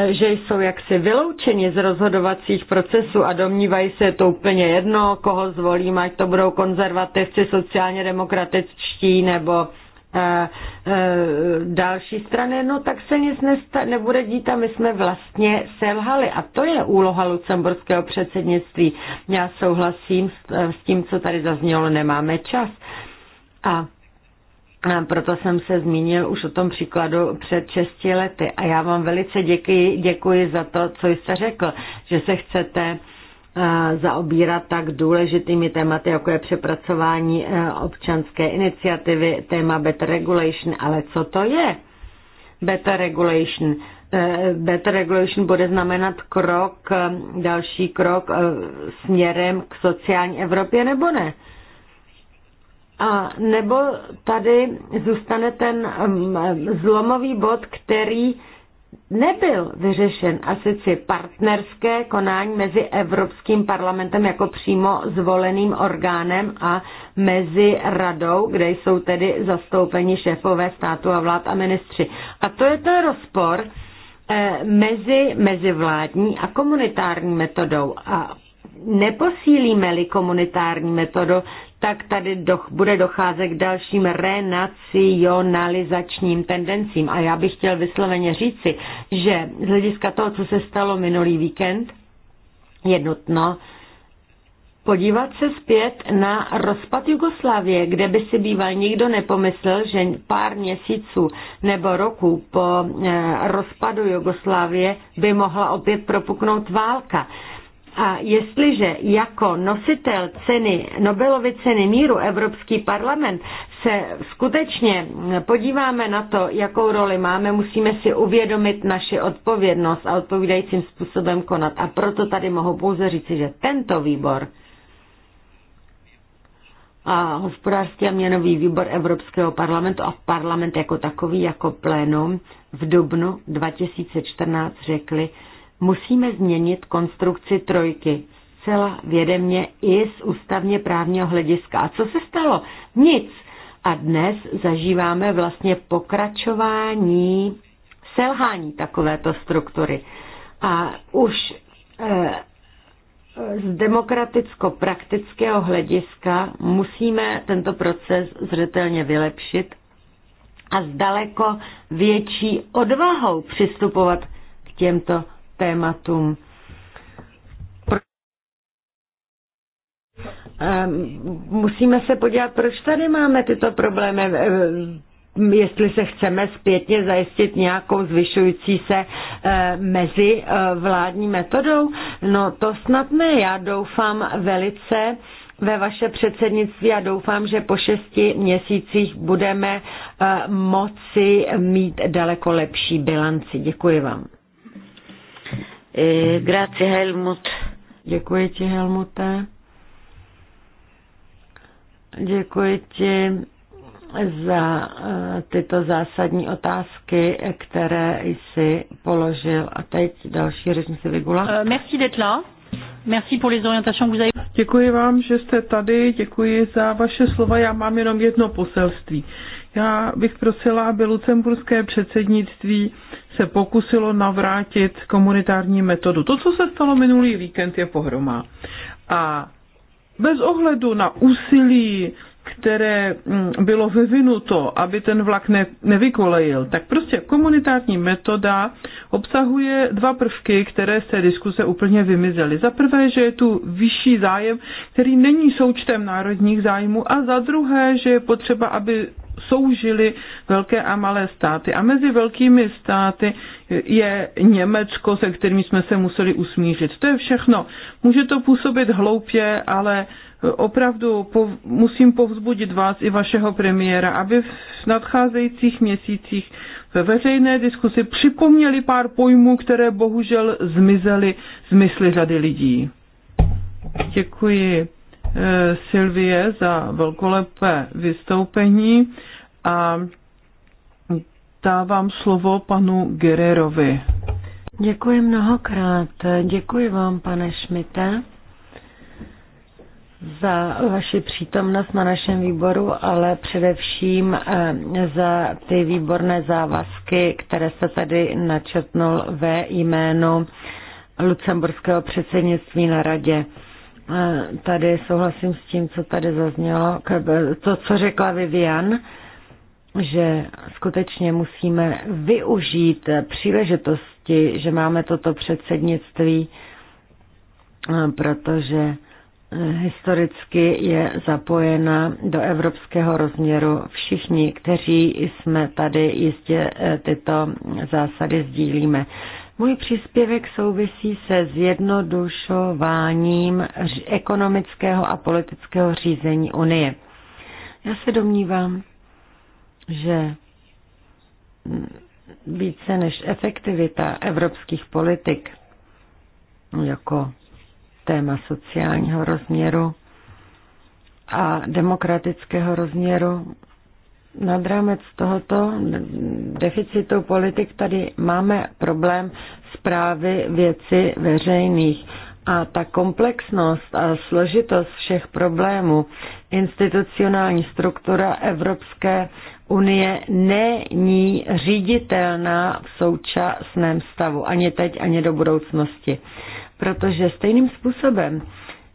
že jsou jaksi vyloučeni z rozhodovacích procesů a domnívají se, je to úplně jedno, koho zvolí, ať to budou konzervativci, sociálně demokratičtí nebo e, další strany, no tak se nic nesta- nebude dít a my jsme vlastně selhali. A to je úloha lucemburského předsednictví. Já souhlasím s, s tím, co tady zaznělo, nemáme čas. A proto jsem se zmínil už o tom příkladu před 6 lety. A já vám velice děkuji, děkuji za to, co jste řekl, že se chcete eh, zaobírat tak důležitými tématy, jako je přepracování eh, občanské iniciativy, téma better regulation. Ale co to je? Better regulation. Eh, better regulation bude znamenat krok, další krok směrem k sociální Evropě nebo ne? A nebo tady zůstane ten mm, zlomový bod, který nebyl vyřešen a sice partnerské konání mezi Evropským parlamentem jako přímo zvoleným orgánem a mezi radou, kde jsou tedy zastoupeni šéfové státu a vlád a ministři. A to je ten rozpor eh, mezi mezivládní a komunitární metodou. A neposílíme-li komunitární metodu, tak tady doch, bude docházet k dalším renacionalizačním tendencím. A já bych chtěl vysloveně říci, že z hlediska toho, co se stalo minulý víkend, je nutno podívat se zpět na rozpad Jugoslávie, kde by si býval nikdo nepomyslel, že pár měsíců nebo roku po eh, rozpadu Jugoslávie by mohla opět propuknout válka. A jestliže jako nositel ceny Nobelovy ceny míru Evropský parlament se skutečně podíváme na to, jakou roli máme, musíme si uvědomit naši odpovědnost a odpovídajícím způsobem konat. A proto tady mohu pouze říci, že tento výbor a hospodářský a měnový výbor Evropského parlamentu a parlament jako takový, jako plénum v dubnu 2014 řekli, Musíme změnit konstrukci trojky zcela vědemně i z ústavně právního hlediska. A co se stalo? Nic. A dnes zažíváme vlastně pokračování selhání takovéto struktury. A už eh, eh, z demokraticko-praktického hlediska musíme tento proces zřetelně vylepšit a s daleko větší odvahou přistupovat k těmto tématům. Ehm, musíme se podívat, proč tady máme tyto problémy ehm, jestli se chceme zpětně zajistit nějakou zvyšující se ehm, mezi vládní metodou. No to snad ne, já doufám velice ve vaše předsednictví a doufám, že po šesti měsících budeme moci mít daleko lepší bilanci. Děkuji vám. Eh, grazie Helmut. Děkuji ti Helmute. Děkuji ti za eh, tyto zásadní otázky, které jsi položil. A teď další řečnice Vigula. Eh, merci d'être là. Merci pour les orientations que vous avez. Děkuji vám, že jste tady, děkuji za vaše slova. Já mám jenom jedno poselství. Já bych prosila, aby lucemburské předsednictví se pokusilo navrátit komunitární metodu. To, co se stalo minulý víkend, je pohroma. A bez ohledu na úsilí, které mm, bylo vyvinuto, aby ten vlak ne, nevykolejil, tak prostě komunitární metoda obsahuje dva prvky, které z té diskuse úplně vymizely. Za prvé, že je tu vyšší zájem, který není součtem národních zájmů a za druhé, že je potřeba, aby soužily velké a malé státy. A mezi velkými státy je Německo, se kterými jsme se museli usmířit. To je všechno. Může to působit hloupě, ale opravdu pov, musím povzbudit vás i vašeho premiéra, aby v nadcházejících měsících ve veřejné diskusi připomněli pár pojmů, které bohužel zmizely z mysli řady lidí. Děkuji eh, Silvie za velkolepé vystoupení a dávám slovo panu Gererovi. Děkuji mnohokrát. Děkuji vám, pane Šmite, za vaši přítomnost na našem výboru, ale především eh, za ty výborné závazky, které se tady načetnul ve jménu lucemburského předsednictví na radě. Eh, tady souhlasím s tím, co tady zaznělo, to, co řekla Vivian že skutečně musíme využít příležitosti, že máme toto předsednictví, protože historicky je zapojena do evropského rozměru všichni, kteří jsme tady jistě eh, tyto zásady sdílíme. Můj příspěvek souvisí se zjednodušováním ekonomického a politického řízení Unie. Já se domnívám, že více než efektivita evropských politik jako téma sociálního rozměru a demokratického rozměru. Nad rámec tohoto deficitu politik tady máme problém zprávy věci veřejných. A ta komplexnost a složitost všech problémů, institucionální struktura Evropské unie není říditelná v současném stavu, ani teď, ani do budoucnosti. Protože stejným způsobem,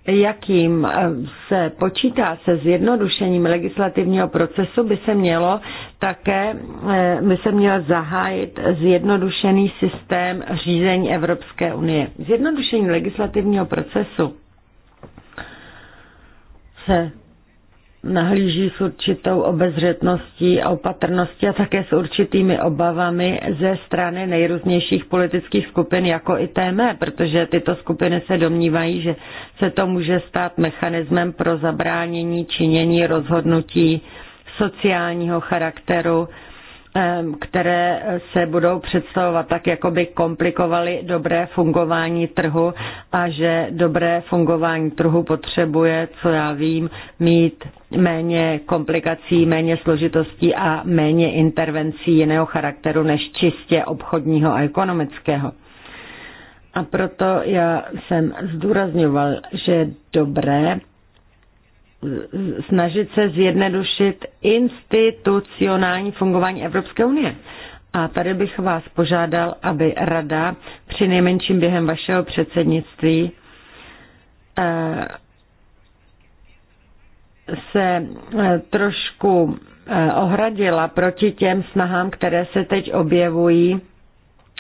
jakým eh, se počítá se zjednodušením legislativního procesu, by se mělo také, eh, by se měl zahájit zjednodušený systém řízení Evropské unie. Zjednodušení legislativního procesu se nahlíží s určitou obezřetností a opatrností a také s určitými obavami ze strany nejrůznějších politických skupin jako i mé, protože tyto skupiny se domnívají, že se to může stát mechanismem pro zabránění činění rozhodnutí sociálního charakteru které se budou představovat tak, jako by komplikovaly dobré fungování trhu a že dobré fungování trhu potřebuje, co já vím, mít méně komplikací, méně složitostí a méně intervencí jiného charakteru než čistě obchodního a ekonomického. A proto já jsem zdůrazňoval, že dobré snažit se zjednodušit institucionální fungování Evropské unie. A tady bych vás požádal, aby Rada při nejmenším během vašeho předsednictví eh, se eh, trošku eh, ohradila proti těm snahám, které se teď objevují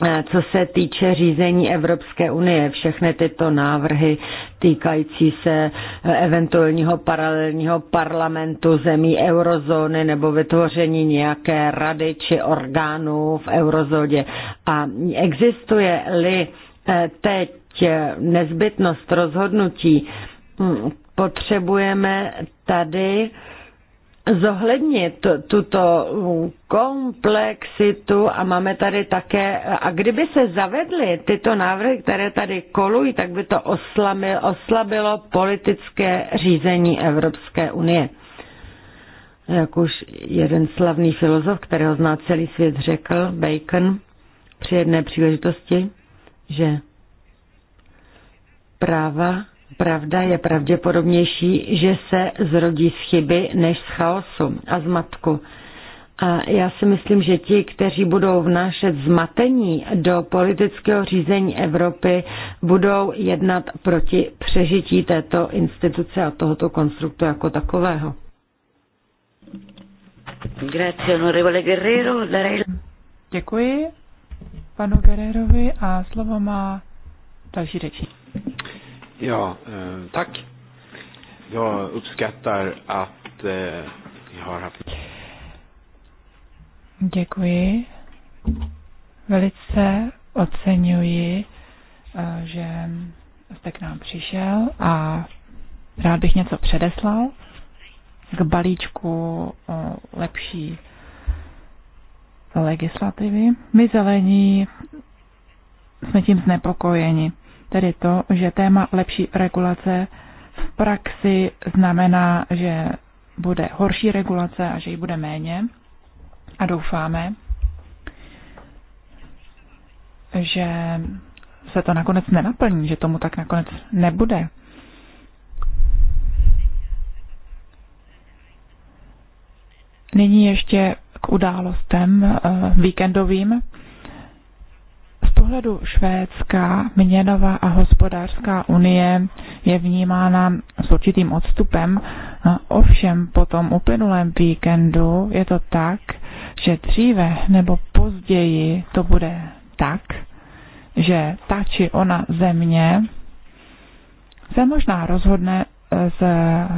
Eh, co se týče řízení Evropské unie, všechny tyto návrhy týkající se eh, eventuálního paralelního parlamentu zemí eurozóny nebo vytvoření nějaké rady či orgánů v eurozóně. A existuje-li eh, teď nezbytnost rozhodnutí, hm, potřebujeme tady zohlednit tuto komplexitu a máme tady také, a kdyby se zavedly tyto návrhy, které tady kolují, tak by to oslabilo politické řízení Evropské unie. Jak už jeden slavný filozof, kterého zná celý svět, řekl, Bacon, při jedné příležitosti, že práva Pravda je pravděpodobnější, že se zrodí z chyby než z chaosu a z matku. A já si myslím, že ti, kteří budou vnášet zmatení do politického řízení Evropy, budou jednat proti přežití této instituce a tohoto konstruktu jako takového. Děkuji panu Guerrerovi a slovo má další řečník. Ja, eh, tack. Jag uppskattar att eh, jag har haft... Děkuji. Velice oceňuji, eh, že jste k nám přišel a rád bych něco předeslal k balíčku lepší legislativy. My zelení jsme tím znepokojeni tedy to, že téma lepší regulace v praxi znamená, že bude horší regulace a že ji bude méně. A doufáme, že se to nakonec nenaplní, že tomu tak nakonec nebude. Nyní ještě k událostem eh, víkendovým pohledu Švédska měnová a hospodářská unie je vnímána s určitým odstupem, no, ovšem po tom uplynulém víkendu je to tak, že dříve nebo později to bude tak, že ta či ona země se možná rozhodne eh, z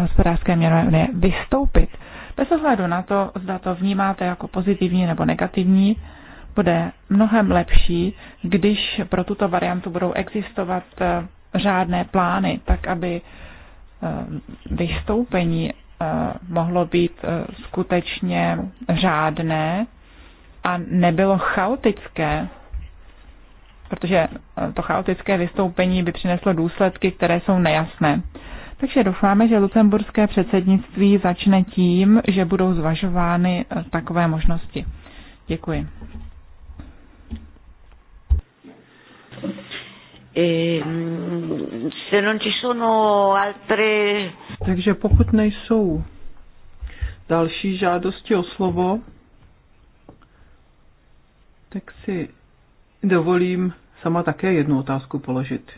hospodářské měnové unie vystoupit. Bez ohledu na to, zda to vnímáte jako pozitivní nebo negativní, bude mnohem lepší, když pro tuto variantu budou existovat eh, řádné plány, tak aby eh, vystoupení eh, mohlo být skutečně řádné a nebylo chaotické, protože to chaotické vystoupení by přineslo důsledky, které jsou nejasné. Takže doufáme, že lucemburské předsednictví začne tím, že budou zvažovány takové možnosti. Děkuji. E, se non ci sono altre... Takže pokud nejsou další žádosti o slovo, tak si dovolím sama také jednu otázku položit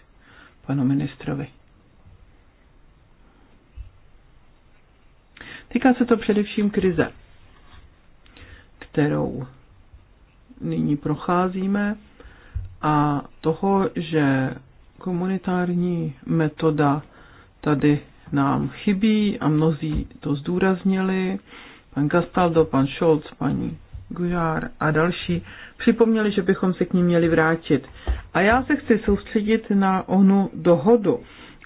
panu ministrovi. Týká se to především krize, kterou nyní procházíme a toho, že komunitární metoda tady nám chybí a mnozí to zdůraznili, pan Castaldo, pan Scholz, paní Gužár a další, připomněli, že bychom se k ní měli vrátit. A já se chci soustředit na onu dohodu.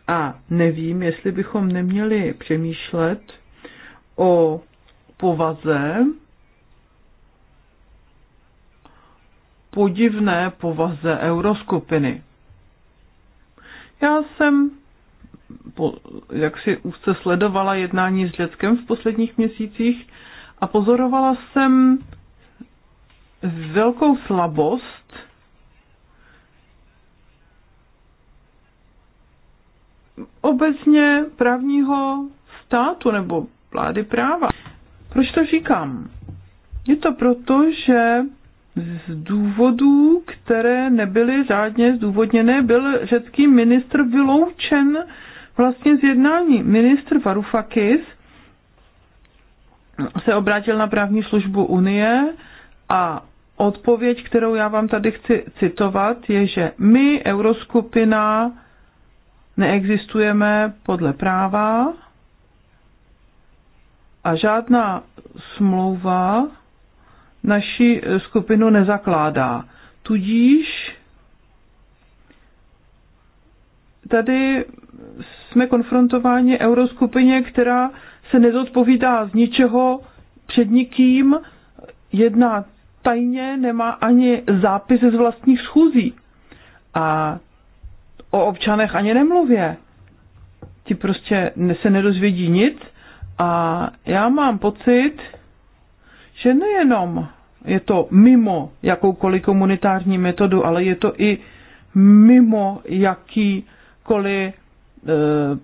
A nevím, jestli bychom neměli přemýšlet o povaze podivné povaze euroskupiny. Já jsem po, jak si úzce sledovala jednání s Řeckem v posledních měsících a pozorovala jsem velkou slabost obecně právního státu nebo vlády práva. Proč to říkám? Je to proto, že z důvodů, které nebyly řádně zdůvodněné, byl řecký ministr vyloučen vlastně z jednání. Ministr Varoufakis se obrátil na právní službu Unie a odpověď, kterou já vám tady chci citovat, je, že my, euroskupina, neexistujeme podle práva a žádná smlouva naši skupinu nezakládá. Tudíž tady jsme konfrontováni euroskupině, která se nezodpovídá z ničeho před nikým, jedná tajně, nemá ani zápis z vlastních schůzí. A o občanech ani nemluvě. Ti prostě se nedozvědí nic a já mám pocit, že nejenom je to mimo jakoukoliv komunitární metodu, ale je to i mimo jakýkoliv e,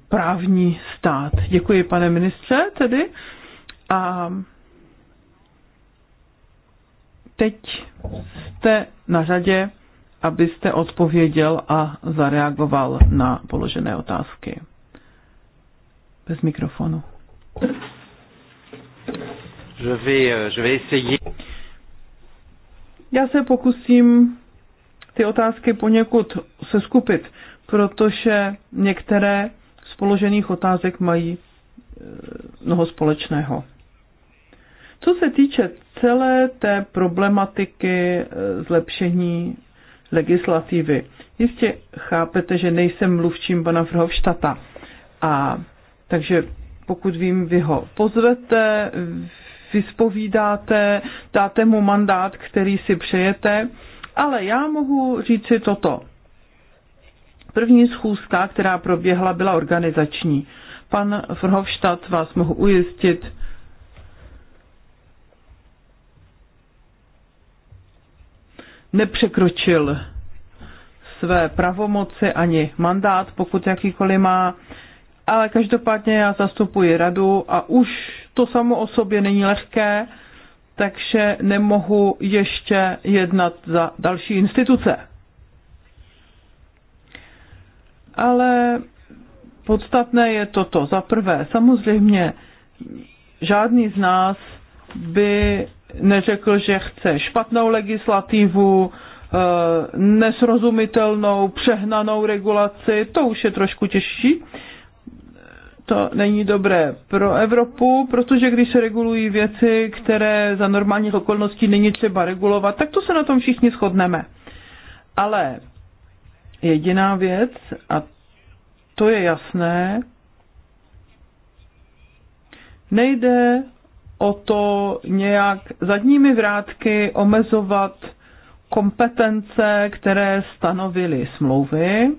právní stát. Děkuji, pane ministře, tedy. A teď jste na řadě, abyste odpověděl a zareagoval na položené otázky. Bez mikrofonu. Je vais, euh, je vais essayer. Já se pokusím ty otázky poněkud seskupit, protože některé z položených otázek mají eh, mnoho společného. Co se týče celé té problematiky eh, zlepšení legislativy, jistě chápete, že nejsem mluvčím pana Frhovštata. A takže pokud vím, vy ho pozvete, vyspovídáte, dáte mu mandát, který si přejete, ale já mohu říci toto. První schůzka, která proběhla, byla organizační. Pan Frhovštat vás mohu ujistit, nepřekročil své pravomoci ani mandát, pokud jakýkoliv má ale každopádně já zastupuji radu a už to samo o sobě není lehké, takže nemohu ještě jednat za další instituce. Ale podstatné je toto. Za prvé, samozřejmě žádný z nás by neřekl, že chce špatnou legislativu, eh, nesrozumitelnou, přehnanou regulaci, to už je trošku těžší, to není dobré pro Evropu, protože když se regulují věci, které za normálních okolností není třeba regulovat, tak to se na tom všichni shodneme. Ale jediná věc, a to je jasné, nejde o to nějak zadními vrátky omezovat kompetence, které stanovily smlouvy,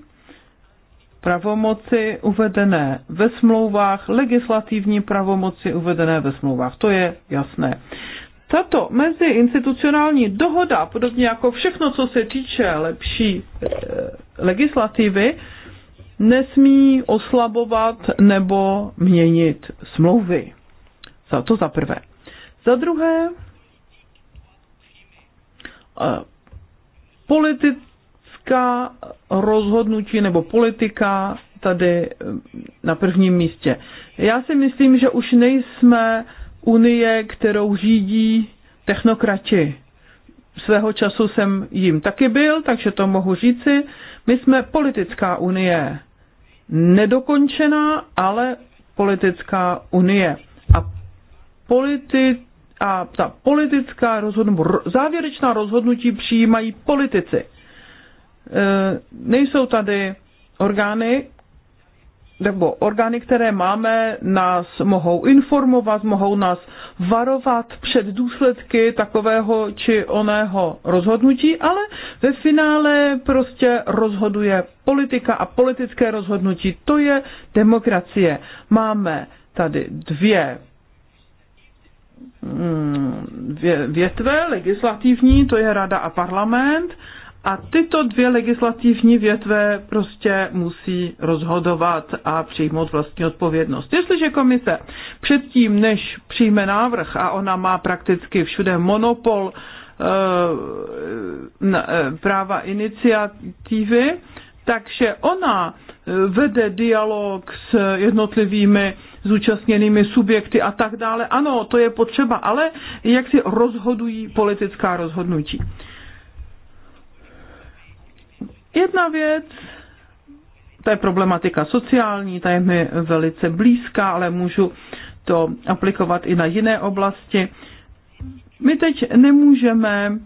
pravomoci uvedené ve smlouvách, legislativní pravomoci uvedené ve smlouvách. To je jasné. Tato meziinstitucionální dohoda, podobně jako všechno, co se týče lepší eh, legislativy, nesmí oslabovat nebo měnit smlouvy. Za to za prvé. Za druhé, eh, politic, politická rozhodnutí nebo politika tady eh, na prvním místě. Já si myslím, že už nejsme unie, kterou řídí technokrati. Svého času jsem jim taky byl, takže to mohu říci. My jsme politická unie. Nedokončená, ale politická unie. A, politi- a ta politická rozhodnutí, závěrečná rozhodnutí přijímají politici. E, nejsou tady orgány, nebo orgány, které máme, nás mohou informovat, mohou nás varovat před důsledky takového či oného rozhodnutí, ale ve finále prostě rozhoduje politika a politické rozhodnutí. To je demokracie. Máme tady dvě mm, větve legislativní, to je rada a parlament, a tyto dvě legislativní větve prostě musí rozhodovat a přijmout vlastní odpovědnost. Jestliže komise předtím, než přijme návrh, a ona má prakticky všude monopol eh, eh, práva iniciativy, takže ona eh, vede dialog s jednotlivými zúčastněnými subjekty a tak dále. Ano, to je potřeba, ale jak si rozhodují politická rozhodnutí. Jedna věc, to je problematika sociální, ta je mi velice blízká, ale můžu to aplikovat i na jiné oblasti. My teď nemůžeme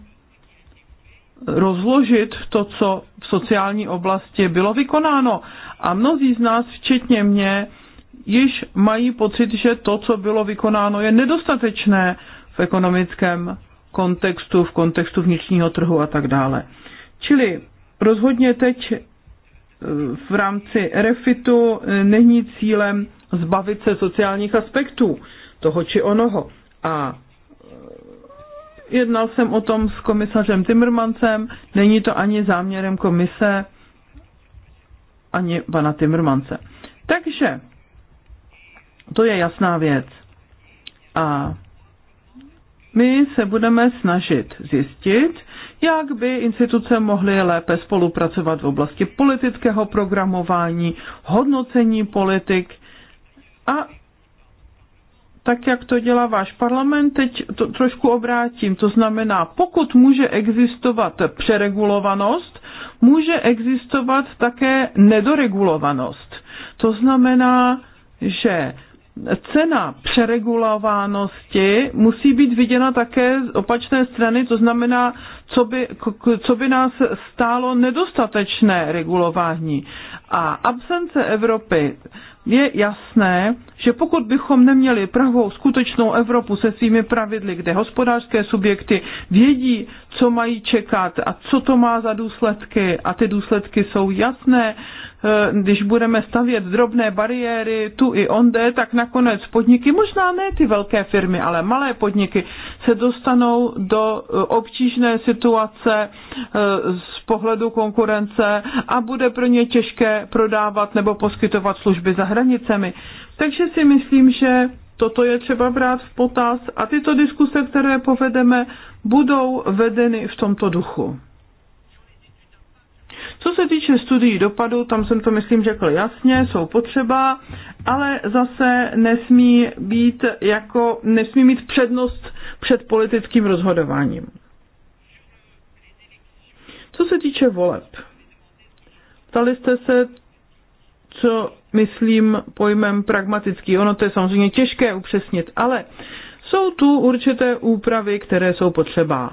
rozložit to, co v sociální oblasti bylo vykonáno. A mnozí z nás, včetně mě, již mají pocit, že to, co bylo vykonáno, je nedostatečné v ekonomickém kontextu, v kontextu vnitřního trhu a tak dále. Čili Rozhodně teď eh, v rámci refitu eh, není cílem zbavit se sociálních aspektů toho či onoho. A eh, jednal jsem o tom s komisařem Timmermancem, není to ani záměrem komise, ani pana Timmermance. Takže to je jasná věc. A my se budeme snažit zjistit, jak by instituce mohly lépe spolupracovat v oblasti politického programování, hodnocení politik a tak, jak to dělá váš parlament, teď to trošku obrátím. To znamená, pokud může existovat přeregulovanost, může existovat také nedoregulovanost. To znamená, že cena přeregulovánosti musí být viděna také z opačné strany, to znamená, co by, co by nás stálo nedostatečné regulování. A absence Evropy je jasné, že pokud bychom neměli pravou skutečnou Evropu se svými pravidly, kde hospodářské subjekty vědí, co mají čekat a co to má za důsledky. A ty důsledky jsou jasné. Eh, když budeme stavět drobné bariéry tu i onde, tak nakonec podniky, možná ne ty velké firmy, ale malé podniky, se dostanou do eh, obtížné situace eh, z pohledu konkurence a bude pro ně těžké prodávat nebo poskytovat služby za hranicemi. Takže si myslím, že toto je třeba brát v potaz a tyto diskuse, které povedeme, budou vedeny v tomto duchu. Co se týče studií dopadu, tam jsem to myslím řekl jasně, jsou potřeba, ale zase nesmí být jako, nesmí mít přednost před politickým rozhodováním. Co se týče voleb, ptali jste se, co myslím, pojmem pragmatický. Ono to je samozřejmě těžké upřesnit, ale jsou tu určité úpravy, které jsou potřeba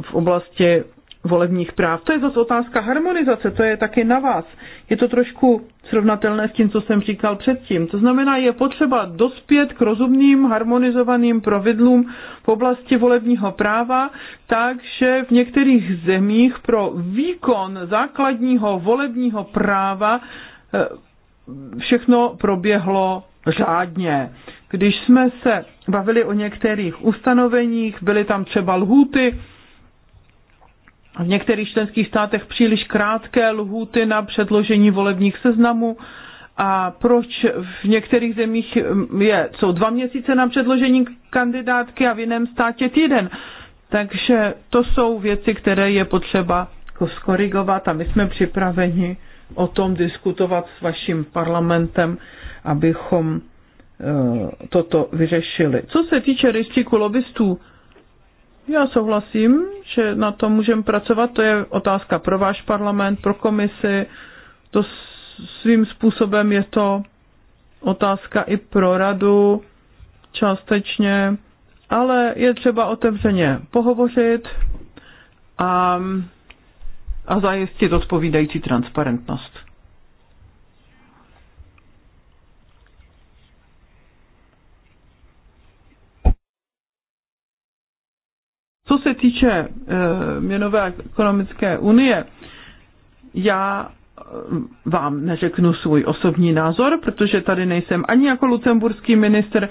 v oblasti volebních práv. To je zase otázka harmonizace, to je taky na vás je to trošku srovnatelné s tím, co jsem říkal předtím. To znamená, je potřeba dospět k rozumným harmonizovaným pravidlům v oblasti volebního práva, takže v některých zemích pro výkon základního volebního práva eh, všechno proběhlo řádně. Když jsme se bavili o některých ustanoveních, byly tam třeba lhůty, v některých členských státech příliš krátké lhůty na předložení volebních seznamů a proč v některých zemích mm, je, jsou dva měsíce na předložení kandidátky a v jiném státě týden. Takže to jsou věci, které je potřeba jako skorigovat a my jsme připraveni o tom diskutovat s vaším parlamentem, abychom eh, toto vyřešili. Co se týče rejstříku lobbystů, já souhlasím, že na tom můžeme pracovat. To je otázka pro váš parlament, pro komisi. To svým způsobem je to otázka i pro radu částečně, ale je třeba otevřeně pohovořit a, a zajistit odpovídající transparentnost. Co se týče e, měnové ekonomické unie, já eh, vám neřeknu svůj osobní názor, protože tady nejsem ani jako lucemburský minister,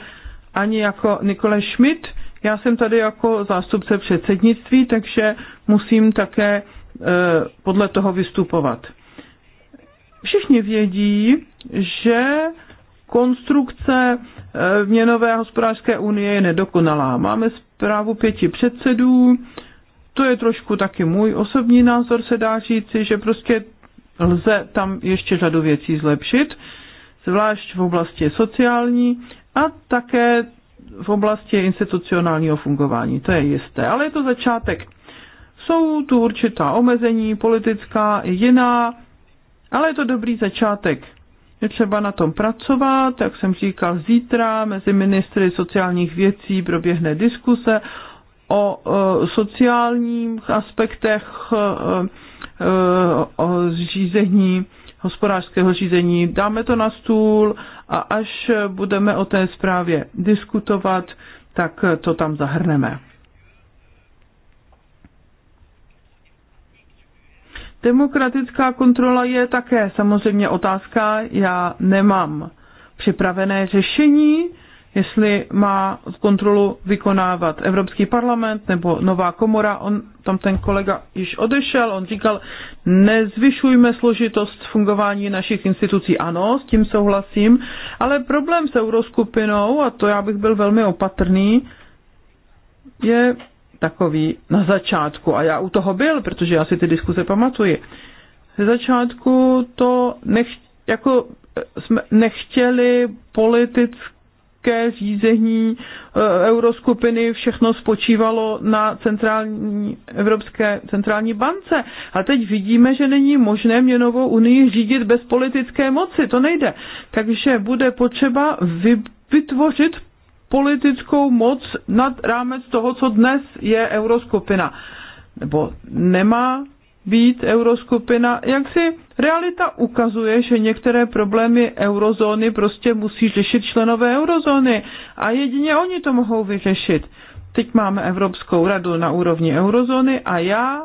ani jako Nikole Schmidt. Já jsem tady jako zástupce předsednictví, takže musím také e, podle toho vystupovat. Všichni vědí, že konstrukce eh, měnové hospodářské unie je nedokonalá. Máme zprávu pěti předsedů, to je trošku taky můj osobní názor, se dá říci, že prostě lze tam ještě řadu věcí zlepšit, zvlášť v oblasti sociální a také v oblasti institucionálního fungování, to je jisté, ale je to začátek. Jsou tu určitá omezení, politická i jiná, ale je to dobrý začátek je třeba na tom pracovat, jak jsem říkal, zítra mezi ministry sociálních věcí proběhne diskuse o e, sociálních aspektech e, e, o řízení, hospodářského řízení. Dáme to na stůl a až budeme o té zprávě diskutovat, tak to tam zahrneme. Demokratická kontrola je také samozřejmě otázka. Já nemám připravené řešení, jestli má kontrolu vykonávat Evropský parlament nebo Nová komora. On, tam ten kolega již odešel, on říkal, nezvyšujme složitost fungování našich institucí. Ano, s tím souhlasím, ale problém s euroskupinou, a to já bych byl velmi opatrný, je takový na začátku. A já u toho byl, protože já si ty diskuze pamatuji. Ze začátku to nech, jako eh, jsme nechtěli politické řízení eh, euroskupiny, všechno spočívalo na centrální, Evropské centrální bance. A teď vidíme, že není možné měnovou unii řídit bez politické moci. To nejde. Takže bude potřeba vy, vytvořit politickou moc nad rámec toho, co dnes je euroskupina. Nebo nemá být euroskupina. Jak si realita ukazuje, že některé problémy eurozóny prostě musí řešit členové eurozóny a jedině oni to mohou vyřešit. Teď máme Evropskou radu na úrovni eurozóny a já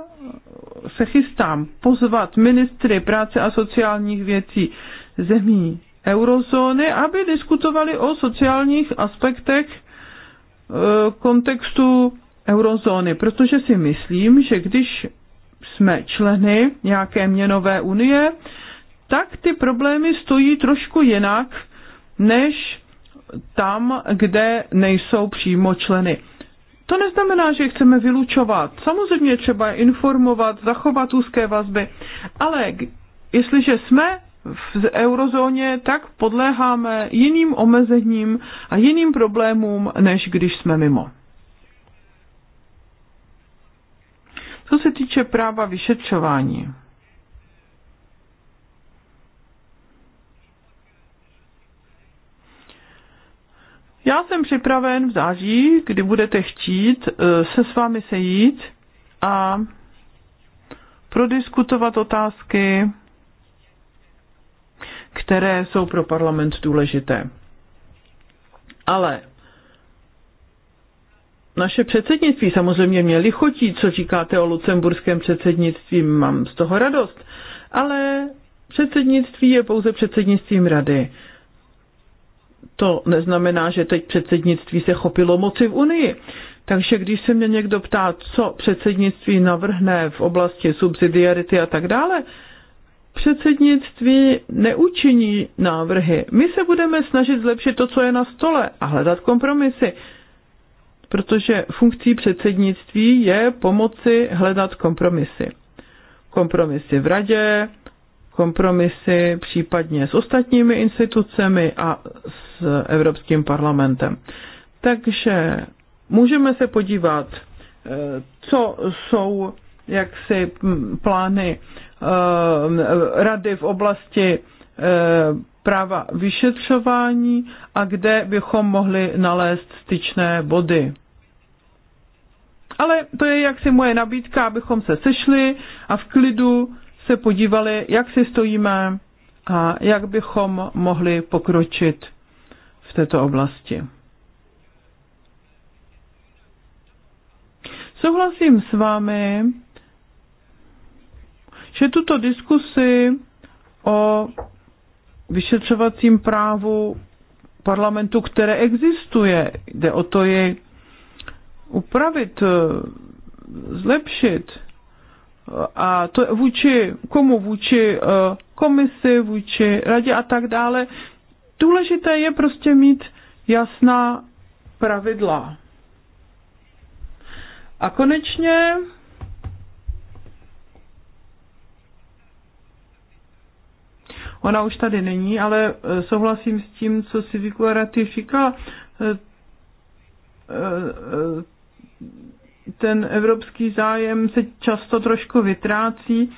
se chystám pozvat ministry práce a sociálních věcí zemí eurozóny, aby diskutovali o sociálních aspektech e, kontextu eurozóny, protože si myslím, že když jsme členy nějaké měnové unie, tak ty problémy stojí trošku jinak než tam, kde nejsou přímo členy. To neznamená, že chceme vylučovat. Samozřejmě třeba informovat, zachovat úzké vazby, ale jestliže jsme v eurozóně, tak podléháme jiným omezením a jiným problémům, než když jsme mimo. Co se týče práva vyšetřování, Já jsem připraven v září, kdy budete chtít, eh, se s vámi sejít a prodiskutovat otázky které jsou pro parlament důležité. Ale naše předsednictví samozřejmě mě chotí, co říkáte o lucemburském předsednictví, mám z toho radost, ale předsednictví je pouze předsednictvím rady. To neznamená, že teď předsednictví se chopilo moci v Unii. Takže když se mě někdo ptá, co předsednictví navrhne v oblasti subsidiarity a tak dále, předsednictví neučiní návrhy. My se budeme snažit zlepšit to, co je na stole a hledat kompromisy, protože funkcí předsednictví je pomoci hledat kompromisy. Kompromisy v radě, kompromisy případně s ostatními institucemi a s Evropským parlamentem. Takže můžeme se podívat, eh, co jsou jaksi hm, plány Eh, rady v oblasti eh, práva vyšetřování a kde bychom mohli nalézt styčné body. Ale to je jaksi moje nabídka, abychom se sešli a v klidu se podívali, jak si stojíme a jak bychom mohli pokročit v této oblasti. Souhlasím s vámi, že tuto diskusi o vyšetřovacím právu parlamentu, které existuje, jde o to je upravit, eh, zlepšit. A to vůči komu? Vůči eh, komisi, vůči radě a tak dále. Důležité je prostě mít jasná pravidla. A konečně Ona už tady není, ale e, souhlasím s tím, co si ratifika. E, e, ten evropský zájem se často trošku vytrácí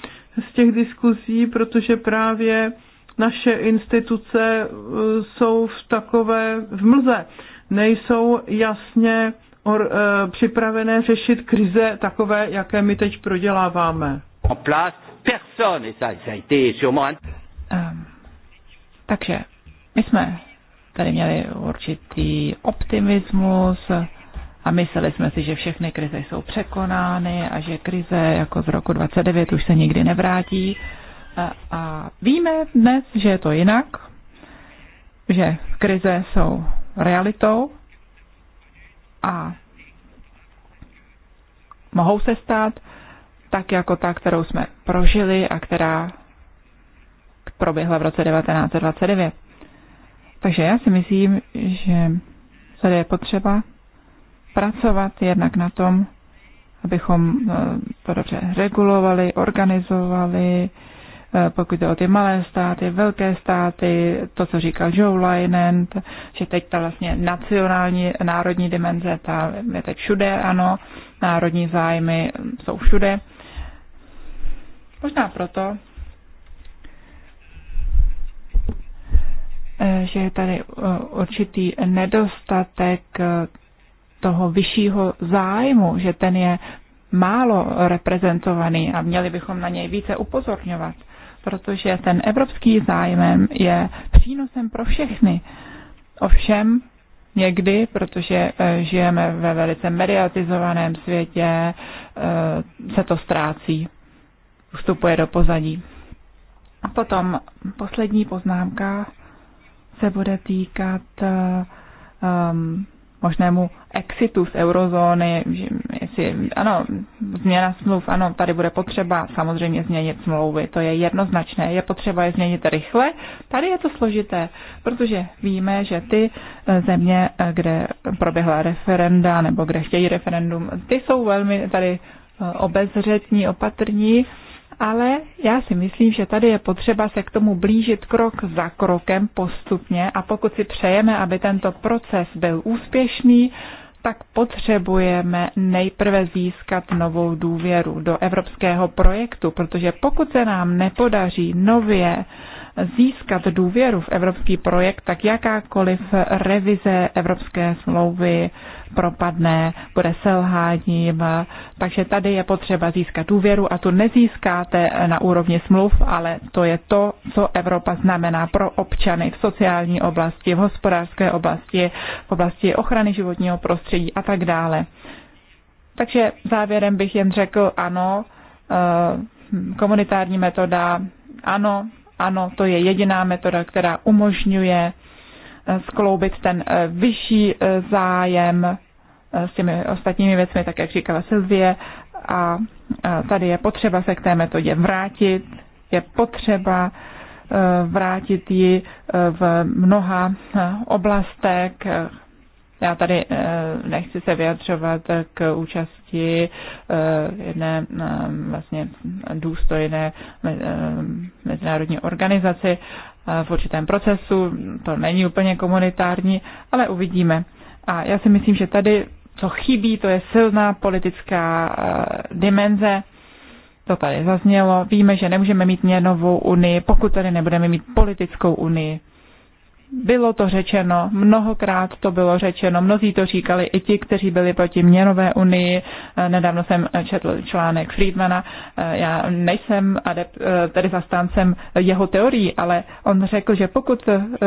z těch diskuzí, protože právě naše instituce jsou v takové v mlze. Nejsou jasně or, e, připravené řešit krize takové, jaké my teď proděláváme. Ehm, takže my jsme tady měli určitý optimismus a mysleli jsme si, že všechny krize jsou překonány a že krize jako z roku 29 už se nikdy nevrátí. A, a víme dnes, že je to jinak, že krize jsou realitou a mohou se stát tak jako ta, kterou jsme prožili a která proběhla v roce 1929. Takže já si myslím, že tady je potřeba pracovat jednak na tom, abychom eh, to dobře regulovali, organizovali, eh, pokud jde o ty malé státy, velké státy, to, co říkal Joe Leinen, že teď ta vlastně nacionální, národní dimenze, ta je teď všude, ano, národní zájmy jsou všude. Možná proto Eh, že je tady eh, určitý nedostatek eh, toho vyššího zájmu, že ten je málo reprezentovaný a měli bychom na něj více upozorňovat, protože ten evropský zájem je přínosem pro všechny. Ovšem někdy, protože žijeme ve velice mediatizovaném světě, se to ztrácí, vstupuje do pozadí. A potom poslední poznámka se bude týkat um, možnému exitu z eurozóny. Jestli, ano, změna smluv, ano, tady bude potřeba samozřejmě změnit smlouvy, to je jednoznačné. Je potřeba je změnit rychle. Tady je to složité, protože víme, že ty eh, země, eh, kde proběhla referenda nebo kde chtějí referendum, ty jsou velmi tady obezřetní, opatrní ale já si myslím, že tady je potřeba se k tomu blížit krok za krokem postupně a pokud si přejeme, aby tento proces byl úspěšný, tak potřebujeme nejprve získat novou důvěru do evropského projektu, protože pokud se nám nepodaří nově získat důvěru v evropský projekt, tak jakákoliv revize evropské smlouvy propadne, bude selháním. Takže tady je potřeba získat důvěru a tu nezískáte na úrovni smluv, ale to je to, co Evropa znamená pro občany v sociální oblasti, v hospodářské oblasti, v oblasti ochrany životního prostředí a tak dále. Takže závěrem bych jen řekl ano, eh, komunitární metoda ano, ano, to je jediná metoda, která umožňuje eh, skloubit ten eh, vyšší eh, zájem s těmi ostatními věcmi, tak jak říkala Silvie. A tady je potřeba se k té metodě vrátit, je potřeba vrátit ji v mnoha oblastech, já tady eh, nechci se vyjadřovat k účasti eh, jedné eh, vlastně důstojné mezinárodní organizaci v určitém procesu. To není úplně komunitární, ale uvidíme. A já si myslím, že tady, co chybí, to je silná politická dimenze. To tady zaznělo. Víme, že nemůžeme mít měnovou unii, pokud tady nebudeme mít politickou unii. Bylo to řečeno, mnohokrát to bylo řečeno, mnozí to říkali, i ti, kteří byli proti měnové unii. Nedávno jsem četl článek Friedmana, já nejsem adep, tedy zastáncem jeho teorií, ale on řekl, že pokud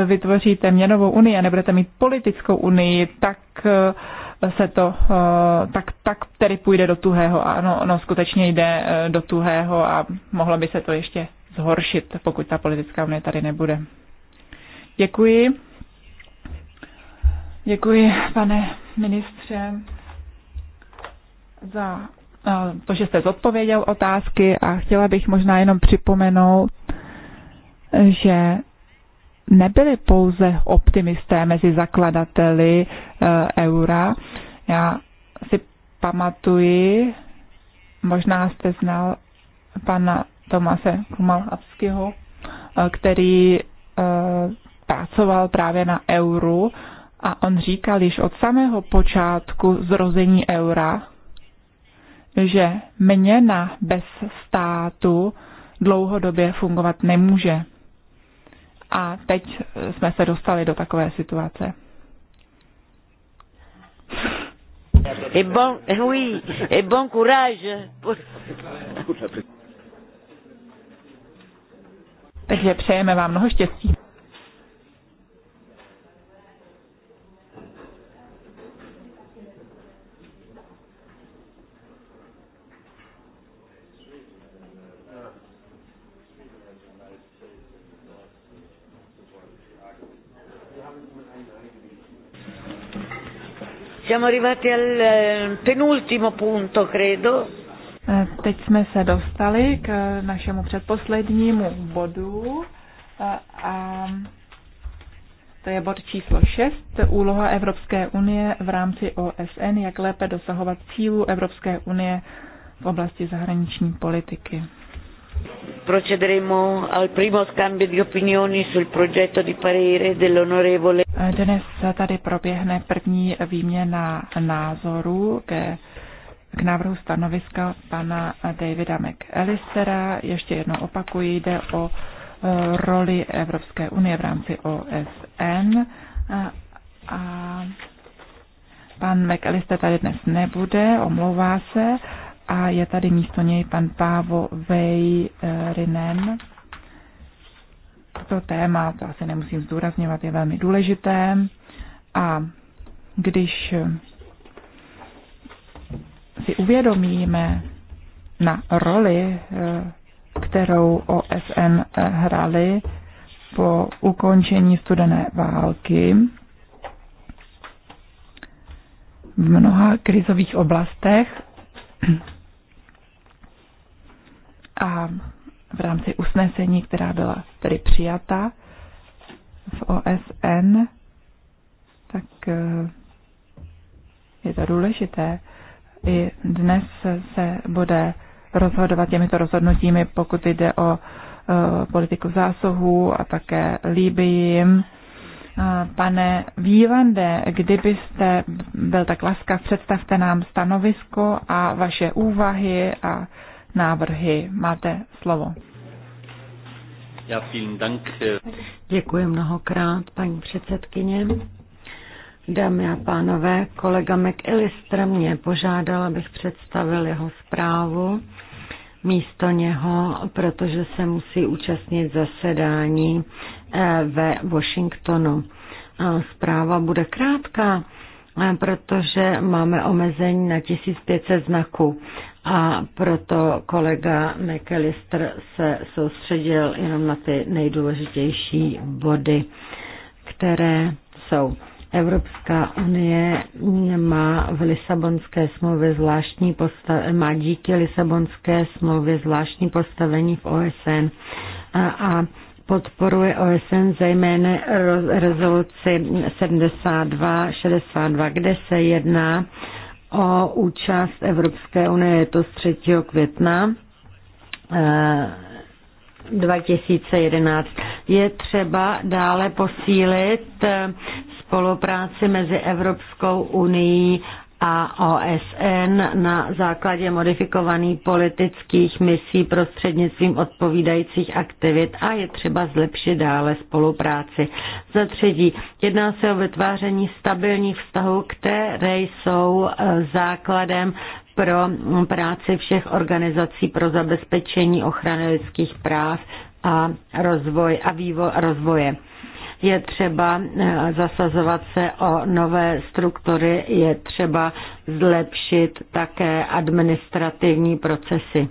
vytvoříte měnovou unii a nebudete mít politickou unii, tak eh, se to eh, tak, tak tedy půjde do tuhého. Ano, no, skutečně jde eh, do tuhého a mohlo by se to ještě zhoršit, pokud ta politická unie tady nebude. Děkuji. Děkuji, pane ministře, za eh, to, že jste zodpověděl otázky a chtěla bych možná jenom připomenout, že nebyli pouze optimisté mezi zakladateli eh, eura. Já si pamatuji, možná jste znal pana Tomase Kumalavského, eh, který pracoval právě na euru a on říkal již od samého počátku zrození eura, že měna bez státu dlouhodobě fungovat nemůže. A teď jsme se dostali do takové situace. Et bon, oui, et bon courage. Takže přejeme vám mnoho štěstí. Siamo arrivati al eh, penultimo punto, credo. Eh, teď jsme se dostali k našemu předposlednímu bodu a eh, a to je bod číslo 6, úloha Evropské unie v rámci OSN, jak lépe dosahovat cílů Evropské unie v oblasti zahraniční politiky. Eh, dnes tady proběhne první výměna názorů ke k návrhu stanoviska pana Davida McAllistera. Ještě jednou opakuji, jde o eh, roli Evropské unie v rámci OSN. A, eh, a pan McAllister tady dnes nebude, omlouvá se a je tady místo něj pan Pávo Vejrinem To téma, to asi nemusím zdůrazňovat, je velmi důležité a když si uvědomíme na roli, eh, kterou OSN hrali po ukončení studené války v mnoha krizových oblastech, a v rámci usnesení, která byla tedy přijata v OSN, tak eh, je to důležité. I dnes se bude rozhodovat těmito rozhodnutími, pokud jde o eh, politiku zásohů a také jim eh, Pane Vývande, kdybyste byl tak laskav, představte nám stanovisko a vaše úvahy a návrhy. Máte slovo. Eh. Děkuji mnohokrát, paní předsedkyně. Dámy a pánové, kolega McAllister mě požádal, abych představil jeho zprávu místo něho, protože se musí účastnit zasedání eh, ve Washingtonu. Zpráva bude krátká, protože máme omezení na 1500 znaků a proto kolega McAllister se soustředil jenom na ty nejdůležitější body, které jsou. Evropská unie má v Lisabonské smlouvě zvláštní postavení, má díky Lisabonské smlouvě zvláštní postavení v OSN a, a podporuje OSN zejména rezoluci 72-62, kde se jedná o účast Evropské unie, je to z 3. května 2011. Eh, je třeba dále posílit eh, spolupráci mezi Evropskou unii a OSN na základě modifikovaných politických misí prostřednictvím odpovídajících aktivit a je třeba zlepšit dále spolupráci. Za třetí, jedná se o vytváření stabilních vztahů, které jsou e, základem pro práci všech organizací pro zabezpečení ochrany lidských práv a rozvoj a vývoj a rozvoje. Je třeba eh, zasazovat se o nové struktury, je třeba zlepšit také administrativní procesy.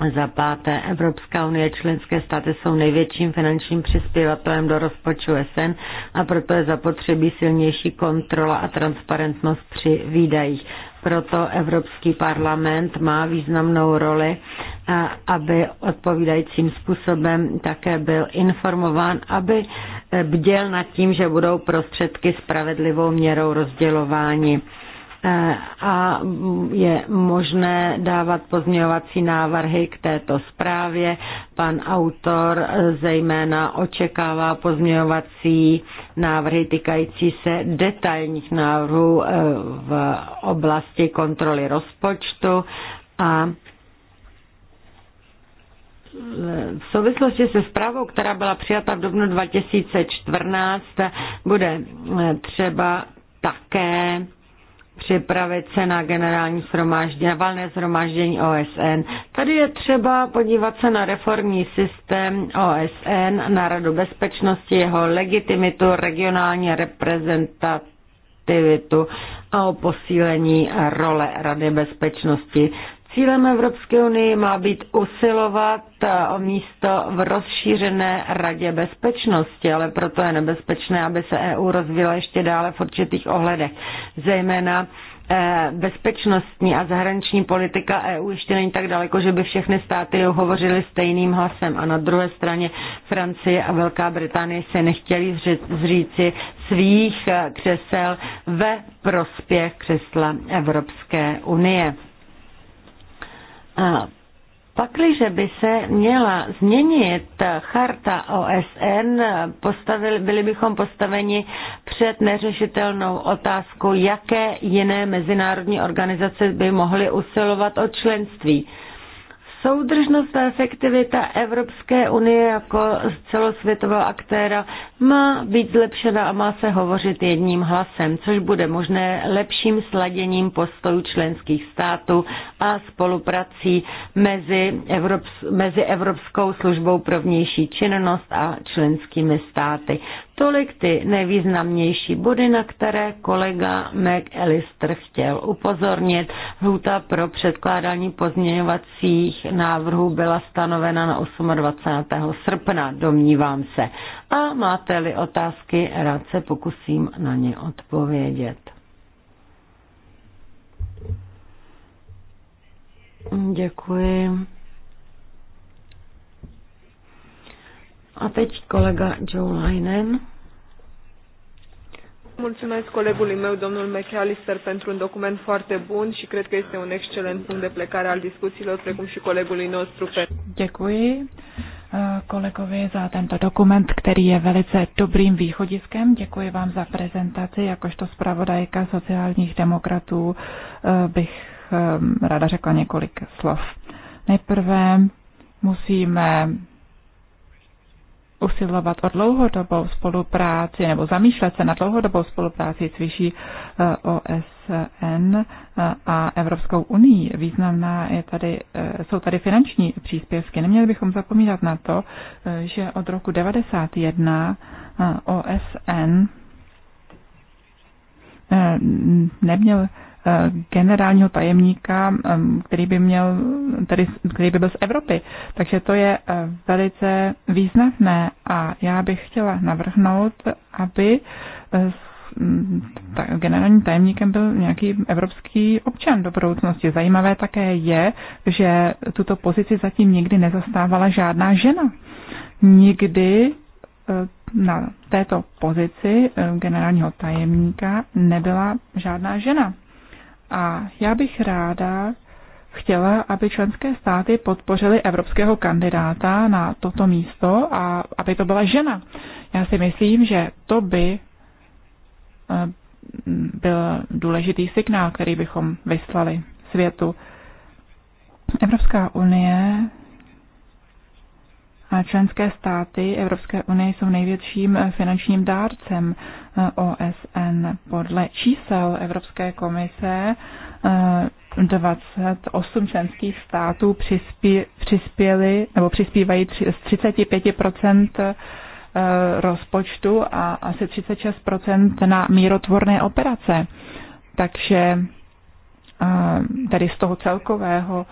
Za páté, Evropská unie členské státy jsou největším finančním přispěvatelem do rozpočtu SN a proto je zapotřebí silnější kontrola a transparentnost při výdajích. Proto Evropský parlament má významnou roli, aby odpovídajícím způsobem také byl informován, aby bděl nad tím, že budou prostředky spravedlivou měrou rozdělování. Eh, a je možné dávat pozměňovací návrhy k této zprávě. Pan autor eh, zejména očekává pozměňovací návrhy týkající se detailních návrhů eh, v oblasti kontroly rozpočtu a v souvislosti se zprávou, která byla přijata v dubnu 2014, bude třeba také připravit se na generální shromáždění, na valné shromáždění OSN. Tady je třeba podívat se na reformní systém OSN, na Radu bezpečnosti, jeho legitimitu, regionální reprezentativitu a o posílení role Rady bezpečnosti. Cílem Evropské unie má být usilovat eh, o místo v rozšířené radě bezpečnosti, ale proto je nebezpečné, aby se EU rozvíjela ještě dále v určitých ohledech, zejména eh, bezpečnostní a zahraniční politika EU ještě není tak daleko, že by všechny státy hovořily stejným hlasem. A na druhé straně Francie a Velká Británie se nechtěli zříci svých eh, křesel ve prospěch křesla Evropské unie. Pakliže by se měla změnit charta OSN, postavili, byli bychom postaveni před neřešitelnou otázkou, jaké jiné mezinárodní organizace by mohly usilovat o členství. Soudržnost a efektivita Evropské unie jako celosvětového aktéra má být zlepšena a má se hovořit jedním hlasem, což bude možné lepším sladěním postojů členských států a spoluprací mezi, Evrops- mezi Evropskou službou pro vnější činnost a členskými státy. Tolik ty nejvýznamnější body, na které kolega McAllister chtěl upozornit. Hluta pro předkládání pozměňovacích návrhů byla stanovena na 28. srpna, domnívám se. A máte-li otázky, rád se pokusím na ně odpovědět. Děkuji. A teď kolega Joe Linen. Mulțumesc colegului meu, domnul McAllister, pentru un document foarte bun și cred că este un excelent punct de plecare al discuțiilor, precum și colegului nostru. Děkuji eh, kolegovi za tento dokument, který je velice dobrým východiskem. Děkuji vám za prezentaci. Jakožto zpravodajka sociálních demokratů eh, bych eh, ráda řekla několik slov. Nejprve musíme usilovat o dlouhodobou spolupráci nebo zamýšlet se na dlouhodobou spolupráci s vyšší eh, OSN eh, a Evropskou unii. Významná je tady, eh, jsou tady finanční příspěvky. Neměli bychom zapomínat na to, že od roku 1991 OSN neměl Eh, generálního tajemníka, eh, který by, měl, tedy, který by byl z Evropy. Takže to je eh, velice významné a já bych chtěla navrhnout, aby mm, generálním tajemníkem byl nějaký evropský občan do budoucnosti. Zajímavé také je, že tuto pozici zatím nikdy nezastávala žádná žena. Nikdy na této pozici generálního tajemníka nebyla žádná žena. A já bych ráda chtěla, aby členské státy podpořily evropského kandidáta na toto místo a aby to byla žena. Já si myslím, že to by eh, byl důležitý signál, který bychom vyslali světu. Evropská unie Členské státy Evropské unie jsou největším eh, finančním dárcem eh, OSN. Podle čísel Evropské komise 28 eh, členských států přispěli nebo přispívají z 35 rozpočtu a asi 36 na mírotvorné operace. Takže tady z toho celkového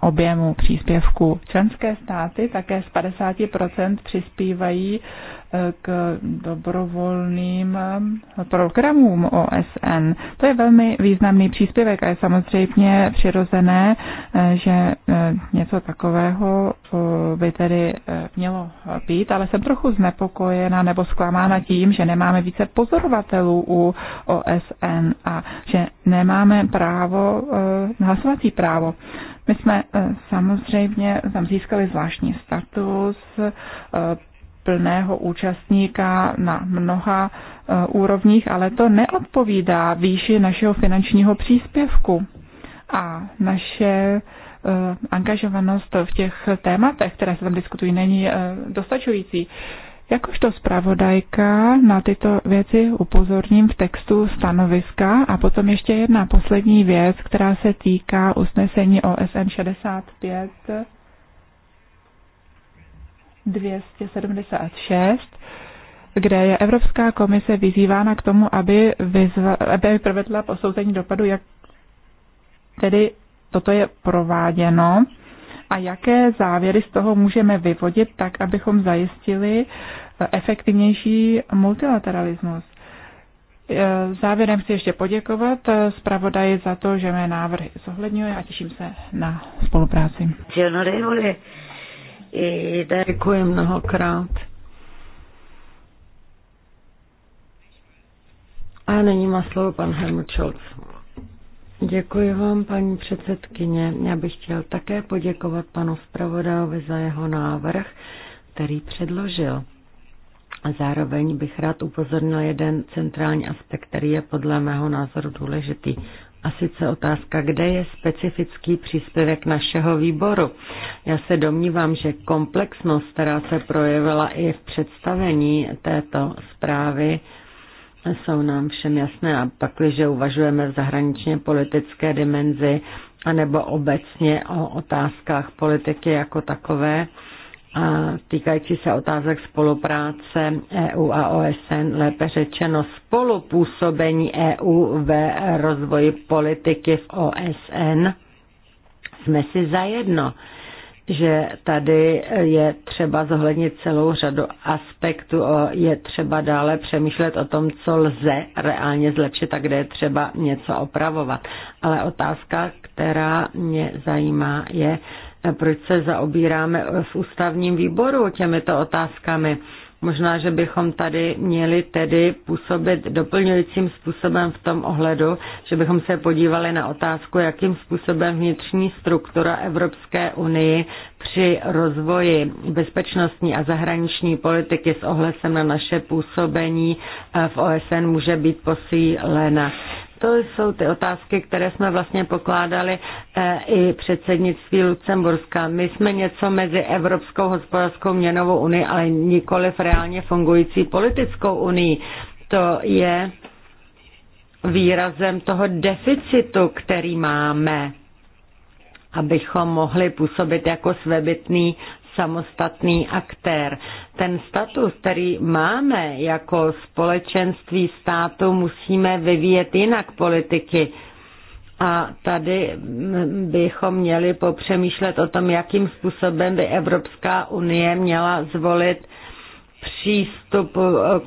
objemu příspěvku. Členské státy také z 50% přispívají k dobrovolným programům OSN. To je velmi významný příspěvek a je samozřejmě přirozené, že eh, něco takového eh, by tedy eh, mělo být, ale jsem trochu znepokojena nebo zklamána tím, že nemáme více pozorovatelů u OSN a že nemáme právo, hlasovací právo. My jsme samozřejmě tam získali zvláštní status, plného účastníka na mnoha eh, úrovních, ale to neodpovídá výši našeho finančního příspěvku. A naše eh, angažovanost v těch tématech, které se tam diskutují, není eh, dostačující. Jakožto zpravodajka na tyto věci upozorním v textu stanoviska a potom ještě jedna poslední věc, která se týká usnesení OSN 65 276, kde je Evropská komise vyzývána k tomu, aby, vyzva, aby provedla posouzení dopadu, jak tedy toto je prováděno a jaké závěry z toho můžeme vyvodit tak, abychom zajistili efektivnější multilateralismus. E, závěrem chci ještě poděkovat zpravodaji za to, že mé návrhy zohledňuje a těším se na spolupráci. I Děkuji mnohokrát. A nyní má slovo pan Helmut Děkuji vám, paní předsedkyně. Já bych chtěl také poděkovat panu zpravodajovi za jeho návrh, který předložil. A zároveň bych rád upozornil jeden centrální aspekt, který je podle mého názoru důležitý. A sice otázka, kde je specifický příspěvek našeho výboru. Já se domnívám, že komplexnost, která se projevila i v představení této zprávy, jsou nám všem jasné a pak, když uvažujeme v zahraničně politické dimenzi anebo obecně o otázkách politiky jako takové, týkající se otázek spolupráce EU a OSN, lépe řečeno spolupůsobení EU ve rozvoji politiky v OSN, jsme si zajedno, že tady je třeba zohlednit celou řadu aspektů, je třeba dále přemýšlet o tom, co lze reálně zlepšit a kde je třeba něco opravovat. Ale otázka, která mě zajímá, je, proč se zaobíráme v ústavním výboru těmito otázkami. Možná, že bychom tady měli tedy působit doplňujícím způsobem v tom ohledu, že bychom se podívali na otázku, jakým způsobem vnitřní struktura Evropské unii při rozvoji bezpečnostní a zahraniční politiky s ohledem na naše působení eh, v OSN může být posílena. To jsou ty otázky, které jsme vlastně pokládali eh, i předsednictví Lucemburska. My jsme něco mezi Evropskou hospodářskou měnovou unii, ale v reálně fungující politickou unii. To je výrazem toho deficitu, který máme, abychom mohli působit jako svébytný samostatný aktér. Ten status, který máme jako společenství státu, musíme vyvíjet jinak politiky. A tady bychom měli popřemýšlet o tom, jakým způsobem by Evropská unie měla zvolit přístup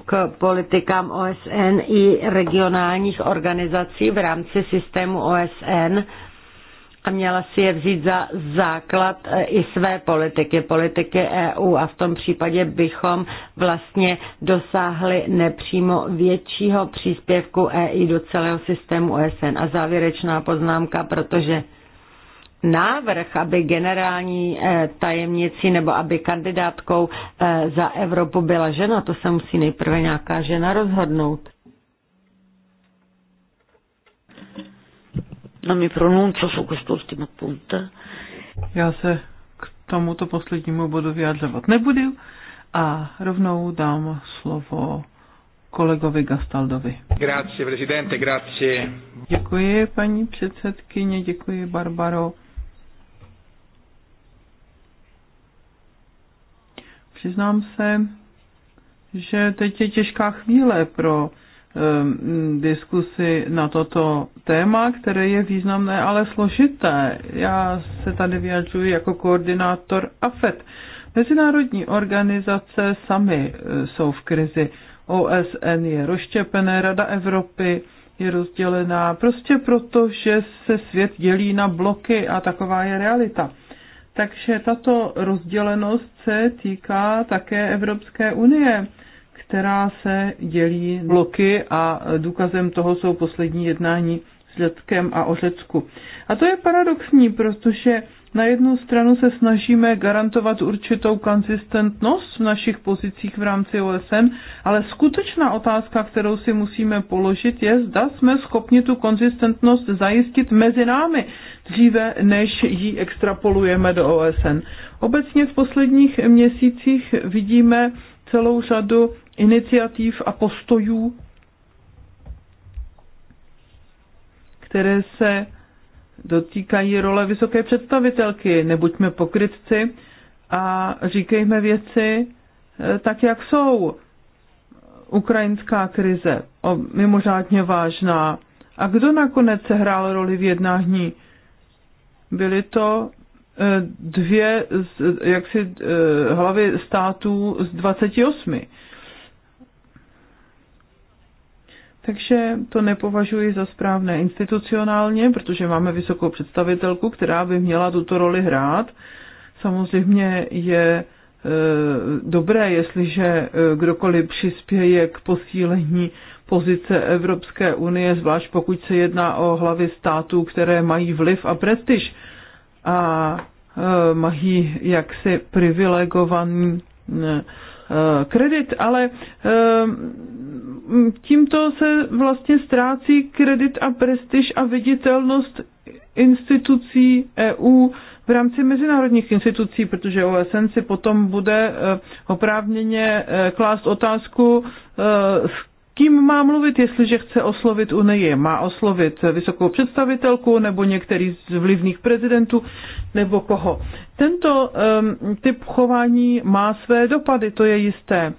k politikám OSN i regionálních organizací v rámci systému OSN měla si je vzít za základ e, i své politiky, politiky EU a v tom případě bychom vlastně dosáhli nepřímo většího příspěvku EI do celého systému OSN. A závěrečná poznámka, protože návrh, aby generální e, tajemnici nebo aby kandidátkou e, za Evropu byla žena, to se musí nejprve nějaká žena rozhodnout. non mi pronuncio su quest'ultimo punto. Já se k tomuto poslednímu bodu vyjadřovat nebudu a rovnou dám slovo kolegovi Gastaldovi. Grazie, prezidente, grazie. Děkuji, paní předsedkyně, děkuji, Barbaro. Přiznám se, že teď je těžká chvíle pro Ehm, diskusi na toto téma, které je významné, ale složité. Já se tady vyjadřuji jako koordinátor AFET. Mezinárodní organizace sami eh, jsou v krizi. OSN je rozštěpené, Rada Evropy je rozdělená, prostě proto, že se svět dělí na bloky a taková je realita. Takže tato rozdělenost se týká také Evropské unie která dělí bloky a důkazem toho jsou poslední jednání s Řeckem a o Řecku. A to je paradoxní, protože na jednu stranu se snažíme garantovat určitou konzistentnost v našich pozicích v rámci OSN, ale skutečná otázka, kterou si musíme položit, je, zda jsme schopni tu konzistentnost zajistit mezi námi dříve, než ji extrapolujeme do OSN. Obecně v posledních měsících vidíme celou řadu iniciativ a postojů, které se dotýkají role vysoké představitelky. Nebuďme pokrytci a říkejme věci eh, tak, jak jsou. Ukrajinská krize o, mimořádně vážná. A kdo nakonec sehrál roli v jednání? Byly to eh, dvě jaksi eh, hlavy států z 28. Takže to nepovažuji za správné institucionálně, protože máme vysokou představitelku, která by měla tuto roli hrát. Samozřejmě je e, dobré, jestliže e, kdokoliv přispěje k posílení pozice Evropské unie, zvlášť pokud se jedná o hlavy států, které mají vliv a prestiž a e, mají jaksi privilegovaný kredit, ale Mm, tímto se vlastně ztrácí kredit a prestiž a viditelnost institucí EU v rámci mezinárodních institucí, protože OSN si potom bude eh, oprávněně eh, klást otázku, eh, s kým má mluvit, jestliže chce oslovit Unii. Má oslovit vysokou představitelku nebo některý z vlivných prezidentů nebo koho. Tento typ chování má své dopady, to je jisté.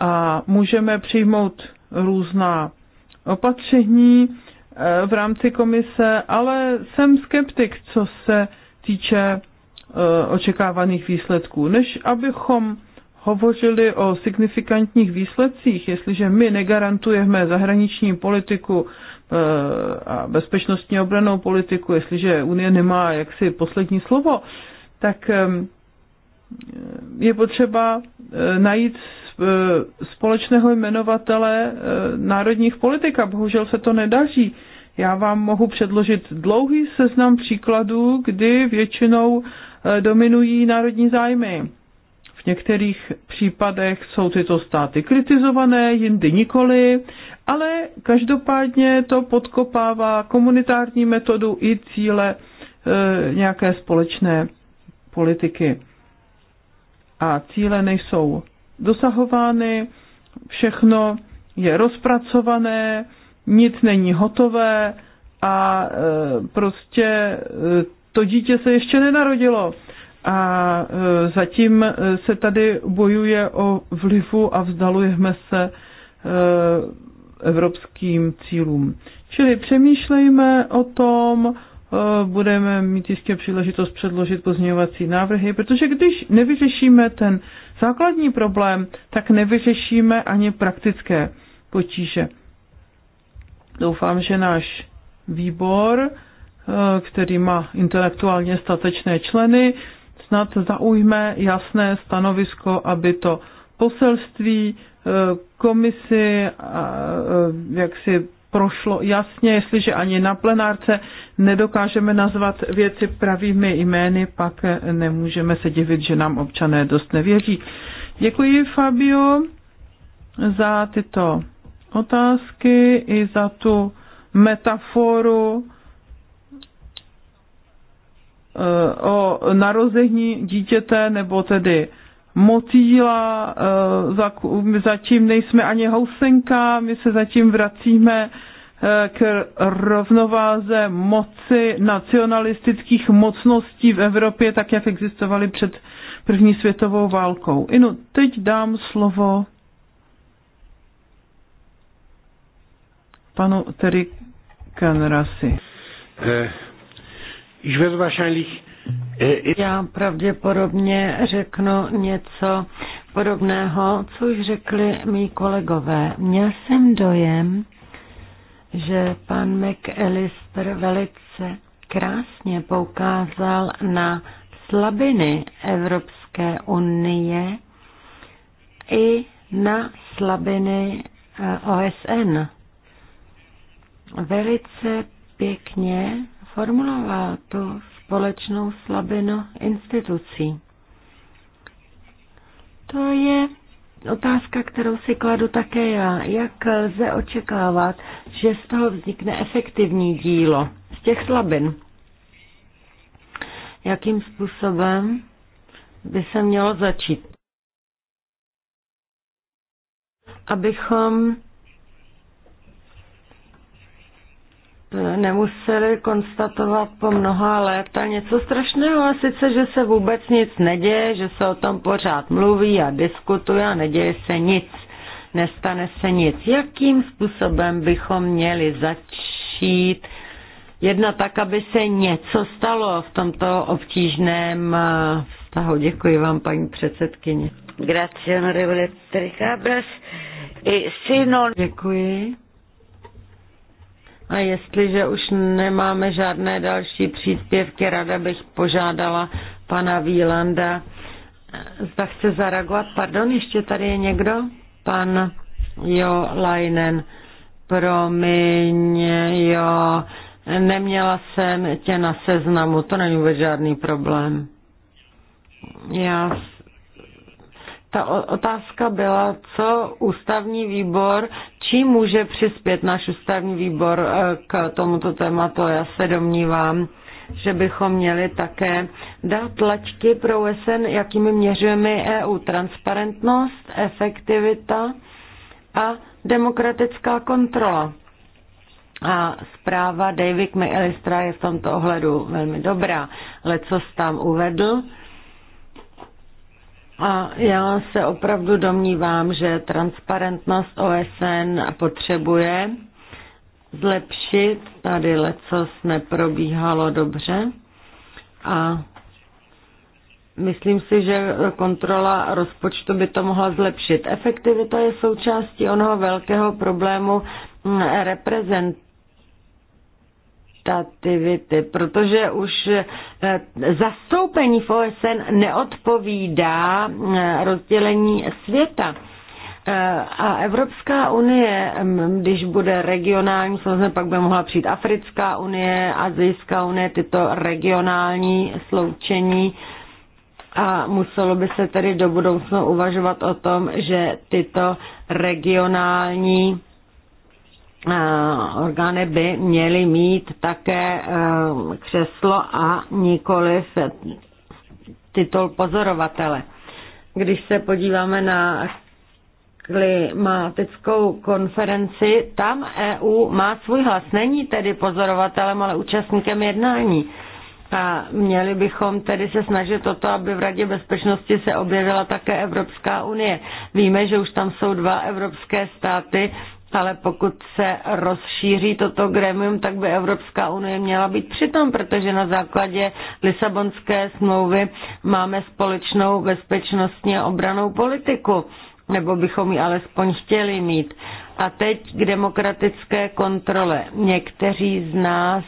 A můžeme přijmout různá opatření eh, v rámci komise, ale jsem skeptik, co se týče eh, očekávaných výsledků. Než abychom hovořili o signifikantních výsledcích, jestliže my negarantujeme zahraniční politiku eh, a bezpečnostní obranou politiku, jestliže Unie nemá jaksi poslední slovo, tak je potřeba eh, najít eh, společného jmenovatele eh, národních politik a bohužel se to nedaří. Já vám mohu předložit dlouhý seznam příkladů, kdy většinou dominují národní zájmy. V některých případech jsou tyto státy kritizované, jindy nikoli, ale každopádně to podkopává komunitární metodu i cíle e, nějaké společné politiky a cíle nejsou dosahovány, všechno je rozpracované, nic není hotové a e, prostě e, to dítě se ještě nenarodilo. A e, zatím se tady bojuje o vlivu a vzdalujeme se evropským cílům. Čili přemýšlejme o tom, Eh, budeme mít jistě příležitost předložit pozměňovací návrhy, protože když nevyřešíme ten základní problém, tak nevyřešíme ani praktické potíže. Doufám, že náš výbor, eh, který má intelektuálně statečné členy, snad zaujme jasné stanovisko, aby to poselství eh, komisi jaksi prošlo jasně, jestliže ani na plenárce nedokážeme nazvat věci pravými jmény, pak nemůžeme se divit, že nám občané dost nevěří. Děkuji Fabio za tyto otázky i za tu metaforu eh, o narození dítěte nebo tedy motýla, eh, zatím nejsme ani housenka, my se zatím vracíme eh, k rovnováze moci nacionalistických mocností v Evropě, tak jak existovaly před první světovou válkou. Inu, teď dám slovo panu Terry Kanrasi. Eh, ich werde wahrscheinlich já pravděpodobně řeknu něco podobného, co už řekli mý kolegové. Měl jsem dojem, že pan McAllister velice krásně poukázal na slabiny Evropské unie i na slabiny eh, OSN. Velice pěkně formuloval tu společnou slabinu institucí. To je otázka, kterou si kladu také já. Jak lze očekávat, že z toho vznikne efektivní dílo, z těch slabin? Jakým způsobem by se mělo začít? Abychom nemuseli konstatovat po mnoha léta něco strašného, a sice, že se vůbec nic neděje, že se o tom pořád mluví a diskutuje a neděje se nic, nestane se nic. Jakým způsobem bychom měli začít jedna tak, aby se něco stalo v tomto obtížném eh, vztahu? Děkuji vám, paní předsedkyně. Grazie, onorevole Tricabras. Děkuji. A jestliže už nemáme žádné další příspěvky, rada bych požádala pana Výlanda, zda chce zareagovat. Pardon, ještě tady je někdo? Pan Jo Leinen. Promiň, jo, neměla jsem tě na seznamu, to není vůbec žádný problém. Já ta otázka byla, co ústavní výbor, čím může přispět náš ústavní výbor eh, k tomuto tématu. Já se domnívám, že bychom měli také dát tlačky pro USN, jakými měřujeme EU. Transparentnost, efektivita a demokratická kontrola. A zpráva David McAllistera je v tomto ohledu velmi dobrá. Lecos tam uvedl, a já se opravdu domnívám, že transparentnost OSN potřebuje zlepšit. Tady lecos neprobíhalo dobře. A myslím si, že kontrola rozpočtu by to mohla zlepšit. Efektivita je součástí onoho velkého problému reprezent reprezentativity, protože už eh, zastoupení v OSN neodpovídá eh, rozdělení světa. Eh, a Evropská unie, mm, když bude regionální, samozřejmě pak by mohla přijít Africká unie, Azijská unie, tyto regionální sloučení, a muselo by se tedy do budoucna uvažovat o tom, že tyto regionální Eh, orgány by měly mít také eh, křeslo a nikoliv titul pozorovatele. Když se podíváme na klimatickou konferenci, tam EU má svůj hlas. Není tedy pozorovatelem, ale účastníkem jednání. A měli bychom tedy se snažit o to, aby v Radě bezpečnosti se objevila také Evropská unie. Víme, že už tam jsou dva evropské státy, ale pokud se rozšíří toto gremium, tak by Evropská unie měla být přitom, protože na základě Lisabonské smlouvy máme společnou bezpečnostně obranou politiku, nebo bychom ji alespoň chtěli mít. A teď k demokratické kontrole. Někteří z nás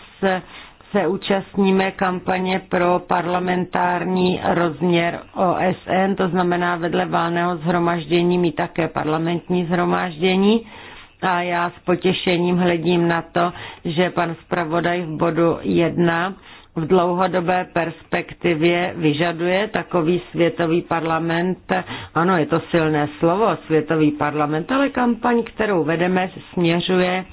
se účastníme kampaně pro parlamentární rozměr OSN, to znamená vedle válného zhromaždění mít také parlamentní zhromáždění a já s potěšením hledím na to, že pan zpravodaj v bodu 1 v dlouhodobé perspektivě vyžaduje takový světový parlament. Ano, je to silné slovo, světový parlament, ale kampaň, kterou vedeme, směřuje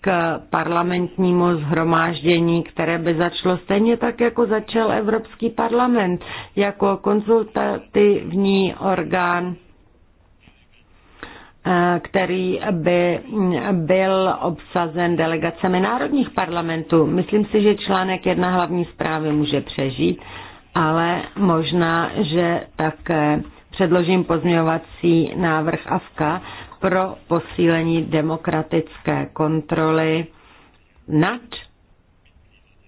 k parlamentnímu zhromáždění, které by začalo stejně tak, jako začal Evropský parlament, jako konzultativní orgán Eh, který by mm, byl obsazen delegacemi národních parlamentů. Myslím si, že článek jedna hlavní zprávy může přežít, ale možná, že také předložím pozměňovací návrh AFKA pro posílení demokratické kontroly nad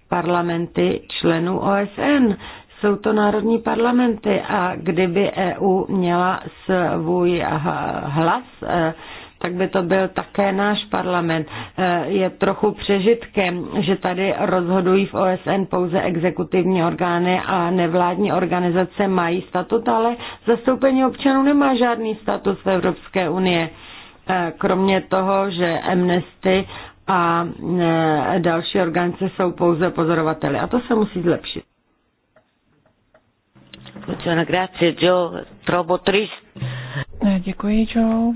parlamenty členů OSN jsou to národní parlamenty a kdyby EU měla svůj hlas, e, tak by to byl také náš parlament. E, je trochu přežitkem, že tady rozhodují v OSN pouze exekutivní orgány a nevládní organizace mají statut, ale zastoupení občanů nemá žádný status v Evropské unie. Kromě toho, že Amnesty a e, další organizace jsou pouze pozorovateli. A to se musí zlepšit. Grazie, Joe. Trovo trist. Děkuji, Joe.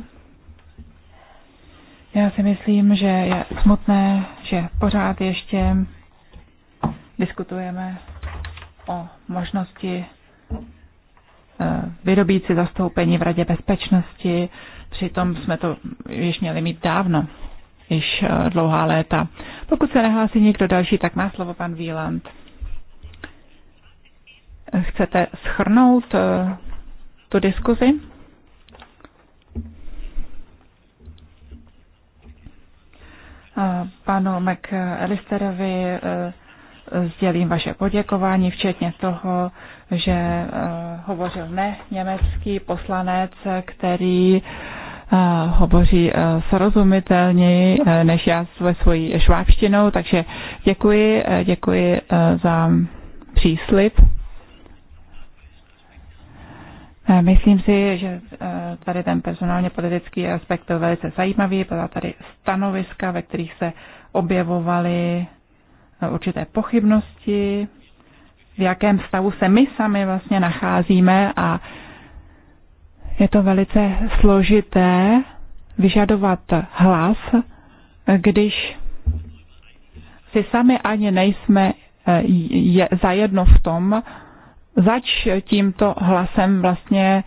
Já si myslím, že je smutné, že pořád ještě diskutujeme o možnosti eh, vyrobit si zastoupení v Radě bezpečnosti. Přitom jsme to již měli mít dávno, již eh, dlouhá léta. Pokud se nehlásí někdo další, tak má slovo pan Víland chcete schrnout eh, tu diskuzi? Eh, panu McAllisterovi eh, sdělím vaše poděkování, včetně toho, že hovořil ne německý poslanec, který hovoří srozumitelněji než já ve svojí švábštinou, takže děkuji, děkuji za příslip. Eh, myslím si, že eh, tady ten personálně politický aspekt byl velice zajímavý. Byla tady stanoviska, ve kterých se objevovaly eh, určité pochybnosti, v jakém stavu se my sami vlastně nacházíme a je to velice složité vyžadovat hlas, když si sami ani nejsme zajedno v tom, zač tímto hlasem vlastně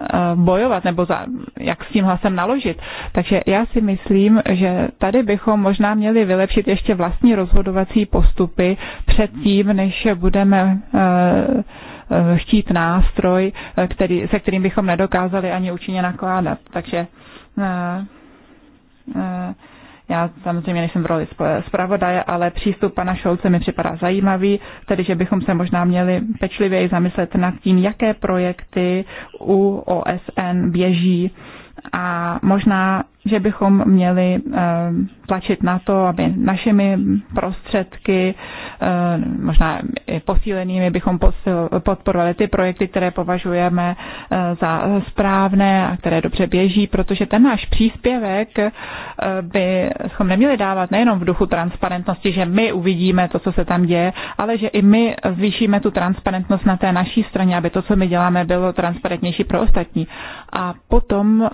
eh, bojovat nebo za, jak s tím hlasem naložit. Takže já si myslím, že tady bychom možná měli vylepšit ještě vlastní rozhodovací postupy předtím, než budeme eh, chtít nástroj, eh, který, se kterým bychom nedokázali ani účinně nakládat. Takže já samozřejmě nejsem v roli zpravodaje, ale přístup pana Šolce mi připadá zajímavý, tedy že bychom se možná měli pečlivěji zamyslet nad tím, jaké projekty u OSN běží a možná že bychom měli eh, tlačit na to, aby našimi prostředky, eh, možná i posílenými, bychom podporovali ty projekty, které považujeme eh, za správné a které dobře běží, protože ten náš příspěvek bychom neměli dávat nejenom v duchu transparentnosti, že my uvidíme to, co se tam děje, ale že i my zvýšíme tu transparentnost na té naší straně, aby to, co my děláme, bylo transparentnější pro ostatní. A potom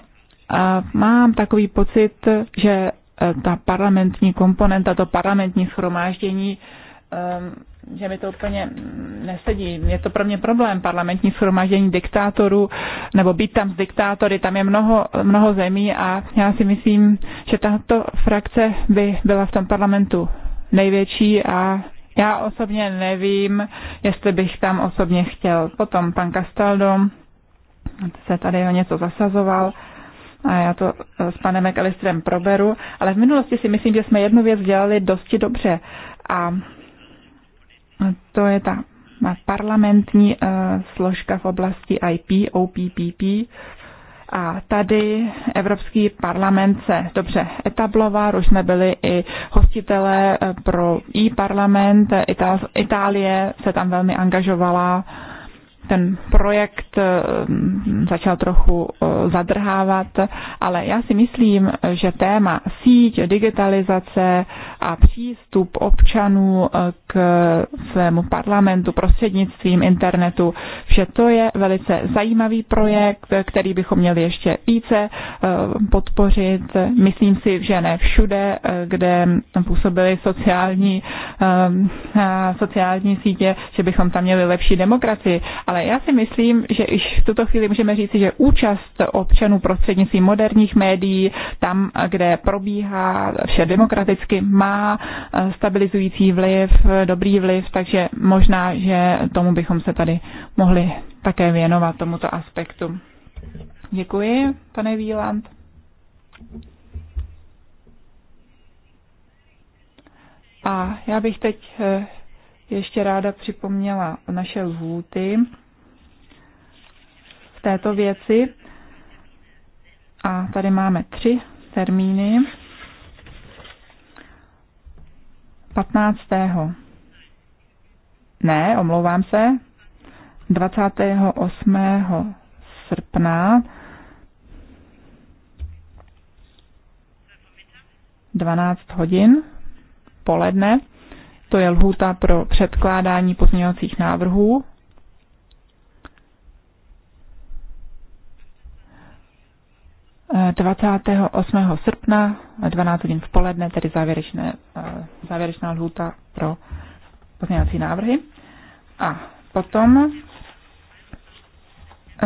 a mám takový pocit, že eh, ta parlamentní komponenta, to parlamentní schromáždění, ehm, že mi to úplně nesedí. Je to pro mě problém, parlamentní schromáždění diktátorů, nebo být tam s diktátory, tam je mnoho, mnoho zemí a já si myslím, že tato frakce by byla v tom parlamentu největší a já osobně nevím, jestli bych tam osobně chtěl. Potom pan Castaldo se tady o něco zasazoval a já to eh, s panem Ekalistrem proberu, ale v minulosti si myslím, že jsme jednu věc dělali dosti dobře a to je ta parlamentní eh, složka v oblasti IP, OPPP, a tady Evropský parlament se dobře etabloval, už jsme byli i hostitelé eh, pro e-parlament, Itálie se tam velmi angažovala ten projekt eh, začal trochu eh, zadrhávat, ale já si myslím, že téma síť, digitalizace a přístup občanů eh, k svému parlamentu prostřednictvím internetu, vše to je velice zajímavý projekt, který bychom měli ještě více podpořit. Myslím si, že ne všude, kde působili sociální, sociální sítě, že bychom tam měli lepší demokracii, ale ale já si myslím, že již v tuto chvíli můžeme říci, že účast občanů prostřednictvím moderních médií, tam, kde probíhá vše demokraticky, má eh, stabilizující vliv, dobrý vliv, takže možná, že tomu bychom se tady mohli také věnovat tomuto aspektu. Děkuji, pane Víland. A já bych teď eh, ještě ráda připomněla naše lhůty v této věci. A tady máme tři termíny. 15. Ne, omlouvám se. 28. srpna 12 hodin poledne. To je lhůta pro předkládání pozměňovacích návrhů 28. srpna 12 hodin v poledne, tedy závěrečné, eh, závěrečná lhůta pro pozměňovací návrhy. A potom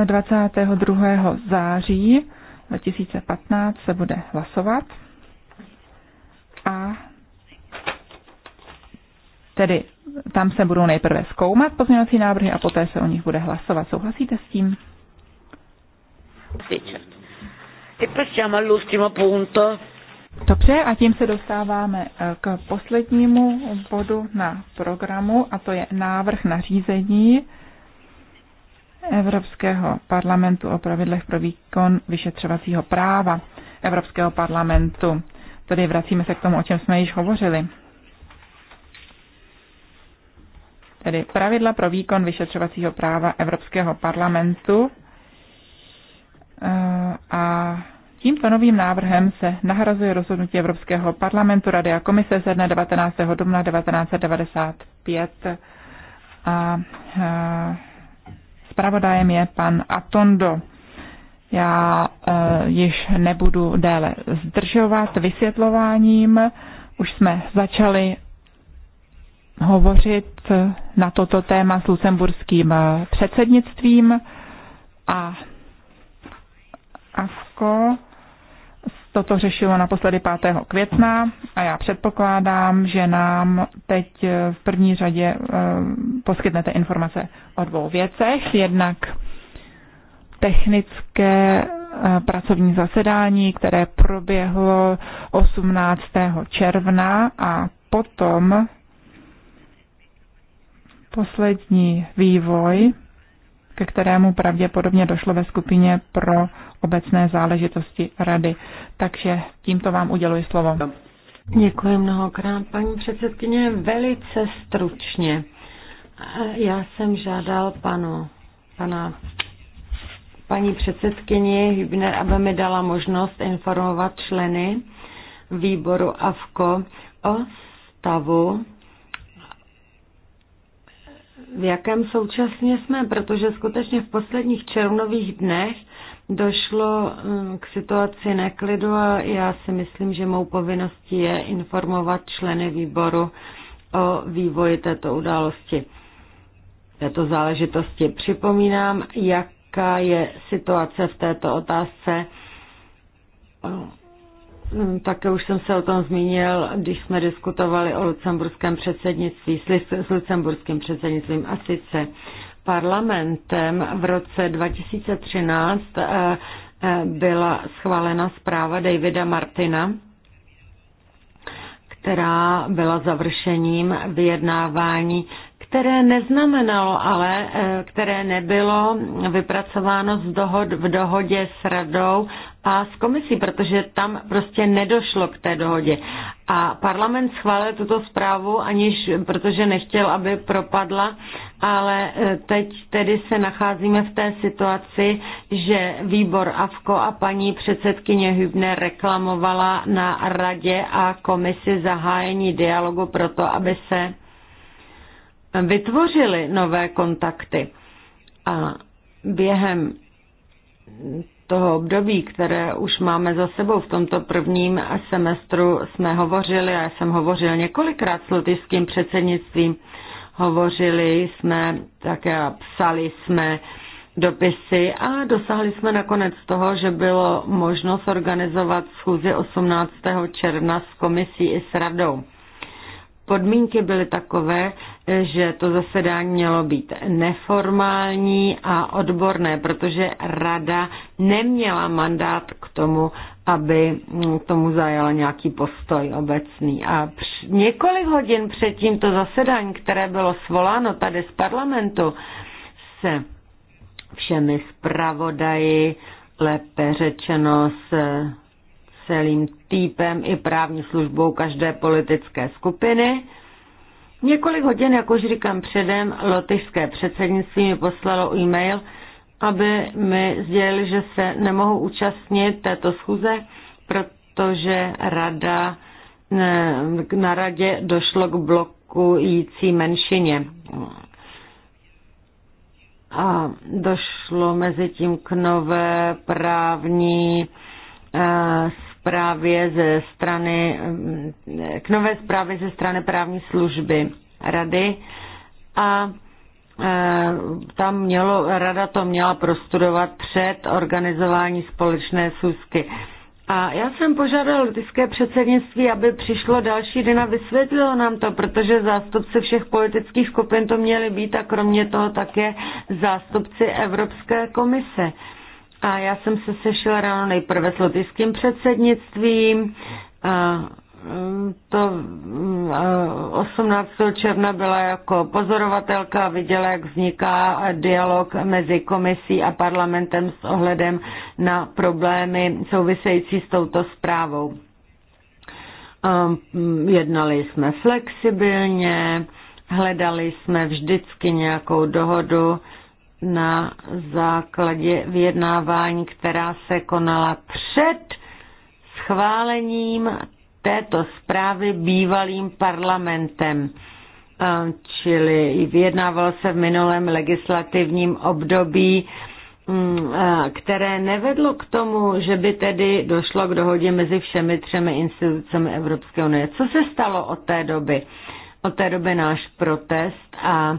22. Eh, září 2015 se bude hlasovat a tedy tam se budou nejprve zkoumat pozměňovací návrhy a poté se o nich bude hlasovat. Souhlasíte s tím? Richard. Dobře, e a tím se dostáváme e, k poslednímu bodu na programu, a to je návrh na řízení Evropského parlamentu o pravidlech pro výkon vyšetřovacího práva Evropského parlamentu. Tedy vracíme se k tomu, o čem jsme již hovořili. Tedy pravidla pro výkon vyšetřovacího práva Evropského parlamentu e, a Tímto novým návrhem se nahrazuje rozhodnutí Evropského parlamentu, Rady a komise ze dne 19. dubna 1995 a zpravodajem je pan Atondo. Já e, již nebudu déle zdržovat vysvětlováním. Už jsme začali hovořit na toto téma s lucemburským e, předsednictvím a AFKO toto řešilo naposledy 5. května a já předpokládám, že nám teď v první řadě eh, poskytnete informace o dvou věcech. Jednak technické eh, pracovní zasedání, které proběhlo 18. června a potom poslední vývoj, ke kterému pravděpodobně došlo ve skupině pro obecné záležitosti rady. Takže tímto vám uděluji slovo. Děkuji mnohokrát, paní předsedkyně. Velice stručně. Já jsem žádal panu, pana, paní předsedkyni Hübner, aby mi dala možnost informovat členy výboru AVKO o stavu, v jakém současně jsme, protože skutečně v posledních červnových dnech Došlo eh, k situaci neklidu a já si myslím, že mou povinností je informovat členy výboru o vývoji této události, této záležitosti. Připomínám, jaká je situace v této otázce. Eh, také už jsem se o tom zmínil, když jsme diskutovali o lucemburském předsednictví, s lucemburským předsednictvím a sice parlamentem v roce 2013 eh, eh, byla schválena zpráva Davida Martina, která byla završením vyjednávání které neznamenalo ale, eh, které nebylo vypracováno z dohod, v dohodě s radou a s komisí, protože tam prostě nedošlo k té dohodě. A parlament schválil tuto zprávu, aniž, protože nechtěl, aby propadla, ale eh, teď tedy se nacházíme v té situaci, že výbor AVKO a paní předsedkyně Hübner reklamovala na radě a komisi zahájení dialogu proto, aby se vytvořili nové kontakty. A během toho období, které už máme za sebou v tomto prvním semestru, jsme hovořili, a já jsem hovořil několikrát s lotyšským předsednictvím, hovořili jsme, také psali jsme dopisy a dosáhli jsme nakonec toho, že bylo možno zorganizovat schůzi 18. června s komisí i s radou. Podmínky byly takové, že to zasedání mělo být neformální a odborné, protože rada neměla mandát k tomu, aby mm, tomu zajala nějaký postoj obecný. A při, několik hodin před tímto zasedání, které bylo svoláno tady z parlamentu, se všemi zpravodaji, lépe řečeno s celým týpem i právní službou každé politické skupiny, Několik hodin, jak už říkám předem, lotyšské předsednictví mi poslalo e-mail, aby mi sdělili, že se nemohou účastnit této schůze, protože rada, na radě došlo k blokující menšině. A došlo mezi tím k nové právní eh, zprávě ze strany, k nové zprávě ze strany právní služby rady a e, tam mělo, rada to měla prostudovat před organizování společné sůzky. A já jsem požádal lidské předsednictví, aby přišlo další den a vysvětlilo nám to, protože zástupci všech politických skupin to měli být a kromě toho také zástupci Evropské komise. A já jsem se sešla ráno nejprve s lotyšským předsednictvím. A mm, to 18. Mm, června byla jako pozorovatelka a viděla, jak vzniká dialog mezi komisí a parlamentem s ohledem na problémy související s touto zprávou. Mm, jednali jsme flexibilně, hledali jsme vždycky nějakou dohodu na základě vyjednávání, která se konala před schválením této zprávy bývalým parlamentem. Čili vyjednával se v minulém legislativním období, mm, které nevedlo k tomu, že by tedy došlo k dohodě mezi všemi třemi institucemi Evropské unie. Co se stalo od té doby? Od té doby náš protest a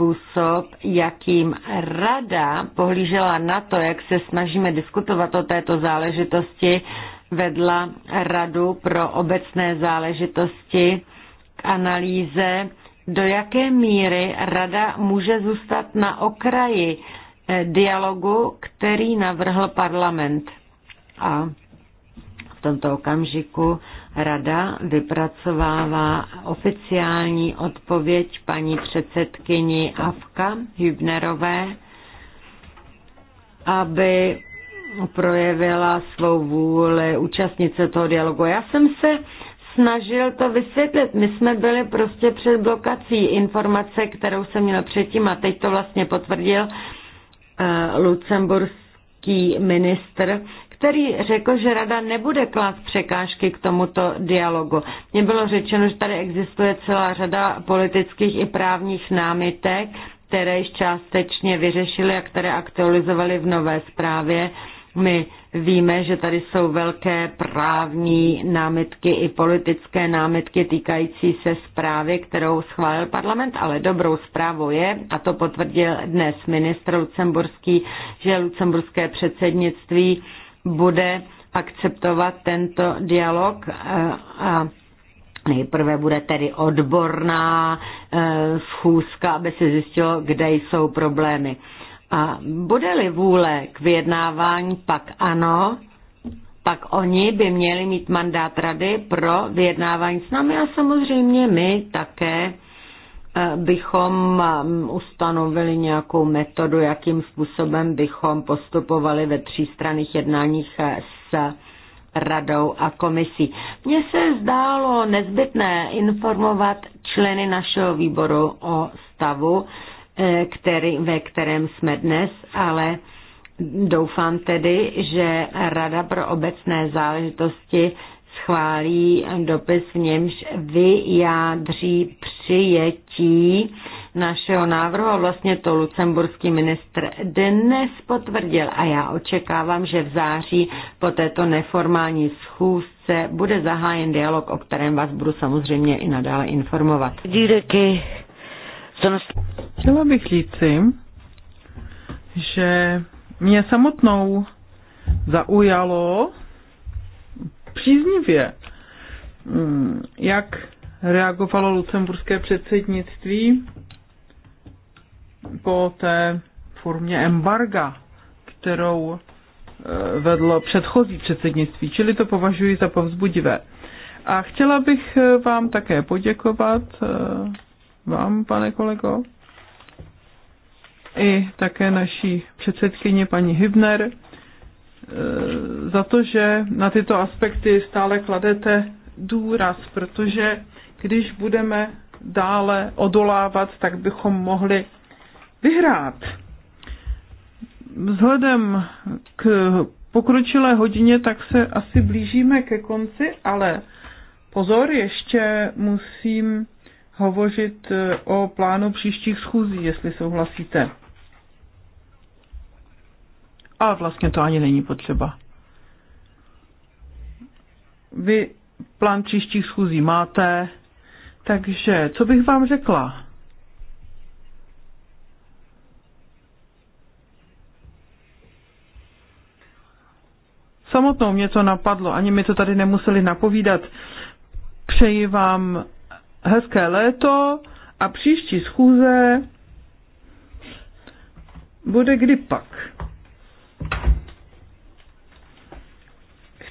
způsob, jakým rada pohlížela na to, jak se snažíme diskutovat o této záležitosti, vedla radu pro obecné záležitosti k analýze, do jaké míry rada může zůstat na okraji eh, dialogu, který navrhl parlament. A v tomto okamžiku Rada vypracovává oficiální odpověď paní předsedkyni Avka Hübnerové, aby projevila svou vůli se toho dialogu. Já jsem se snažil to vysvětlit. My jsme byli prostě před blokací informace, kterou jsem měl předtím a teď to vlastně potvrdil uh, lucemburský ministr, který řekl, že rada nebude klást překážky k tomuto dialogu. Mně bylo řečeno, že tady existuje celá řada politických i právních námitek, které již částečně vyřešili a které aktualizovali v nové zprávě. My víme, že tady jsou velké právní námitky i politické námitky týkající se zprávy, kterou schválil parlament, ale dobrou zprávou je, a to potvrdil dnes ministr Lucemburský, že lucemburské předsednictví bude akceptovat tento dialog eh, a Nejprve bude tedy odborná eh, schůzka, aby se zjistilo, kde jsou problémy. A bude-li vůle k vyjednávání, pak ano, pak oni by měli mít mandát rady pro vyjednávání s námi a samozřejmě my také bychom um, ustanovili nějakou metodu, jakým způsobem bychom postupovali ve třístranných jednáních eh, s radou a komisí. Mně se zdálo nezbytné informovat členy našeho výboru o stavu, eh, který, ve kterém jsme dnes, ale doufám tedy, že Rada pro obecné záležitosti schválí dopis, v němž vyjádří přijetí přijetí našeho návrhu a vlastně to lucemburský ministr dnes potvrdil a já očekávám, že v září po této neformální schůzce bude zahájen dialog, o kterém vás budu samozřejmě i nadále informovat. Díky. Chtěla bych říci, že mě samotnou zaujalo příznivě, mm, jak reagovalo lucemburské předsednictví po té formě embarga, kterou e, vedlo předchozí předsednictví, čili to považuji za povzbudivé. A chtěla bych e, vám také poděkovat, e, vám, pane kolego, i také naší předsedkyně paní Hybner, za to, že na tyto aspekty stále kladete důraz, protože když budeme dále odolávat, tak bychom mohli vyhrát. Vzhledem k pokročilé hodině, tak se asi blížíme ke konci, ale pozor, ještě musím hovořit eh, o plánu příštích schůzí, jestli souhlasíte. A vlastně to ani není potřeba. Vy plán příštích schůzí máte, takže, co bych vám řekla? Samotnou mě to napadlo, ani mi to tady nemuseli napovídat. Přeji vám hezké léto a příští schůze bude kdy pak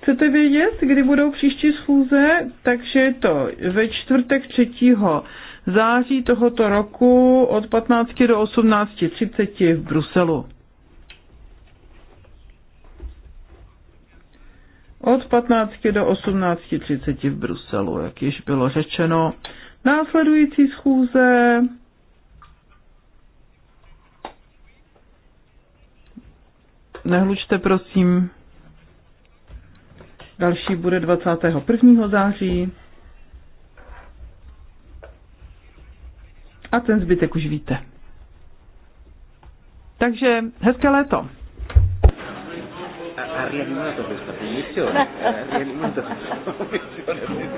chcete vědět, kdy budou příští schůze, takže je to ve čtvrtek 3. září tohoto roku od 15 do 18.30 v Bruselu. Od 15 do 18.30 v Bruselu, jak již bylo řečeno. Následující schůze Nehlučte prosím. Další bude 21. září. A ten zbytek už víte. Takže hezké léto.